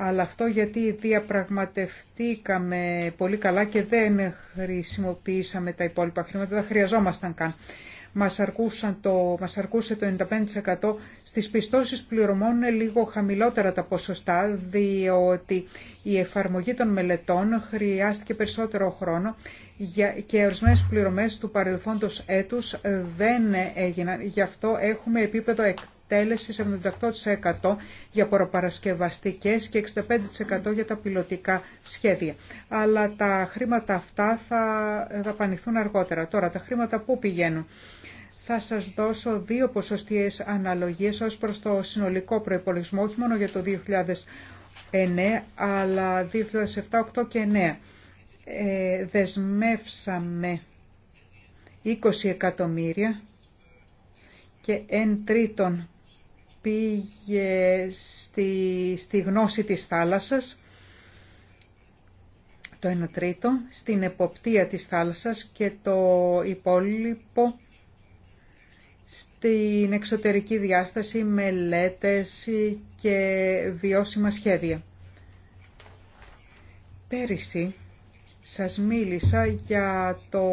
Αλλά αυτό γιατί διαπραγματευτήκαμε πολύ καλά και δεν χρησιμοποιήσαμε τα υπόλοιπα χρήματα, δεν χρειαζόμασταν καν μας, αρκούσαν το, μας αρκούσε το 95% στις πιστώσεις πληρωμών λίγο χαμηλότερα τα ποσοστά διότι η εφαρμογή των μελετών χρειάστηκε περισσότερο χρόνο και ορισμένες πληρωμές του παρελθόντος έτους δεν έγιναν. Γι' αυτό έχουμε επίπεδο εκτέλεση 78% για προπαρασκευαστικέ και 65% για τα πιλωτικά σχέδια. Αλλά τα χρήματα αυτά θα δαπανηθούν αργότερα. Τώρα, τα χρήματα πού πηγαίνουν. Θα σας δώσω δύο ποσοστιαίες αναλογίες ως προς το συνολικό προϋπολογισμό, όχι μόνο για το 2009, αλλά 2007, 2008 και 2009. Ε, δεσμεύσαμε 20 εκατομμύρια και εν τρίτον πήγε στη, στη γνώση της θάλασσας, το 1 τρίτο, στην εποπτεία της θάλασσας και το υπόλοιπο στην εξωτερική διάσταση, μελέτες και βιώσιμα σχέδια. Πέρυσι σας μίλησα για το,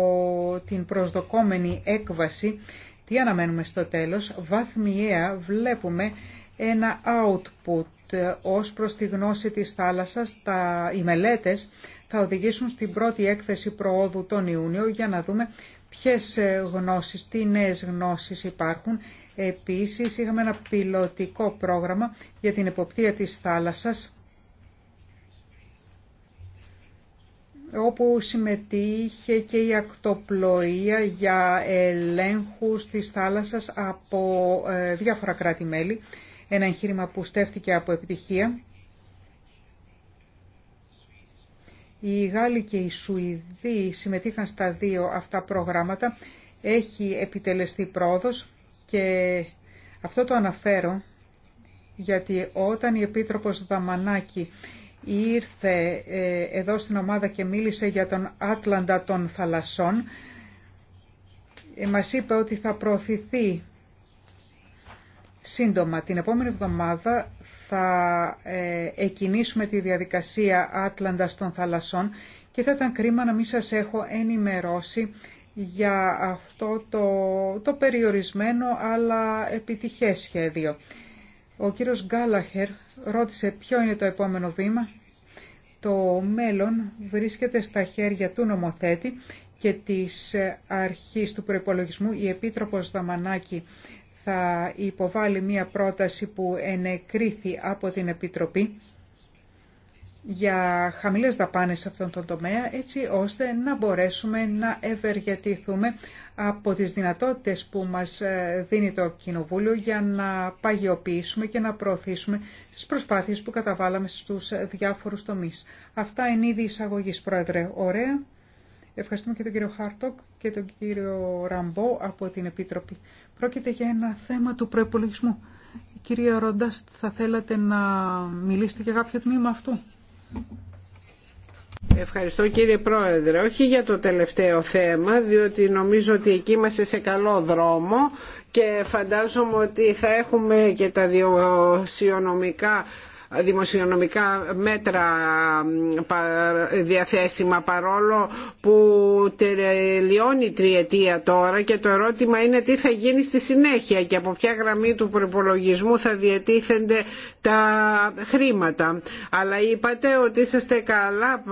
την προσδοκόμενη έκβαση τι αναμένουμε στο τέλος. Βαθμιαία βλέπουμε ένα output ε, ως προς τη γνώση της θάλασσας. Τα, οι μελέτες θα οδηγήσουν στην πρώτη έκθεση προόδου τον Ιούνιο για να δούμε ποιες ε, γνώσεις, τι νέες γνώσεις υπάρχουν. Επίσης είχαμε ένα πιλωτικό πρόγραμμα για την εποπτεία της θάλασσας όπου συμμετείχε και η ακτοπλοεία για ελέγχους της θάλασσας από ε, διάφορα κράτη-μέλη, ένα εγχείρημα που στέφτηκε από επιτυχία. Οι Γάλλοι και οι Σουηδοί συμμετείχαν στα δύο αυτά προγράμματα. Έχει επιτελεστεί πρόοδος και αυτό το αναφέρω γιατί όταν η Επίτροπος Δαμανάκη ήρθε ε, εδώ στην ομάδα και μίλησε για τον Άτλαντα των θαλασσών. Ε, μας είπε ότι θα προωθηθεί σύντομα. Την επόμενη εβδομάδα θα ε, εκινήσουμε τη διαδικασία Άτλαντα των θαλασσών και θα ήταν κρίμα να μην σας έχω ενημερώσει για αυτό το, το περιορισμένο αλλά επιτυχές σχέδιο. Ο κύριος Γκάλαχερ ρώτησε ποιο είναι το επόμενο βήμα. Το μέλλον βρίσκεται στα χέρια του νομοθέτη και της αρχής του προϋπολογισμού. Η Επίτροπος Δαμανάκη θα υποβάλει μία πρόταση που ενεκρίθη από την Επιτροπή για χαμηλές δαπάνες σε αυτόν τον τομέα, έτσι ώστε να μπορέσουμε να ευεργετηθούμε από τις δυνατότητες που μας ε, δίνει το Κοινοβούλιο για να παγιοποιήσουμε και να προωθήσουμε τις προσπάθειες που καταβάλαμε στους διάφορους τομείς. Αυτά εν είδη εισαγωγή, Πρόεδρε. Ωραία. Ευχαριστούμε και τον κύριο Χάρτοκ και τον κύριο Ραμπό από την Επίτροπη. Πρόκειται για ένα θέμα του προπολογισμού. Κυρία Ρόντας, θα θέλατε να μιλήσετε για κάποιο τμήμα αυτού. Ευχαριστώ κύριε Πρόεδρε. Όχι για το τελευταίο θέμα, διότι νομίζω ότι εκεί είμαστε σε καλό δρόμο και φαντάζομαι ότι θα έχουμε και τα δημοσιονομικά δημοσιονομικά μέτρα διαθέσιμα παρόλο που τελειώνει η τριετία τώρα και το ερώτημα είναι τι θα γίνει στη συνέχεια και από ποια γραμμή του προπολογισμού θα διετίθενται τα χρήματα. Αλλά είπατε ότι είσαστε καλά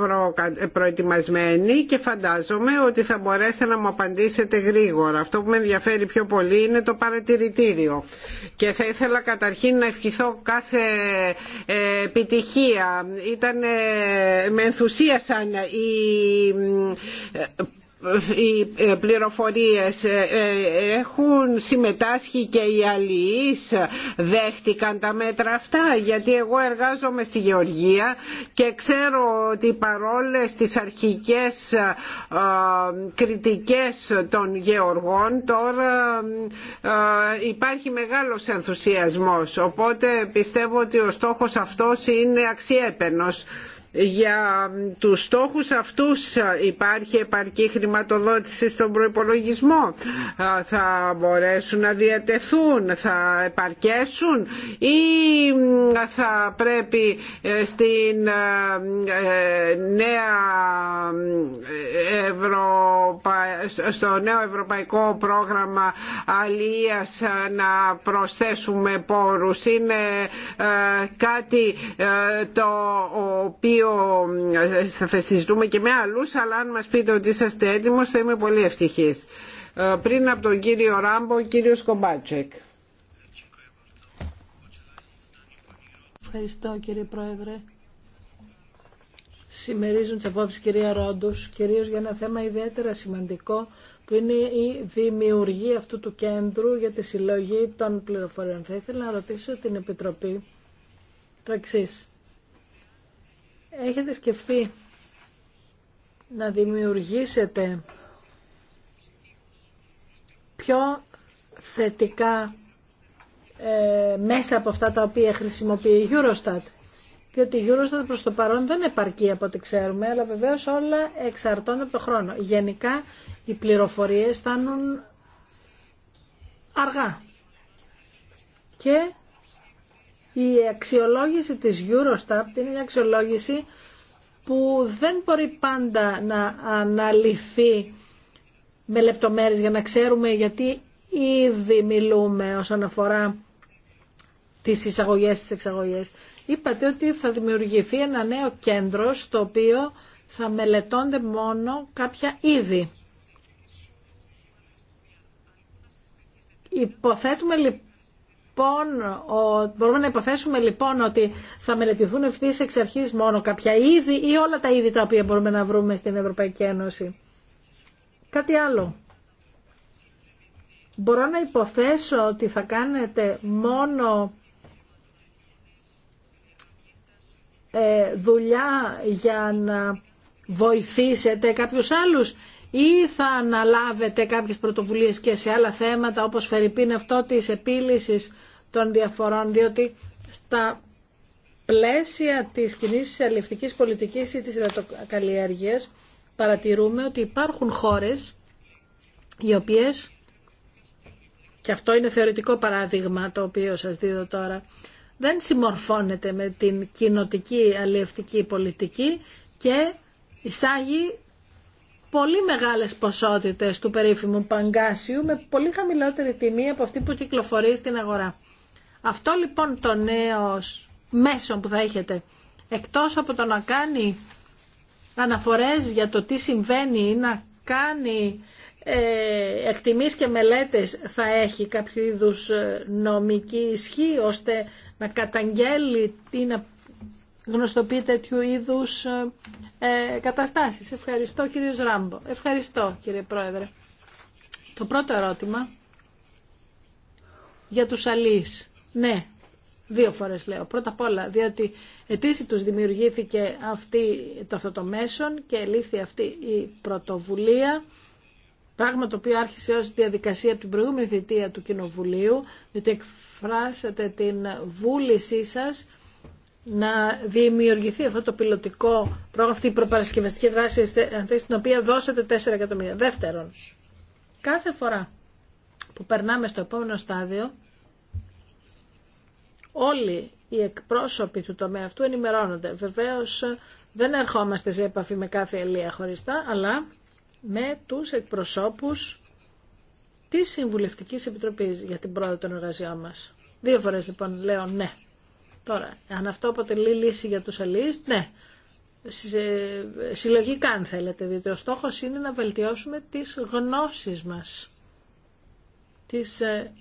προετοιμασμένοι και φαντάζομαι ότι θα μπορέσετε να μου απαντήσετε γρήγορα. Αυτό που με ενδιαφέρει πιο πολύ είναι το παρατηρητήριο. Και θα ήθελα καταρχήν να ευχηθώ κάθε επιτυχία. Ε, με ενθουσίασαν οι οι ε, πληροφορίες ε, ε, έχουν συμμετάσχει και οι αλληλείς δέχτηκαν τα μέτρα αυτά γιατί εγώ εργάζομαι στη Γεωργία και ξέρω ότι παρόλες τις αρχικές κριτικές των Γεωργών τώρα υπάρχει μεγάλος ενθουσιασμός οπότε πιστεύω ότι ο στόχος αυτός είναι αξιέπαινος. Για τους στόχους αυτούς υπάρχει επαρκή χρηματοδότηση στον προϋπολογισμό. Θα μπορέσουν να διατεθούν, θα επαρκέσουν ή θα πρέπει ε, στην ε, ε, νέα στο νέο ευρωπαϊκό πρόγραμμα αλίας να προσθέσουμε πόρους. Είναι κάτι το οποίο οποίο θα ε, συζητούμε και με άλλους, αλλά αν μας πείτε ότι είσαστε έτοιμος θα είμαι πολύ ευτυχής. Ε, πριν από τον κύριο Ράμπο, ο κύριος Ευχαριστώ κύριε Πρόεδρε. Σημερίζουν τι απόψει κυρία ρόντου κυρίως για ένα θέμα ιδιαίτερα σημαντικό που είναι η δημιουργία αυτού του κέντρου για τη συλλογή των πληροφοριών. Θα ήθελα να ρωτήσω την Επιτροπή το εξή. Έχετε σκεφτεί να δημιουργήσετε πιο θετικά ε, μέσα από αυτά τα οποία χρησιμοποιεί η Eurostat. Διότι η Eurostat προς το παρόν δεν επαρκεί από ό,τι ξέρουμε, αλλά βεβαίως όλα εξαρτώνται από το χρόνο. Γενικά οι πληροφορίες φτάνουν αργά. Και η αξιολόγηση της Eurostat είναι μια αξιολόγηση που δεν μπορεί πάντα να αναλυθεί με λεπτομέρειες για να ξέρουμε γιατί ήδη μιλούμε όσον αφορά τις εισαγωγές τις εξαγωγές. Είπατε ότι θα δημιουργηθεί ένα νέο κέντρο στο οποίο θα μελετώνται μόνο κάποια είδη. Υποθέτουμε λοιπόν λοιπόν, μπορούμε να υποθέσουμε λοιπόν ότι θα μελετηθούν ευθύ εξ αρχή μόνο κάποια είδη ή όλα τα είδη τα οποία μπορούμε να βρούμε στην Ευρωπαϊκή Ένωση. Κάτι άλλο. Μπορώ να υποθέσω ότι θα κάνετε μόνο ε, δουλειά για να βοηθήσετε κάποιους άλλους ή θα αναλάβετε κάποιες πρωτοβουλίες και σε άλλα θέματα όπως φερειπίν αυτό της επίλυσης των διαφορών διότι στα πλαίσια της κοινή αλληλευτικής πολιτικής ή της υδατοκαλλιέργειας παρατηρούμε ότι υπάρχουν χώρες οι οποίες και αυτό είναι θεωρητικό παράδειγμα το οποίο σας δίδω τώρα δεν συμμορφώνεται με την κοινοτική αλληλευτική πολιτική και εισάγει πολύ μεγάλες ποσότητες του περίφημου παγκάσιου με πολύ χαμηλότερη τιμή από αυτή που κυκλοφορεί στην αγορά. Αυτό λοιπόν το νέο μέσο που θα έχετε, εκτός από το να κάνει αναφορές για το τι συμβαίνει ή να κάνει ε, εκτιμής και μελέτες θα έχει κάποιο είδους ε, νομική ισχύ ώστε να καταγγέλει την να γνωστοποιεί τέτοιου είδους ε, ε καταστάσεις. Ευχαριστώ κύριε Ράμπο. Ευχαριστώ κύριε Πρόεδρε. Το πρώτο ερώτημα για τους αλείς. Ναι, δύο φορές λέω. Πρώτα απ' όλα, διότι ετήσι τους δημιουργήθηκε αυτή, το αυτό το μέσον και λύθη αυτή η πρωτοβουλία, πράγμα το οποίο άρχισε ως διαδικασία από την προηγούμενη θητεία του Κοινοβουλίου, διότι εκφράσατε την βούλησή σας να δημιουργηθεί αυτό το πιλωτικό πρόγραμμα, αυτή η προπαρασκευαστική δράση, στην οποία δώσετε 4 εκατομμύρια. Δεύτερον, κάθε φορά που περνάμε στο επόμενο στάδιο, όλοι οι εκπρόσωποι του τομέα αυτού ενημερώνονται. Βεβαίως δεν ερχόμαστε σε επαφή με κάθε ελία χωριστά, αλλά με τους εκπροσώπους της Συμβουλευτικής Επιτροπής για την πρόοδο των εργασιών μας. Δύο φορές λοιπόν λέω ναι. Τώρα, αν αυτό αποτελεί λύση για τους αλληλείς, ναι, ε, συλλογικά αν θέλετε, διότι ο στόχος είναι να βελτιώσουμε τις γνώσεις μας. Τις ε,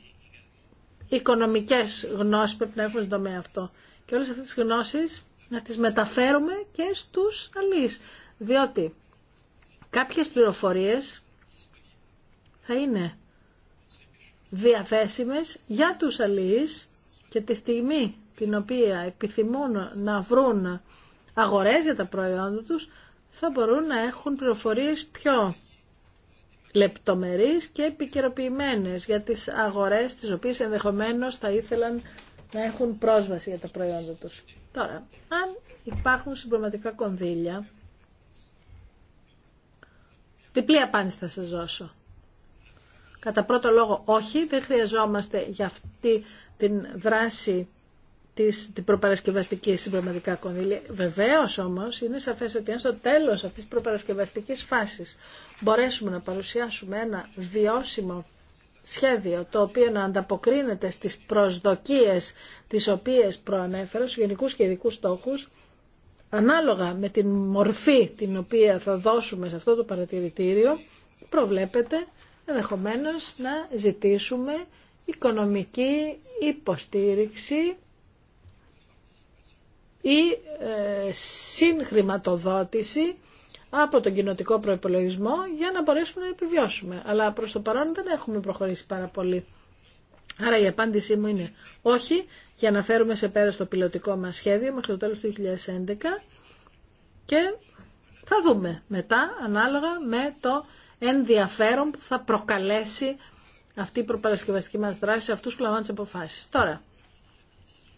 οικονομικές γνώσεις που πρέπει να έχουμε στον τομέα αυτό. Και όλες αυτές τις γνώσεις να τις μεταφέρουμε και στους αλληλείς. Διότι κάποιες πληροφορίες θα είναι διαθέσιμες για τους αλληλείς και τη στιγμή την οποία επιθυμούν να βρουν αγορές για τα προϊόντα τους, θα μπορούν να έχουν πληροφορίες πιο λεπτομερείς και επικαιροποιημένε για τις αγορές τις οποίες ενδεχομένως θα ήθελαν να έχουν πρόσβαση για τα προϊόντα τους. Τώρα, αν υπάρχουν συμπληρωματικά κονδύλια, διπλή απάντηση θα σας δώσω. Κατά πρώτο λόγο, όχι, δεν χρειαζόμαστε για αυτή την δράση της, την προπαρασκευαστική συμπληρωματικά κονδύλια. Βεβαίως όμως είναι σαφές ότι αν στο τέλος αυτής της προπαρασκευαστικής φάσης μπορέσουμε να παρουσιάσουμε ένα βιώσιμο σχέδιο το οποίο να ανταποκρίνεται στις προσδοκίες τις οποίες προανέφερα στους γενικούς και ειδικούς στόχους ανάλογα με την μορφή την οποία θα δώσουμε σε αυτό το παρατηρητήριο προβλέπεται ενδεχομένω να ζητήσουμε οικονομική υποστήριξη η ε, συγχρηματοδότηση από τον κοινοτικό προπολογισμό για να μπορέσουμε να επιβιώσουμε. Αλλά προς το παρόν δεν έχουμε προχωρήσει πάρα πολύ. Άρα η απάντησή μου είναι όχι για να φέρουμε σε πέρα στο πιλωτικό μας σχέδιο μέχρι το τέλος του 2011 και θα δούμε μετά ανάλογα με το ενδιαφέρον που θα προκαλέσει αυτή η προπαρασκευαστική μας δράση σε αυτούς που λαμβάνουν τις αποφάσεις. Τώρα,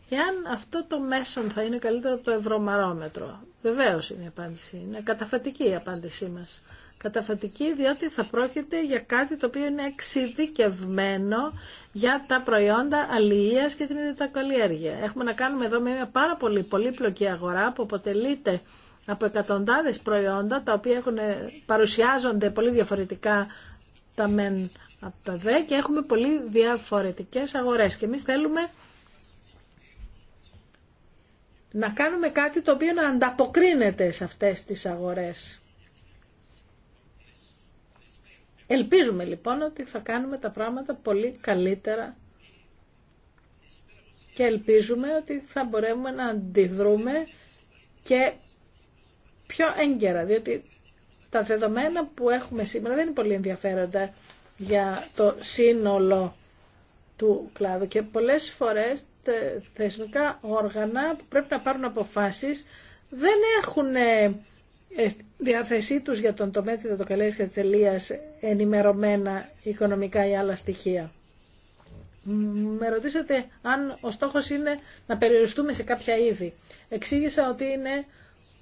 εάν αυτό το μέσον θα είναι καλύτερο από το ευρωμαρόμετρο. Βεβαίω είναι η απάντηση. Είναι καταφατική η απάντησή μα. Καταφατική διότι θα πρόκειται για κάτι το οποίο είναι εξειδικευμένο για τα προϊόντα αλληλεία και την καλλιέργεια. Έχουμε να κάνουμε εδώ με μια πάρα πολύ πολύπλοκη αγορά που αποτελείται από εκατοντάδε προϊόντα τα οποία έχουν, ε, παρουσιάζονται πολύ διαφορετικά τα μεν από τα δε και έχουμε πολύ διαφορετικές αγορές και εμείς θέλουμε να κάνουμε κάτι το οποίο να ανταποκρίνεται σε αυτές τις αγορές. Ελπίζουμε λοιπόν ότι θα κάνουμε τα πράγματα πολύ καλύτερα και ελπίζουμε ότι θα μπορέσουμε να αντιδρούμε και πιο έγκαιρα, διότι τα δεδομένα που έχουμε σήμερα δεν είναι πολύ ενδιαφέροντα για το σύνολο του κλάδου και πολλές φορές θεσμικά όργανα που πρέπει να πάρουν αποφάσεις δεν έχουν ε, ε, διάθεσή τους για τον τομέα της το και της ελίας ενημερωμένα οικονομικά ή άλλα στοιχεία. Με ρωτήσατε αν ο στόχος είναι να περιοριστούμε σε κάποια είδη. Εξήγησα ότι είναι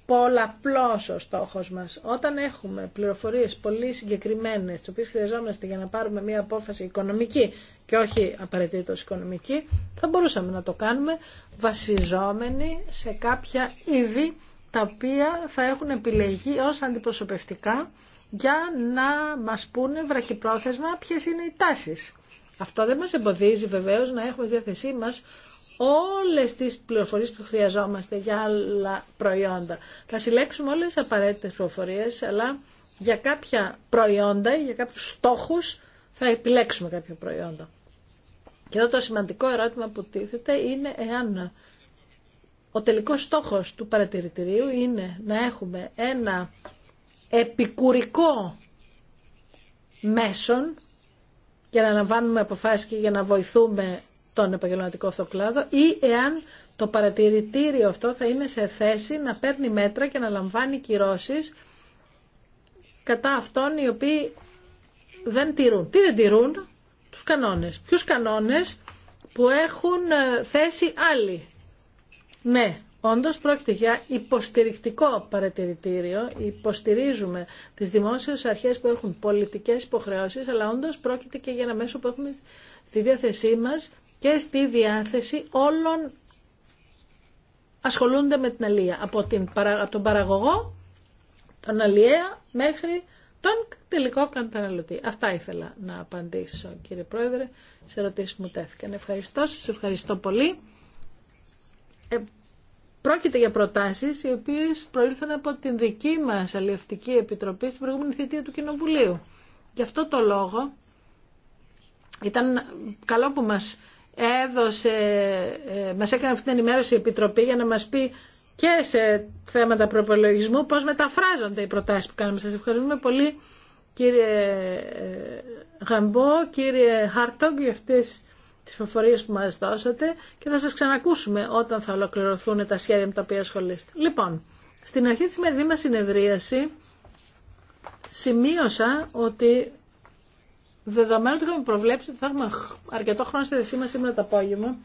πολλαπλό ο στόχο μα. Όταν έχουμε πληροφορίες πολύ συγκεκριμένες, τι οποίε χρειαζόμαστε για να πάρουμε μια απόφαση οικονομική και όχι απαραίτητο οικονομική, θα μπορούσαμε να το κάνουμε βασιζόμενοι σε κάποια είδη τα οποία θα έχουν επιλεγεί ως αντιπροσωπευτικά για να μας πούνε βραχυπρόθεσμα ποιες είναι οι τάσεις. Αυτό δεν μας εμποδίζει βεβαίως να έχουμε στη διάθεσή μας όλες τις πληροφορίες που χρειαζόμαστε για άλλα προϊόντα. Θα συλλέξουμε όλες τις απαραίτητες πληροφορίες, αλλά για κάποια προϊόντα ή για κάποιους στόχους θα επιλέξουμε κάποια προϊόντα. Και εδώ το σημαντικό ερώτημα που τίθεται είναι εάν ο τελικός στόχος του παρατηρητηρίου είναι να έχουμε ένα επικουρικό μέσον για να λαμβάνουμε αποφάσεις και για να βοηθούμε τον επαγγελματικό αυτό κλάδο ή εάν το παρατηρητήριο αυτό θα είναι σε θέση να παίρνει μέτρα και να λαμβάνει κυρώσεις κατά αυτών οι οποίοι δεν τηρούν. Τι δεν τηρούν? Τους κανόνες. Ποιους κανόνες που έχουν ε, θέσει άλλοι. Ναι, όντως πρόκειται για υποστηρικτικό παρατηρητήριο. Υποστηρίζουμε τις δημόσιες αρχές που έχουν πολιτικές υποχρεώσεις, αλλά όντως πρόκειται και για ένα μέσο που έχουμε στη διάθεσή μας και στη διάθεση όλων ασχολούνται με την αλία. Από, την, από τον παραγωγό, τον αλιαία, μέχρι τον τελικό καταναλωτή. Αυτά ήθελα να απαντήσω, κύριε Πρόεδρε, σε ερωτήσεις που μου τέθηκαν. Ευχαριστώ, σας ευχαριστώ πολύ. Ε, πρόκειται για προτάσεις οι οποίες προήλθαν από την δική μας αλληλευτική επιτροπή στην προηγούμενη θητεία του Κοινοβουλίου. Γι' αυτό το λόγο ήταν καλό που μας έδωσε, ε, μας έκανε αυτή την ενημέρωση η Επιτροπή για να μας πει και σε θέματα προπολογισμού πώς μεταφράζονται οι προτάσεις που κάναμε. Σας ευχαριστούμε πολύ κύριε ε, Γαμπό, κύριε Χάρτογκ για αυτές τις προφορίες που μας δώσατε και θα σας ξανακούσουμε όταν θα ολοκληρωθούν τα σχέδια με τα οποία ασχολείστε. Λοιπόν, στην αρχή της σημερινή μας συνεδρίαση σημείωσα ότι δεδομένου ότι είχαμε προβλέψει ότι θα έχουμε αρκετό χρόνο στη δεσίμα σήμερα το απόγευμα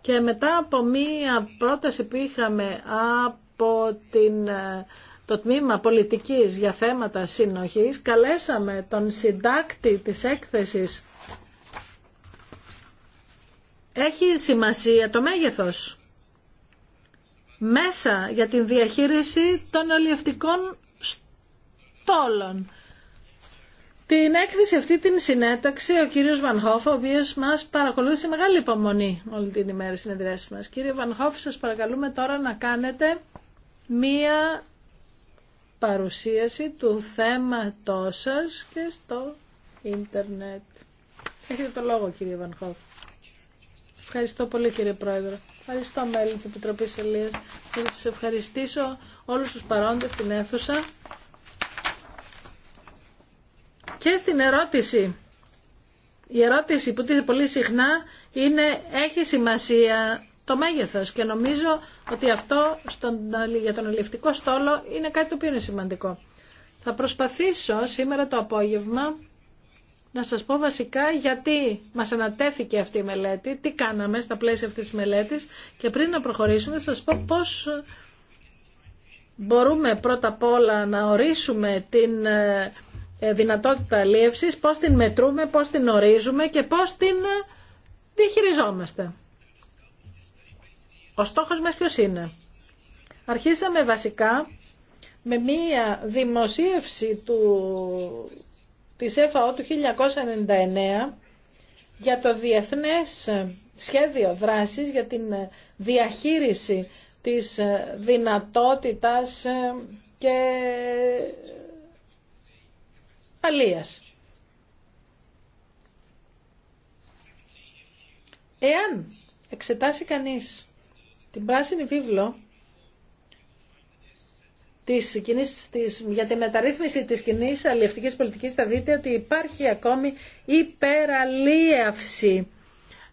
και μετά από μία πρόταση που είχαμε από την, ε, το τμήμα πολιτικής για θέματα συνοχής, καλέσαμε τον συντάκτη της έκθεσης. Έχει σημασία το μέγεθος μέσα για την διαχείριση των ολιευτικών στόλων. Την έκθεση αυτή την συνέταξε ο κύριος Βανχόφ, ο οποίος μας παρακολούθησε μεγάλη υπομονή όλη την ημέρα συνεδριάσης μας. Κύριε Βανχόφ, σας παρακαλούμε τώρα να κάνετε μία παρουσίαση του θέματός σας και στο ίντερνετ. Έχετε το λόγο κύριε Βανχόφ. Ευχαριστώ πολύ κύριε Πρόεδρο. Ευχαριστώ μέλη της Επιτροπής Ελίας. Θα σας ευχαριστήσω όλους τους παρόντες στην αίθουσα και στην ερώτηση, η ερώτηση που τίθεται πολύ συχνά είναι έχει σημασία το μέγεθος και νομίζω ότι αυτό στον, για τον ελληνικό στόλο είναι κάτι το οποίο είναι σημαντικό. Θα προσπαθήσω σήμερα το απόγευμα να σας πω βασικά γιατί μας ανατέθηκε αυτή η μελέτη, τι κάναμε στα πλαίσια αυτής της μελέτης και πριν να προχωρήσουμε θα σας πω πώς μπορούμε πρώτα απ' όλα να ορίσουμε την ε, ε, δυνατότητα αλίευσης, πώς την μετρούμε, πώς την ορίζουμε και πώς την ε, διαχειριζόμαστε. Ο στόχος μας ποιος είναι. Αρχίσαμε βασικά με μία δημοσίευση του, της ΕΦΑΟ του 1999 για το Διεθνές Σχέδιο Δράσης για την διαχείριση της ε, δυνατότητας και αλίας. Εάν εξετάσει κανείς την πράσινη βίβλο της κοινής, της, για τη μεταρρύθμιση της κοινή αλληλευτικής πολιτικής θα δείτε ότι υπάρχει ακόμη υπεραλίευση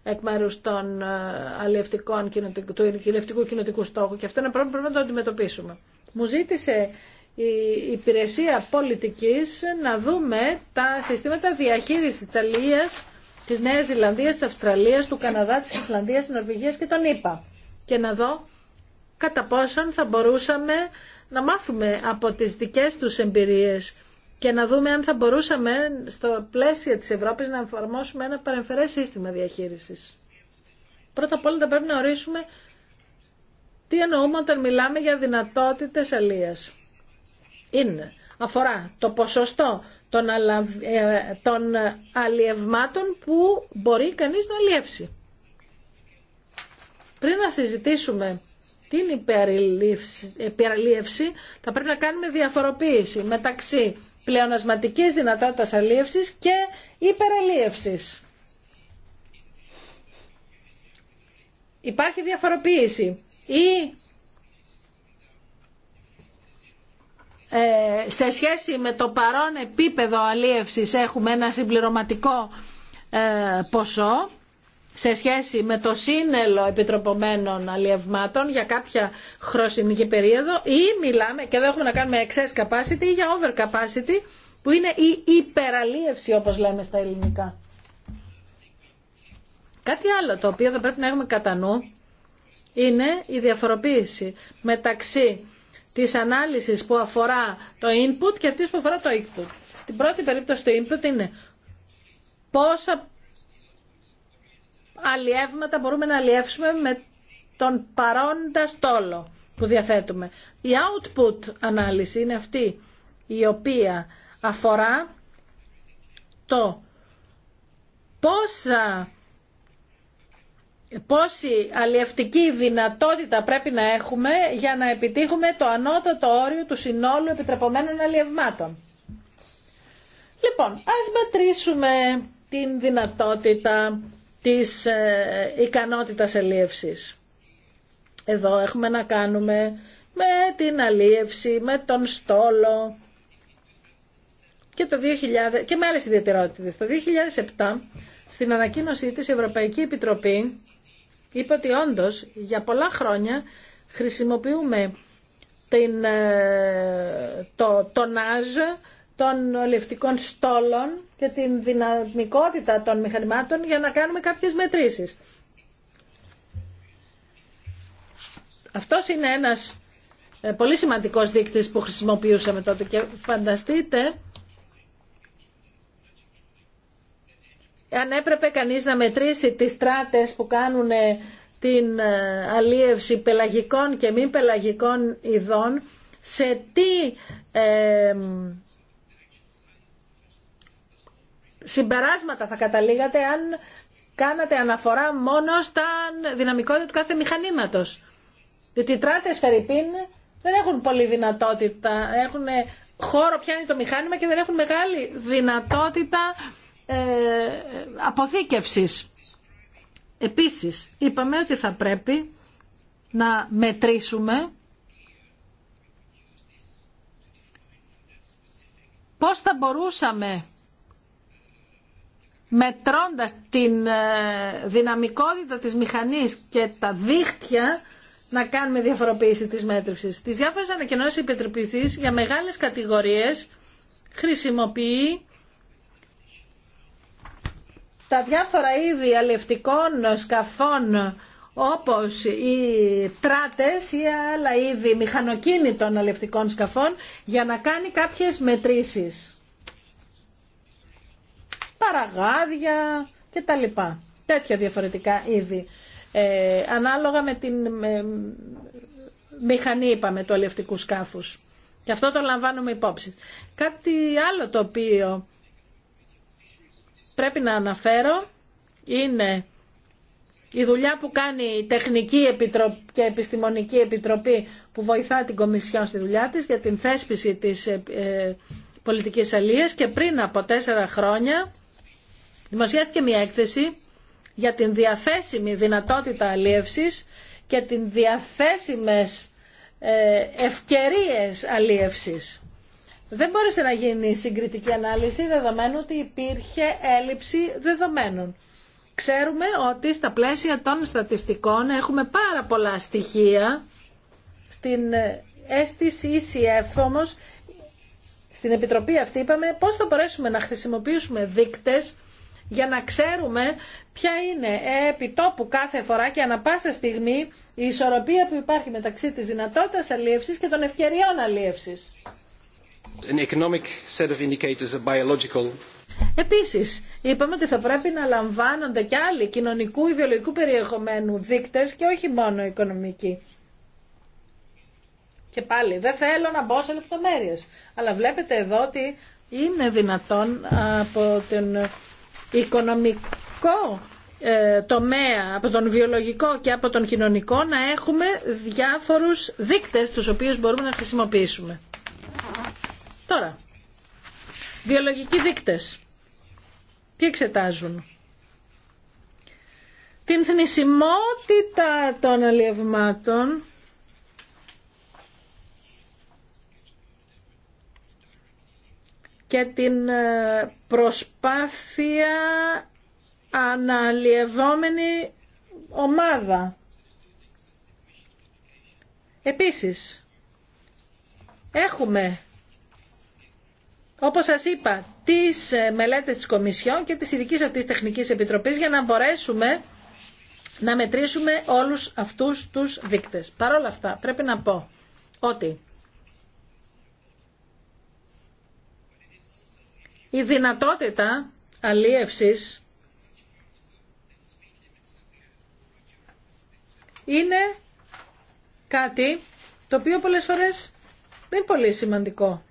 εκ μέρους των ε, αλληλευτικών του κοινοτικού στόχου και αυτό είναι πρόβλημα που πρέπει να το αντιμετωπίσουμε. Μου ζήτησε η υπηρεσία πολιτικής να δούμε τα συστήματα διαχείρισης της Αλίας, της Νέας Ζηλανδίας, της Αυστραλίας, του Καναδά, της Ισλανδίας, της Νορβηγίας και των ΗΠΑ. Και να δω κατά πόσον θα μπορούσαμε να μάθουμε από τις δικές τους εμπειρίες και να δούμε αν θα μπορούσαμε στο πλαίσιο της Ευρώπης να εφαρμόσουμε ένα παρεμφερές σύστημα διαχείρισης. Πρώτα απ' όλα θα πρέπει να ορίσουμε τι εννοούμε όταν μιλάμε για δυνατότητες αλίας είναι, αφορά το ποσοστό ε, των αλλιευμάτων που μπορεί κανείς να αλλιεύσει. Πριν να συζητήσουμε την υπεραλίευση θα πρέπει να κάνουμε διαφοροποίηση μεταξύ πλεονασματικής δυνατότητας αλίευσης και υπεραλίευσης. Υπάρχει διαφοροποίηση. Η Ε, σε σχέση με το παρόν επίπεδο αλίευσης έχουμε ένα συμπληρωματικό ε, ποσό σε σχέση με το σύνελο επιτροπωμένων αλίευματών για κάποια χρονική περίοδο ή μιλάμε και εδώ έχουμε να κάνουμε excess capacity ή για over capacity που είναι η υπεραλίευση όπως λέμε στα ελληνικά. Κάτι άλλο το οποίο θα πρέπει να έχουμε κατά νου είναι η διαφοροποίηση μεταξύ της ανάλυσης που αφορά το input και αυτής που αφορά το output. Στην πρώτη περίπτωση το input είναι πόσα αλλιεύματα μπορούμε να αλλιεύσουμε με τον παρόντα στόλο που διαθέτουμε. Η output ανάλυση είναι αυτή η οποία αφορά το πόσα πόση αλλιευτική δυνατότητα πρέπει να έχουμε για να επιτύχουμε το ανώτατο όριο του συνόλου επιτρεπωμένων αλλιευμάτων. Λοιπόν, ας μετρήσουμε την δυνατότητα της ε, ικανότητας αλλιεύσης. Εδώ έχουμε να κάνουμε με την αλλιεύση, με τον στόλο και, το 2000, και με άλλες ιδιαιτερότητες. Το 2007 στην ανακοίνωσή της η Ευρωπαϊκή Επιτροπή είπε ότι όντως για πολλά χρόνια χρησιμοποιούμε την, ε, το τονάζ των λευτικών στόλων και την δυναμικότητα των μηχανημάτων για να κάνουμε κάποιες μετρήσεις. Αυτός είναι ένας ε, πολύ σημαντικός δείκτης που χρησιμοποιούσαμε τότε και φανταστείτε αν έπρεπε κανείς να μετρήσει τις στράτες που κάνουν ε, την ε, αλίευση πελαγικών και μη πελαγικών ειδών, σε τι ε, συμπεράσματα θα καταλήγατε αν κάνατε αναφορά μόνο στα δυναμικότητα του κάθε μηχανήματος. Διότι οι τράτες φερρυπίν δεν έχουν πολύ δυνατότητα, έχουν χώρο πιάνει το μηχάνημα και δεν έχουν μεγάλη δυνατότητα ε, αποθήκευσης. Επίσης, είπαμε ότι θα πρέπει να μετρήσουμε πώς θα μπορούσαμε μετρώντας την ε, δυναμικότητα της μηχανής και τα δίχτυα να κάνουμε διαφοροποίηση της μέτρησης. Τις διάφορες ανακοινώσεις επιτρεπηθείς για μεγάλες κατηγορίες χρησιμοποιεί τα διάφορα είδη αλευτικών σκαφών όπως οι τράτες ή άλλα είδη μηχανοκίνητων αλευτικών σκαφών για να κάνει κάποιες μετρήσεις. Παραγάδια και τα λοιπά. Τέτοια διαφορετικά είδη. Ε, ανάλογα με την μηχανή, είπαμε, του αλευτικού σκάφους. Και αυτό το λαμβάνουμε υπόψη. Κάτι άλλο το οποίο πρέπει να αναφέρω είναι η δουλειά που κάνει η Τεχνική και Επιστημονική Επιτροπή που βοηθά την Κομισιόν στη δουλειά της για την θέσπιση της ε, ε, πολιτικής αλίας και πριν από τέσσερα χρόνια δημοσιεύθηκε μια έκθεση για την διαθέσιμη δυνατότητα αλίευσης και την διαθέσιμες ε, ευκαιρίες αλίευσης δεν μπόρεσε να γίνει συγκριτική ανάλυση δεδομένου ότι υπήρχε έλλειψη δεδομένων. Ξέρουμε ότι στα πλαίσια των στατιστικών έχουμε πάρα πολλά στοιχεία. Στην αίσθηση ECF όμως, στην Επιτροπή αυτή είπαμε πώς θα μπορέσουμε να χρησιμοποιήσουμε δείκτες για να ξέρουμε ποια είναι επί τόπου κάθε φορά και ανα πάσα στιγμή η ισορροπία που υπάρχει μεταξύ της δυνατότητας αλίευσης και των ευκαιριών αλίευσης. An Επίσης, είπαμε ότι θα πρέπει να λαμβάνονται και άλλοι κοινωνικού ή βιολογικού περιεχομένου δείκτες και όχι μόνο οικονομικοί. Και πάλι, δεν θέλω να μπω σε λεπτομέρειες, αλλά βλέπετε εδώ ότι είναι δυνατόν από τον οικονομικό ε, τομέα, από τον βιολογικό και από τον κοινωνικό να έχουμε διάφορους δείκτες του οποίους μπορούμε να χρησιμοποιήσουμε. Τώρα, βιολογικοί δείκτες. Τι εξετάζουν. Την θνησιμότητα των αλλιευμάτων και την ε, προσπάθεια αναλλιευόμενη ομάδα. Επίσης, έχουμε όπως σας είπα, τις ε, μελέτες της Κομισιόν και της ειδική αυτής τεχνικής επιτροπής για να μπορέσουμε να μετρήσουμε όλους αυτούς τους δείκτες. Παρ' όλα αυτά, πρέπει να πω ότι η δυνατότητα αλίευσης είναι κάτι το οποίο πολλές φορές δεν είναι πολύ σημαντικό.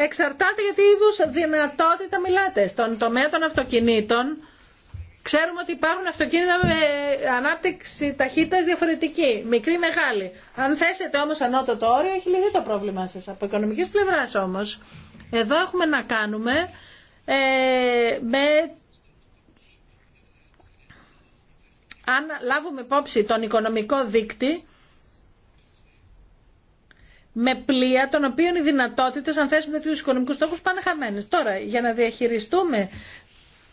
Εξαρτάται για τι είδους δυνατότητα μιλάτε. Στον τομέα των αυτοκινήτων ξέρουμε ότι υπάρχουν αυτοκίνητα με ε, ανάπτυξη ταχύτητα διαφορετική, μικρή, μεγάλη. Αν θέσετε όμως ανώτατο όριο έχει λυθεί το πρόβλημά σας. Από οικονομικής πλευράς όμως, εδώ έχουμε να κάνουμε ε, με αν λάβουμε υπόψη τον οικονομικό δείκτη, με πλοία των οποίων οι δυνατότητε αν θέσουμε τέτοιου οικονομικού στόχου πάνε χαμένες. Τώρα, για να διαχειριστούμε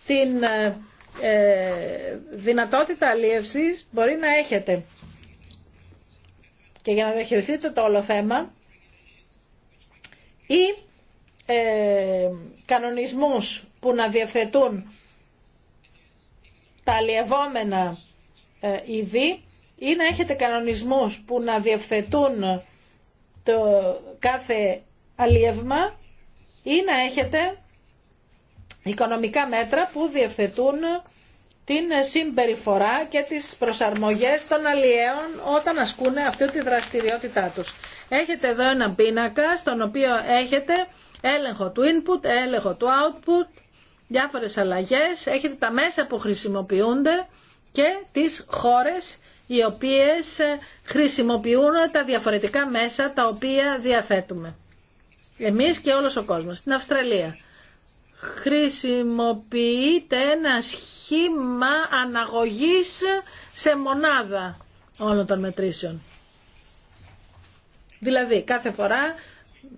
την ε, ε δυνατότητα αλίευση, μπορεί να έχετε. Και για να διαχειριστείτε το όλο θέμα, ή ε, κανονισμούς που να διευθετούν τα αλλιευόμενα ε, είδη ή να έχετε κανονισμούς που να διευθετούν το κάθε αλίευμα ή να έχετε οικονομικά μέτρα που διευθετούν την συμπεριφορά και τις προσαρμογές των αλλιέων όταν ασκούν αυτή τη δραστηριότητά τους. Έχετε εδώ ένα πίνακα στον οποίο έχετε έλεγχο του input, έλεγχο του output, διάφορες αλλαγές, έχετε τα μέσα που χρησιμοποιούνται και τις χώρες οι οποίες ε, χρησιμοποιούν τα διαφορετικά μέσα τα οποία διαθέτουμε. Εμείς και όλος ο κόσμος. Στην Αυστραλία χρησιμοποιείται ένα σχήμα αναγωγής σε μονάδα όλων των μετρήσεων. Δηλαδή κάθε φορά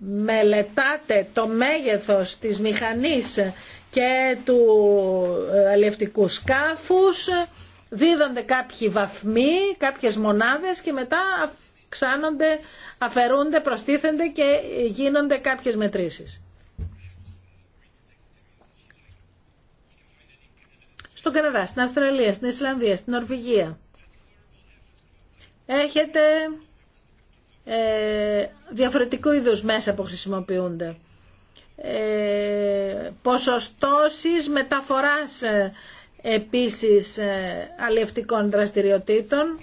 μελετάτε το μέγεθος της μηχανής και του ε, αλληλευτικού σκάφους δίδονται κάποιοι βαθμοί, κάποιες μονάδες και μετά αυξάνονται, αφαιρούνται, προστίθενται και γίνονται κάποιες μετρήσεις. Στον Καναδά, στην Αυστραλία, στην Ισλανδία, στην Νορβηγία. Έχετε ε, διαφορετικού είδους μέσα που χρησιμοποιούνται. Ε, ποσοστώσεις μεταφοράς ε, επίσης ε, αλλιευτικών δραστηριοτήτων.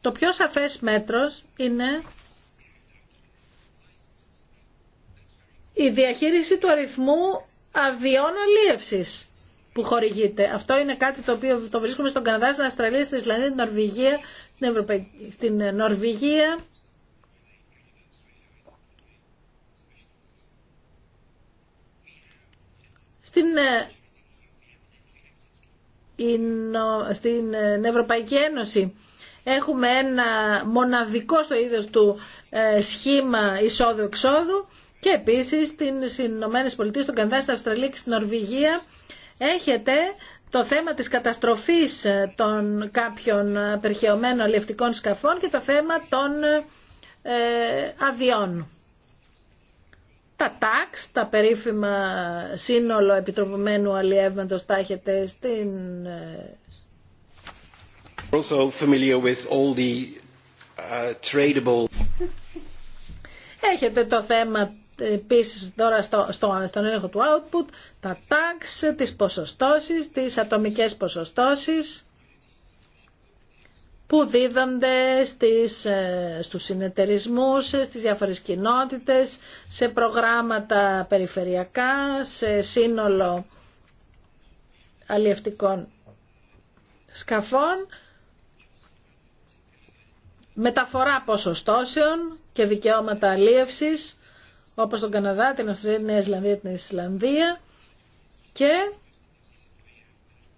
Το πιο σαφές μέτρος είναι η διαχείριση του αριθμού αδειών αλίευσης που χορηγείται. Αυτό είναι κάτι το οποίο το βρίσκουμε στον Καναδά, στην Αυστραλία, στην Ισλανδία, στην Νορβηγία, στην, στην Νορβηγία Στην, ε, ε, στην Ευρωπαϊκή Ένωση έχουμε ένα μοναδικό στο είδο του ε, σχήμα εισόδου-εξόδου και επίσης στις Ηνωμένε Πολιτείες, στον Κανδά, στην Αυστραλία και στην Νορβηγία έχετε το θέμα της καταστροφής των κάποιων περχαιωμένων λευτικών σκαφών και το θέμα των αδειών τα τάξ, τα περίφημα σύνολο επιτροπωμένου αλλιεύματος τα έχετε στην... Ε, also familiar with all the, uh, Έχετε το θέμα επίση τώρα στο, στον έλεγχο του output, τα τάξ, τις ποσοστώσεις, τις ατομικές ποσοστώσεις που δίδονται στις, ε, στους συνεταιρισμούς, ε, στις διάφορες κοινότητες, σε προγράμματα περιφερειακά, σε σύνολο αλλιευτικών σκαφών, μεταφορά ποσοστώσεων και δικαιώματα αλλίευσης, όπως τον Καναδά, την Αυστρία, την Νέα Ισλανδία, την Ισλανδία και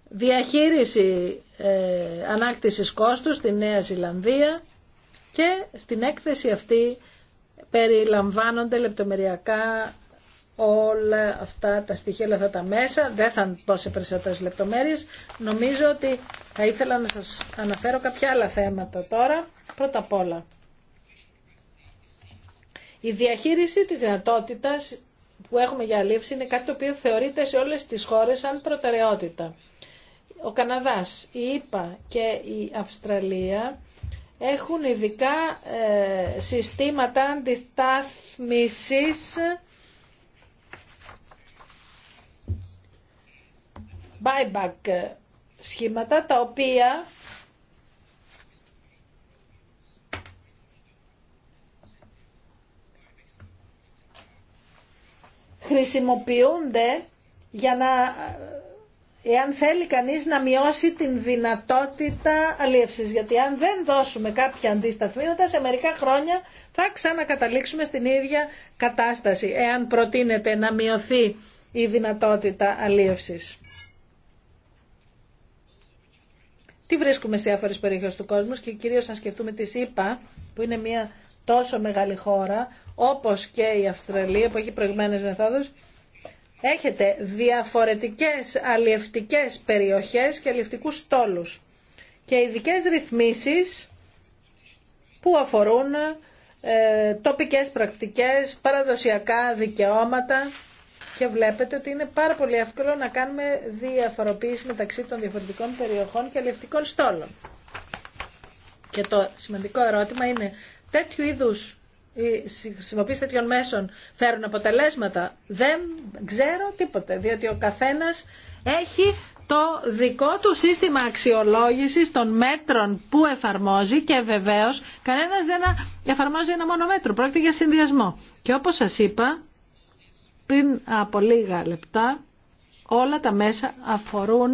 διαχείριση ε, ανάκτησης κόστους στη Νέα Ζηλανδία και στην έκθεση αυτή περιλαμβάνονται λεπτομεριακά όλα αυτά τα στοιχεία, όλα αυτά τα μέσα. Δεν θα πω σε περισσότερες λεπτομέρειες. Νομίζω ότι θα ήθελα να σας αναφέρω κάποια άλλα θέματα τώρα. Πρώτα απ' όλα, η διαχείριση της δυνατότητας που έχουμε για αλήψη είναι κάτι το οποίο θεωρείται σε όλες τις χώρες σαν προτεραιότητα ο Καναδάς, η ΙΠΑ και η Αυστραλία έχουν ειδικά ε, συστήματα αντιστάθμισης buyback σχήματα τα οποία χρησιμοποιούνται για να εάν θέλει κανείς να μειώσει την δυνατότητα αλίευσης. Γιατί αν δεν δώσουμε κάποια αντισταθμίδα, σε μερικά χρόνια θα ξανακαταλήξουμε στην ίδια κατάσταση, εάν προτείνεται να μειωθεί η δυνατότητα αλίευσης. Τι βρίσκουμε σε διάφορε περιοχέ του κόσμου και κυρίω αν σκεφτούμε τη ΣΥΠΑ, που είναι μια τόσο μεγάλη χώρα, όπω και η Αυστραλία που έχει προηγμένε μεθόδου, έχετε διαφορετικές αλλιευτικές περιοχές και αλλιευτικούς στόλους και ειδικέ ρυθμίσεις που αφορούν ε, τοπικές πρακτικές, παραδοσιακά δικαιώματα και βλέπετε ότι είναι πάρα πολύ εύκολο να κάνουμε διαφοροποίηση μεταξύ των διαφορετικών περιοχών και αλλιευτικών στόλων. Και το σημαντικό ερώτημα είναι τέτοιου είδους οι χρησιμοποίηση τέτοιων μέσων φέρουν αποτελέσματα. Δεν ξέρω τίποτε, διότι ο καθένας έχει το δικό του σύστημα αξιολόγησης των μέτρων που εφαρμόζει και βεβαίως κανένας δεν εφαρμόζει ένα μόνο μέτρο, πρόκειται για συνδυασμό. Και όπως σας είπα πριν από λίγα λεπτά όλα τα μέσα αφορούν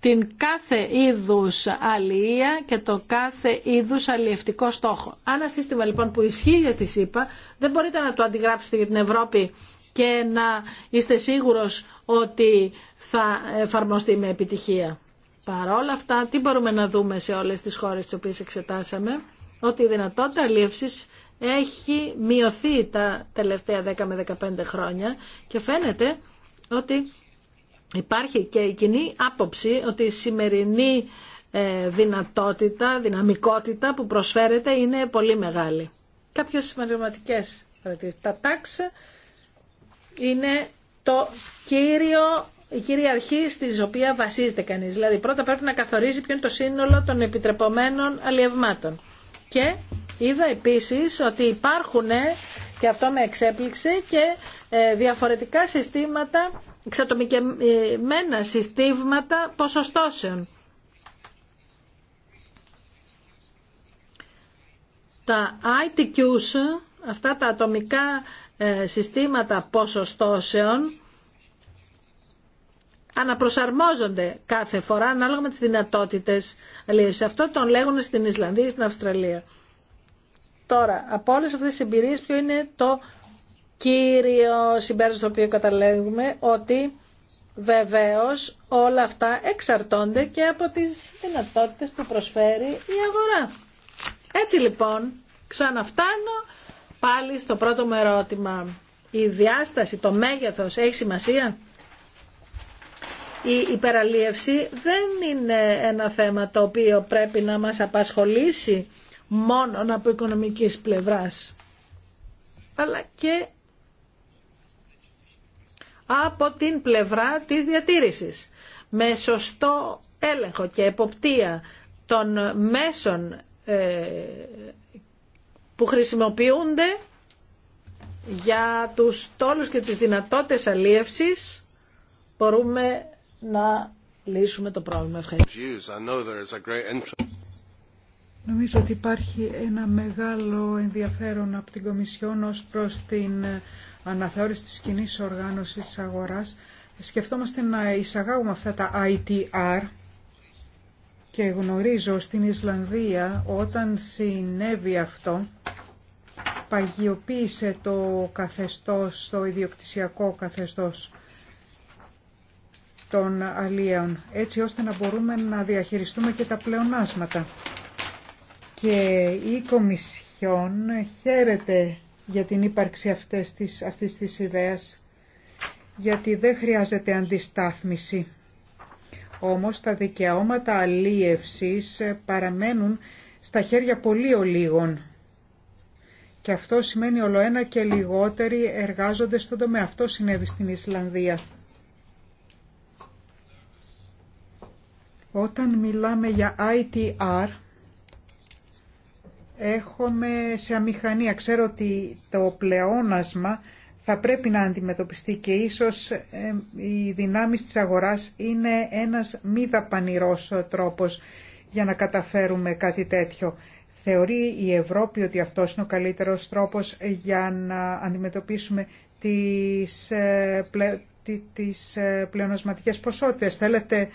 την κάθε είδους αλληλεία και το κάθε είδους αλληλευτικό στόχο. ένα σύστημα λοιπόν που ισχύει για τη ΣΥΠΑ δεν μπορείτε να το αντιγράψετε για την Ευρώπη και να είστε σίγουρος ότι θα εφαρμοστεί με επιτυχία. Παρ' όλα αυτά, τι μπορούμε να δούμε σε όλες τις χώρες τις οποίες εξετάσαμε, ότι η δυνατότητα αλλιεύσης έχει μειωθεί τα τελευταία 10 με 15 χρόνια και φαίνεται ότι υπάρχει και η κοινή άποψη ότι η σημερινή ε, δυνατότητα, δυναμικότητα που προσφέρεται είναι πολύ μεγάλη. Κάποιες σημαντικές παρατηρήσεις. Τα Τάξ είναι το κύριο, η κύρια αρχή στην οποία βασίζεται κανείς. Δηλαδή πρώτα πρέπει να καθορίζει ποιο είναι το σύνολο των επιτρεπομένων αλλιευμάτων. Και είδα επίσης ότι υπάρχουν, και αυτό με εξέπληξε, και ε, διαφορετικά συστήματα εξατομικεμένα συστήματα ποσοστώσεων. Τα ITQs, αυτά τα ατομικά ε, συστήματα ποσοστώσεων, αναπροσαρμόζονται κάθε φορά ανάλογα με τις δυνατότητες σε Αυτό τον λέγουν στην Ισλανδία ή στην Αυστραλία. Τώρα, από όλες αυτές τις εμπειρίες ποιο είναι το κύριο συμπέρασμα στο οποίο καταλέγουμε ότι βεβαίως όλα αυτά εξαρτώνται και από τις δυνατότητες που προσφέρει η αγορά. Έτσι λοιπόν ξαναφτάνω πάλι στο πρώτο μου ερώτημα. Η διάσταση, το μέγεθος έχει σημασία. Η υπεραλίευση δεν είναι ένα θέμα το οποίο πρέπει να μας απασχολήσει μόνο από οικονομικής πλευράς αλλά και από την πλευρά της διατήρησης. Με σωστό έλεγχο και εποπτεία των μέσων ε, που χρησιμοποιούνται για τους τόλους και τις δυνατότητες αλίευσης μπορούμε να λύσουμε το πρόβλημα. Ευχαριστώ. Νομίζω ότι υπάρχει ένα μεγάλο ενδιαφέρον από την Κομισιόν ως προς την αναθεώρηση της κοινή οργάνωσης της αγοράς, σκεφτόμαστε να εισαγάγουμε αυτά τα ITR και γνωρίζω στην Ισλανδία όταν συνέβη αυτό παγιοποίησε το καθεστώς, το ιδιοκτησιακό καθεστώς των αλλιών. έτσι ώστε να μπορούμε να διαχειριστούμε και τα πλεονάσματα. Και η Κομισιόν χαίρεται για την ύπαρξη αυτής της, αυτής της ιδέας, γιατί δεν χρειάζεται αντιστάθμιση. Όμως τα δικαιώματα αλίευσης παραμένουν στα χέρια πολύ ολίγων. Και αυτό σημαίνει ολοένα και λιγότεροι εργάζονται στον τομέα. Αυτό συνέβη στην Ισλανδία. Όταν μιλάμε για ITR, έχουμε σε αμηχανία. Ξέρω ότι το πλεόνασμα θα πρέπει να αντιμετωπιστεί και ίσως οι δυνάμεις της αγοράς είναι ένας μη δαπανηρός τρόπος για να καταφέρουμε κάτι τέτοιο. Θεωρεί η Ευρώπη ότι αυτό είναι ο καλύτερος τρόπος για να αντιμετωπίσουμε τις, ε, πλε, τις ε, πλεονασματικές ποσότητες. Θέλετε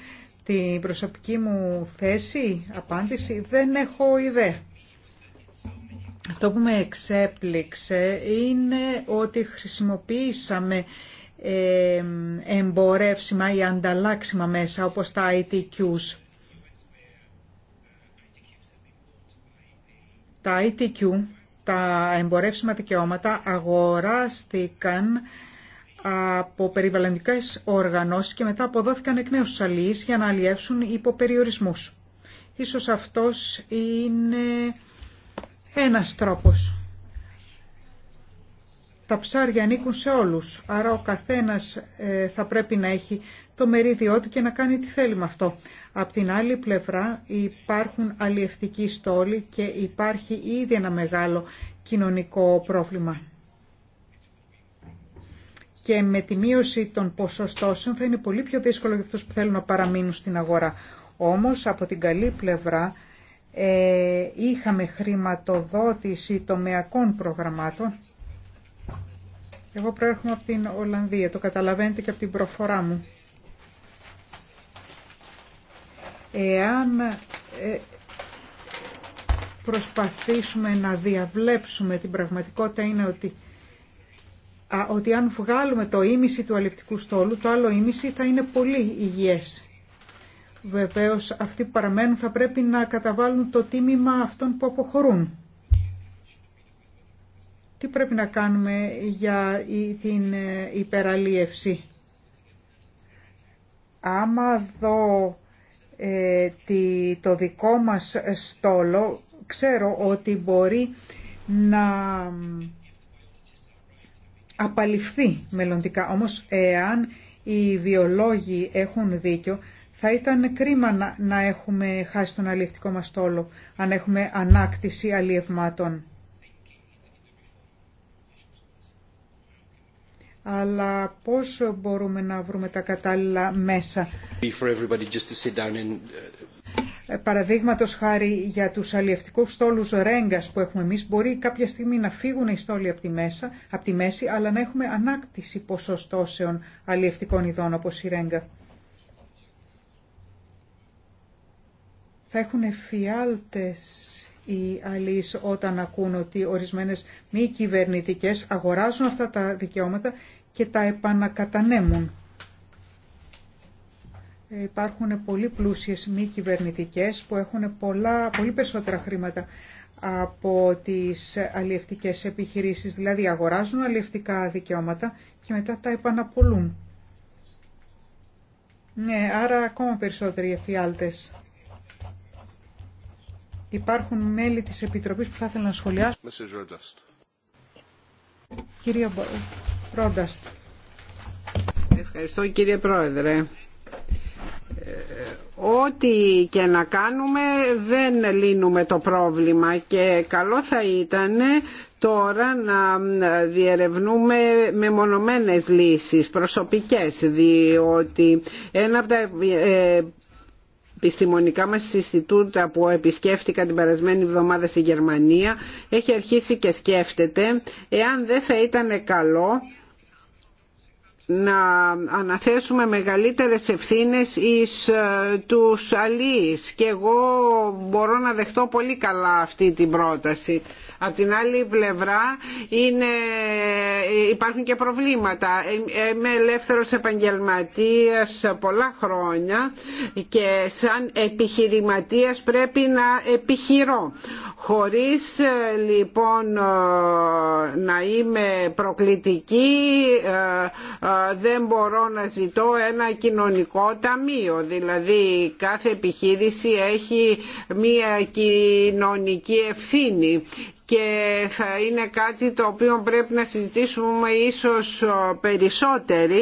την προσωπική μου θέση, απάντηση, δεν έχω ιδέα. Αυτό που με εξέπληξε είναι ότι χρησιμοποίησαμε εμπορεύσιμα ή ανταλλάξιμα μέσα όπως τα ITQs. Τα ITQ, τα εμπορεύσιμα δικαιώματα, αγοράστηκαν από περιβαλλοντικές οργανώσεις και μετά αποδόθηκαν εκ νέου για να αλλιεύσουν υπό περιορισμούς. Ίσως αυτός είναι ένας τρόπος. Τα ψάρια ανήκουν σε όλους, άρα ο καθένας ε, θα πρέπει να έχει το μερίδιό του και να κάνει τι θέλει με αυτό. Απ' την άλλη πλευρά υπάρχουν αλλιευτικοί στόλοι και υπάρχει ήδη ένα μεγάλο κοινωνικό πρόβλημα. Και με τη μείωση των ποσοστώσεων θα είναι πολύ πιο δύσκολο για αυτούς που θέλουν να παραμείνουν στην αγορά. Όμως από την καλή πλευρά ε, είχαμε χρηματοδότηση τομεακών προγραμμάτων. Εγώ προέρχομαι από την Ολλανδία, το καταλαβαίνετε και από την προφορά μου. Εάν ε, προσπαθήσουμε να διαβλέψουμε την πραγματικότητα είναι ότι, ότι αν βγάλουμε το ίμιση του αληφτικού στόλου, το άλλο ίμιση θα είναι πολύ υγιές. Βεβαίως αυτοί που παραμένουν θα πρέπει να καταβάλουν το τίμημα αυτών που αποχωρούν. Τι πρέπει να κάνουμε για την ε, υπεραλίευση. Άμα δω ε, τη, το δικό μας στόλο, ξέρω ότι μπορεί να απαλληφθεί μελλοντικά. Όμως εάν οι βιολόγοι έχουν δίκιο, θα ήταν κρίμα να έχουμε χάσει τον αλλιευτικό μας στόλο, αν έχουμε ανάκτηση αλλιευμάτων. αλλά πώς μπορούμε να βρούμε τα κατάλληλα μέσα. And... Uh, Παραδείγματος χάρη για τους αλλιευτικούς στόλους ρέγκας που έχουμε εμείς, μπορεί κάποια στιγμή να φύγουν οι στόλοι από τη, μέσα, από τη μέση, αλλά να έχουμε ανάκτηση ποσοστώσεων αλλιευτικών ειδών όπως η ρέγγα. θα έχουν εφιάλτες οι αλείς όταν ακούν ότι ορισμένες μη κυβερνητικές αγοράζουν αυτά τα δικαιώματα και τα επανακατανέμουν. Ε, υπάρχουν πολύ πλούσιες μη κυβερνητικές που έχουν πολλά, πολύ περισσότερα χρήματα από τις αλλιευτικές επιχειρήσεις. Δηλαδή αγοράζουν αλλιευτικά δικαιώματα και μετά τα επαναπολούν. Ναι, άρα ακόμα περισσότεροι εφιάλτες. Υπάρχουν μέλη της Επιτροπής που θα ήθελαν να σχολιάσουν. Κύριε Ευχαριστώ κύριε Πρόεδρε. Ε, ό,τι και να κάνουμε δεν λύνουμε το πρόβλημα και καλό θα ήταν τώρα να ε, διερευνούμε με μεμονωμένες λύσεις προσωπικές διότι ένα από τα ε, επιστημονικά μας Ινστιτούτα που επισκέφτηκα την περασμένη εβδομάδα στη Γερμανία έχει αρχίσει και σκέφτεται εάν δεν θα ήταν καλό να αναθέσουμε μεγαλύτερες ευθύνες εις ε, τους αλείς και εγώ μπορώ να δεχτώ πολύ καλά αυτή την πρόταση Απ' την άλλη πλευρά είναι, υπάρχουν και προβλήματα. Είμαι ελεύθερος επαγγελματίας πολλά χρόνια και σαν επιχειρηματίας πρέπει να επιχειρώ. Χωρίς λοιπόν να είμαι προκλητική δεν μπορώ να ζητώ ένα κοινωνικό ταμείο. Δηλαδή κάθε επιχείρηση έχει μία κοινωνική ευθύνη και θα είναι κάτι το οποίο πρέπει να συζητήσουμε ίσως περισσότεροι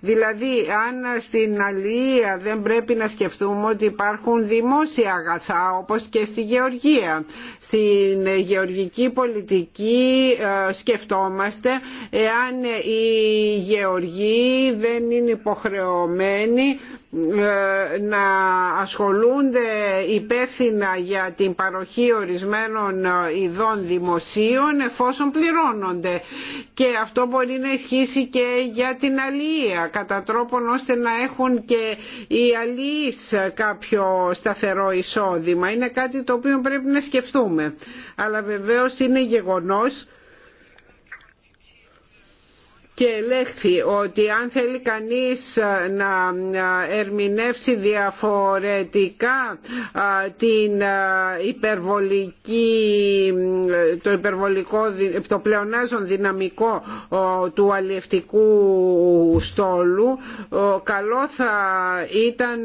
δηλαδή αν στην Αλία δεν πρέπει να σκεφτούμε ότι υπάρχουν δημόσια αγαθά όπως και στη γεωργία στην γεωργική πολιτική ε, σκεφτόμαστε εάν η γεωργοί δεν είναι υποχρεωμένη ε, να ασχολούνται υπεύθυνα για την παροχή ορισμένων ε, ειδών δημοσίων εφόσον πληρώνονται και αυτό μπορεί να ισχύσει και για την αλληλεία κατά τρόπον ώστε να έχουν και οι αλληλείς κάποιο σταθερό εισόδημα είναι κάτι το οποίο πρέπει να σκεφτούμε αλλά βεβαίως είναι γεγονός και ελέγχθη ότι αν θέλει κανείς ε, να ερμηνεύσει διαφορετικά ε, την ε, υπερβολική, το, υπερβολικό, το πλεονάζον δυναμικό του αλλιευτικού στόλου καλό θα ήταν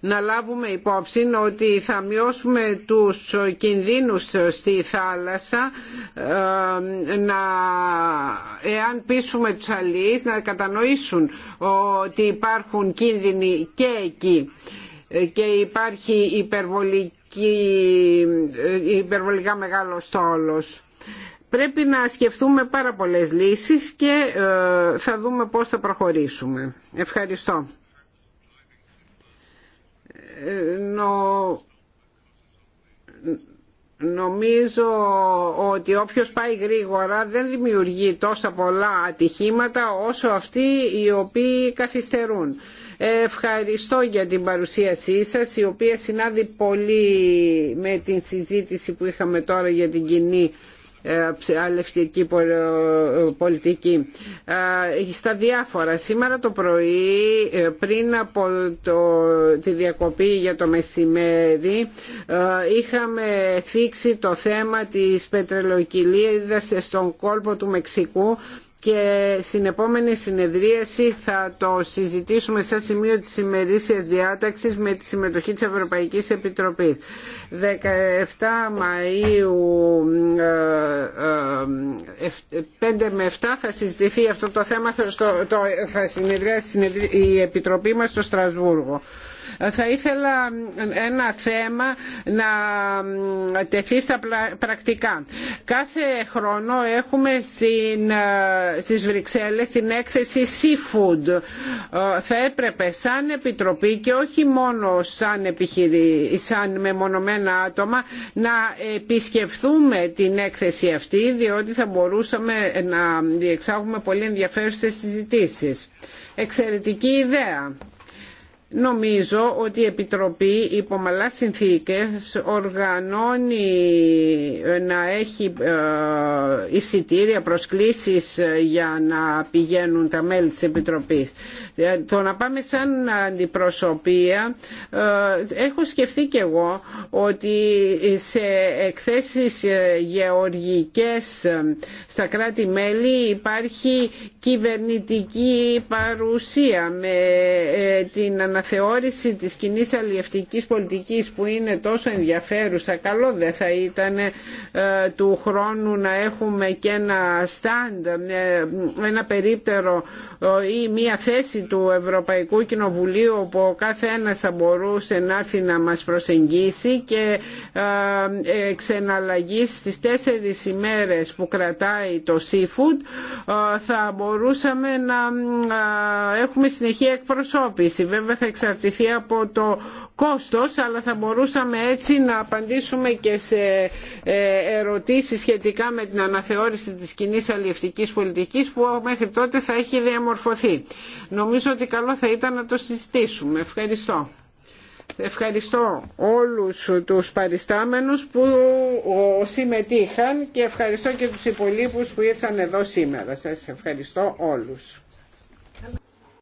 να λάβουμε υπόψη ότι θα μειώσουμε τους κινδύνους στη θάλασσα ε, να, εάν πείσουμε τους αλληλείς να κατανοήσουν ότι υπάρχουν κίνδυνοι και εκεί ε, και υπάρχει υπερβολική, ε, υπερβολικά μεγάλο στόλος. Πρέπει να σκεφτούμε πάρα πολλές λύσεις και θα δούμε πώς θα προχωρήσουμε. Ευχαριστώ. Νομίζω ότι όποιος πάει γρήγορα δεν δημιουργεί τόσα πολλά ατυχήματα όσο αυτοί οι οποίοι καθυστερούν. Ευχαριστώ για την παρουσίασή σας η οποία συνάδει πολύ με την συζήτηση που είχαμε τώρα για την κοινή αλευτική ε, ε, πολιτική στα διάφορα σήμερα το πρωί ε, πριν από το, τη διακοπή για το μεσημέρι είχαμε θίξει το θέμα της πετρελοκυλίδας στον κόλπο του Μεξικού και στην επόμενη συνεδρίαση θα το συζητήσουμε σαν σημείο της ημερήσιας διάταξης με τη συμμετοχή της Ευρωπαϊκής Επιτροπής. 17 Μαΐου 5 ε, ε, με 7 θα συζητηθεί αυτό το θέμα, στο, θα συνεδριάσει η Επιτροπή μας στο Στρασβούργο. Θα ήθελα ένα θέμα να τεθεί στα πρακτικά. Κάθε χρόνο έχουμε στην, ε, στις Βρυξέλλες την έκθεση Seafood. Ε, θα έπρεπε σαν Επιτροπή και όχι μόνο σαν, επιχειρή, σαν μεμονωμένα άτομα να επισκεφθούμε την έκθεση αυτή διότι θα μπορούσαμε να διεξάγουμε πολύ ενδιαφέρουσες συζητήσεις. Εξαιρετική ιδέα. Νομίζω ότι η Επιτροπή υπό μαλά συνθήκες οργανώνει ε, να έχει ε, εισιτήρια προσκλήσεις ε, για να πηγαίνουν τα μέλη της Επιτροπής. Το να πάμε σαν αντιπροσωπεία έχω σκεφτεί και εγώ ότι σε εκθέσεις γεωργικές στα κράτη-μέλη υπάρχει κυβερνητική παρουσία με την αναθεώρηση της κοινή αλλιευτικής πολιτικής που είναι τόσο ενδιαφέρουσα καλό δεν θα ήταν ε, του χρόνου να έχουμε και ένα στάντ, ε, ένα περίπτερο ε, ή μία θέση του Ευρωπαϊκού Κοινοβουλίου όπου ο κάθε ένας θα μπορούσε να έρθει να μας προσεγγίσει και εξεναλλαγής στις τέσσερις ημέρες που κρατάει το seafood θα μπορούσαμε να έχουμε συνεχή εκπροσώπηση. Βέβαια εξαρτηθεί από το κόστος αλλά θα μπορούσαμε έτσι να απαντήσουμε και σε ε, ερωτήσεις σχετικά με την αναθεώρηση της κοινή αλληλευτικής πολιτικής που μέχρι τότε θα έχει διαμορφωθεί. Νομίζω ότι καλό θα ήταν να το συζητήσουμε. Ευχαριστώ. Ευχαριστώ όλους τους παριστάμενους που συμμετείχαν και ευχαριστώ και τους υπολείπους που ήρθαν εδώ σήμερα. Σας ευχαριστώ όλους.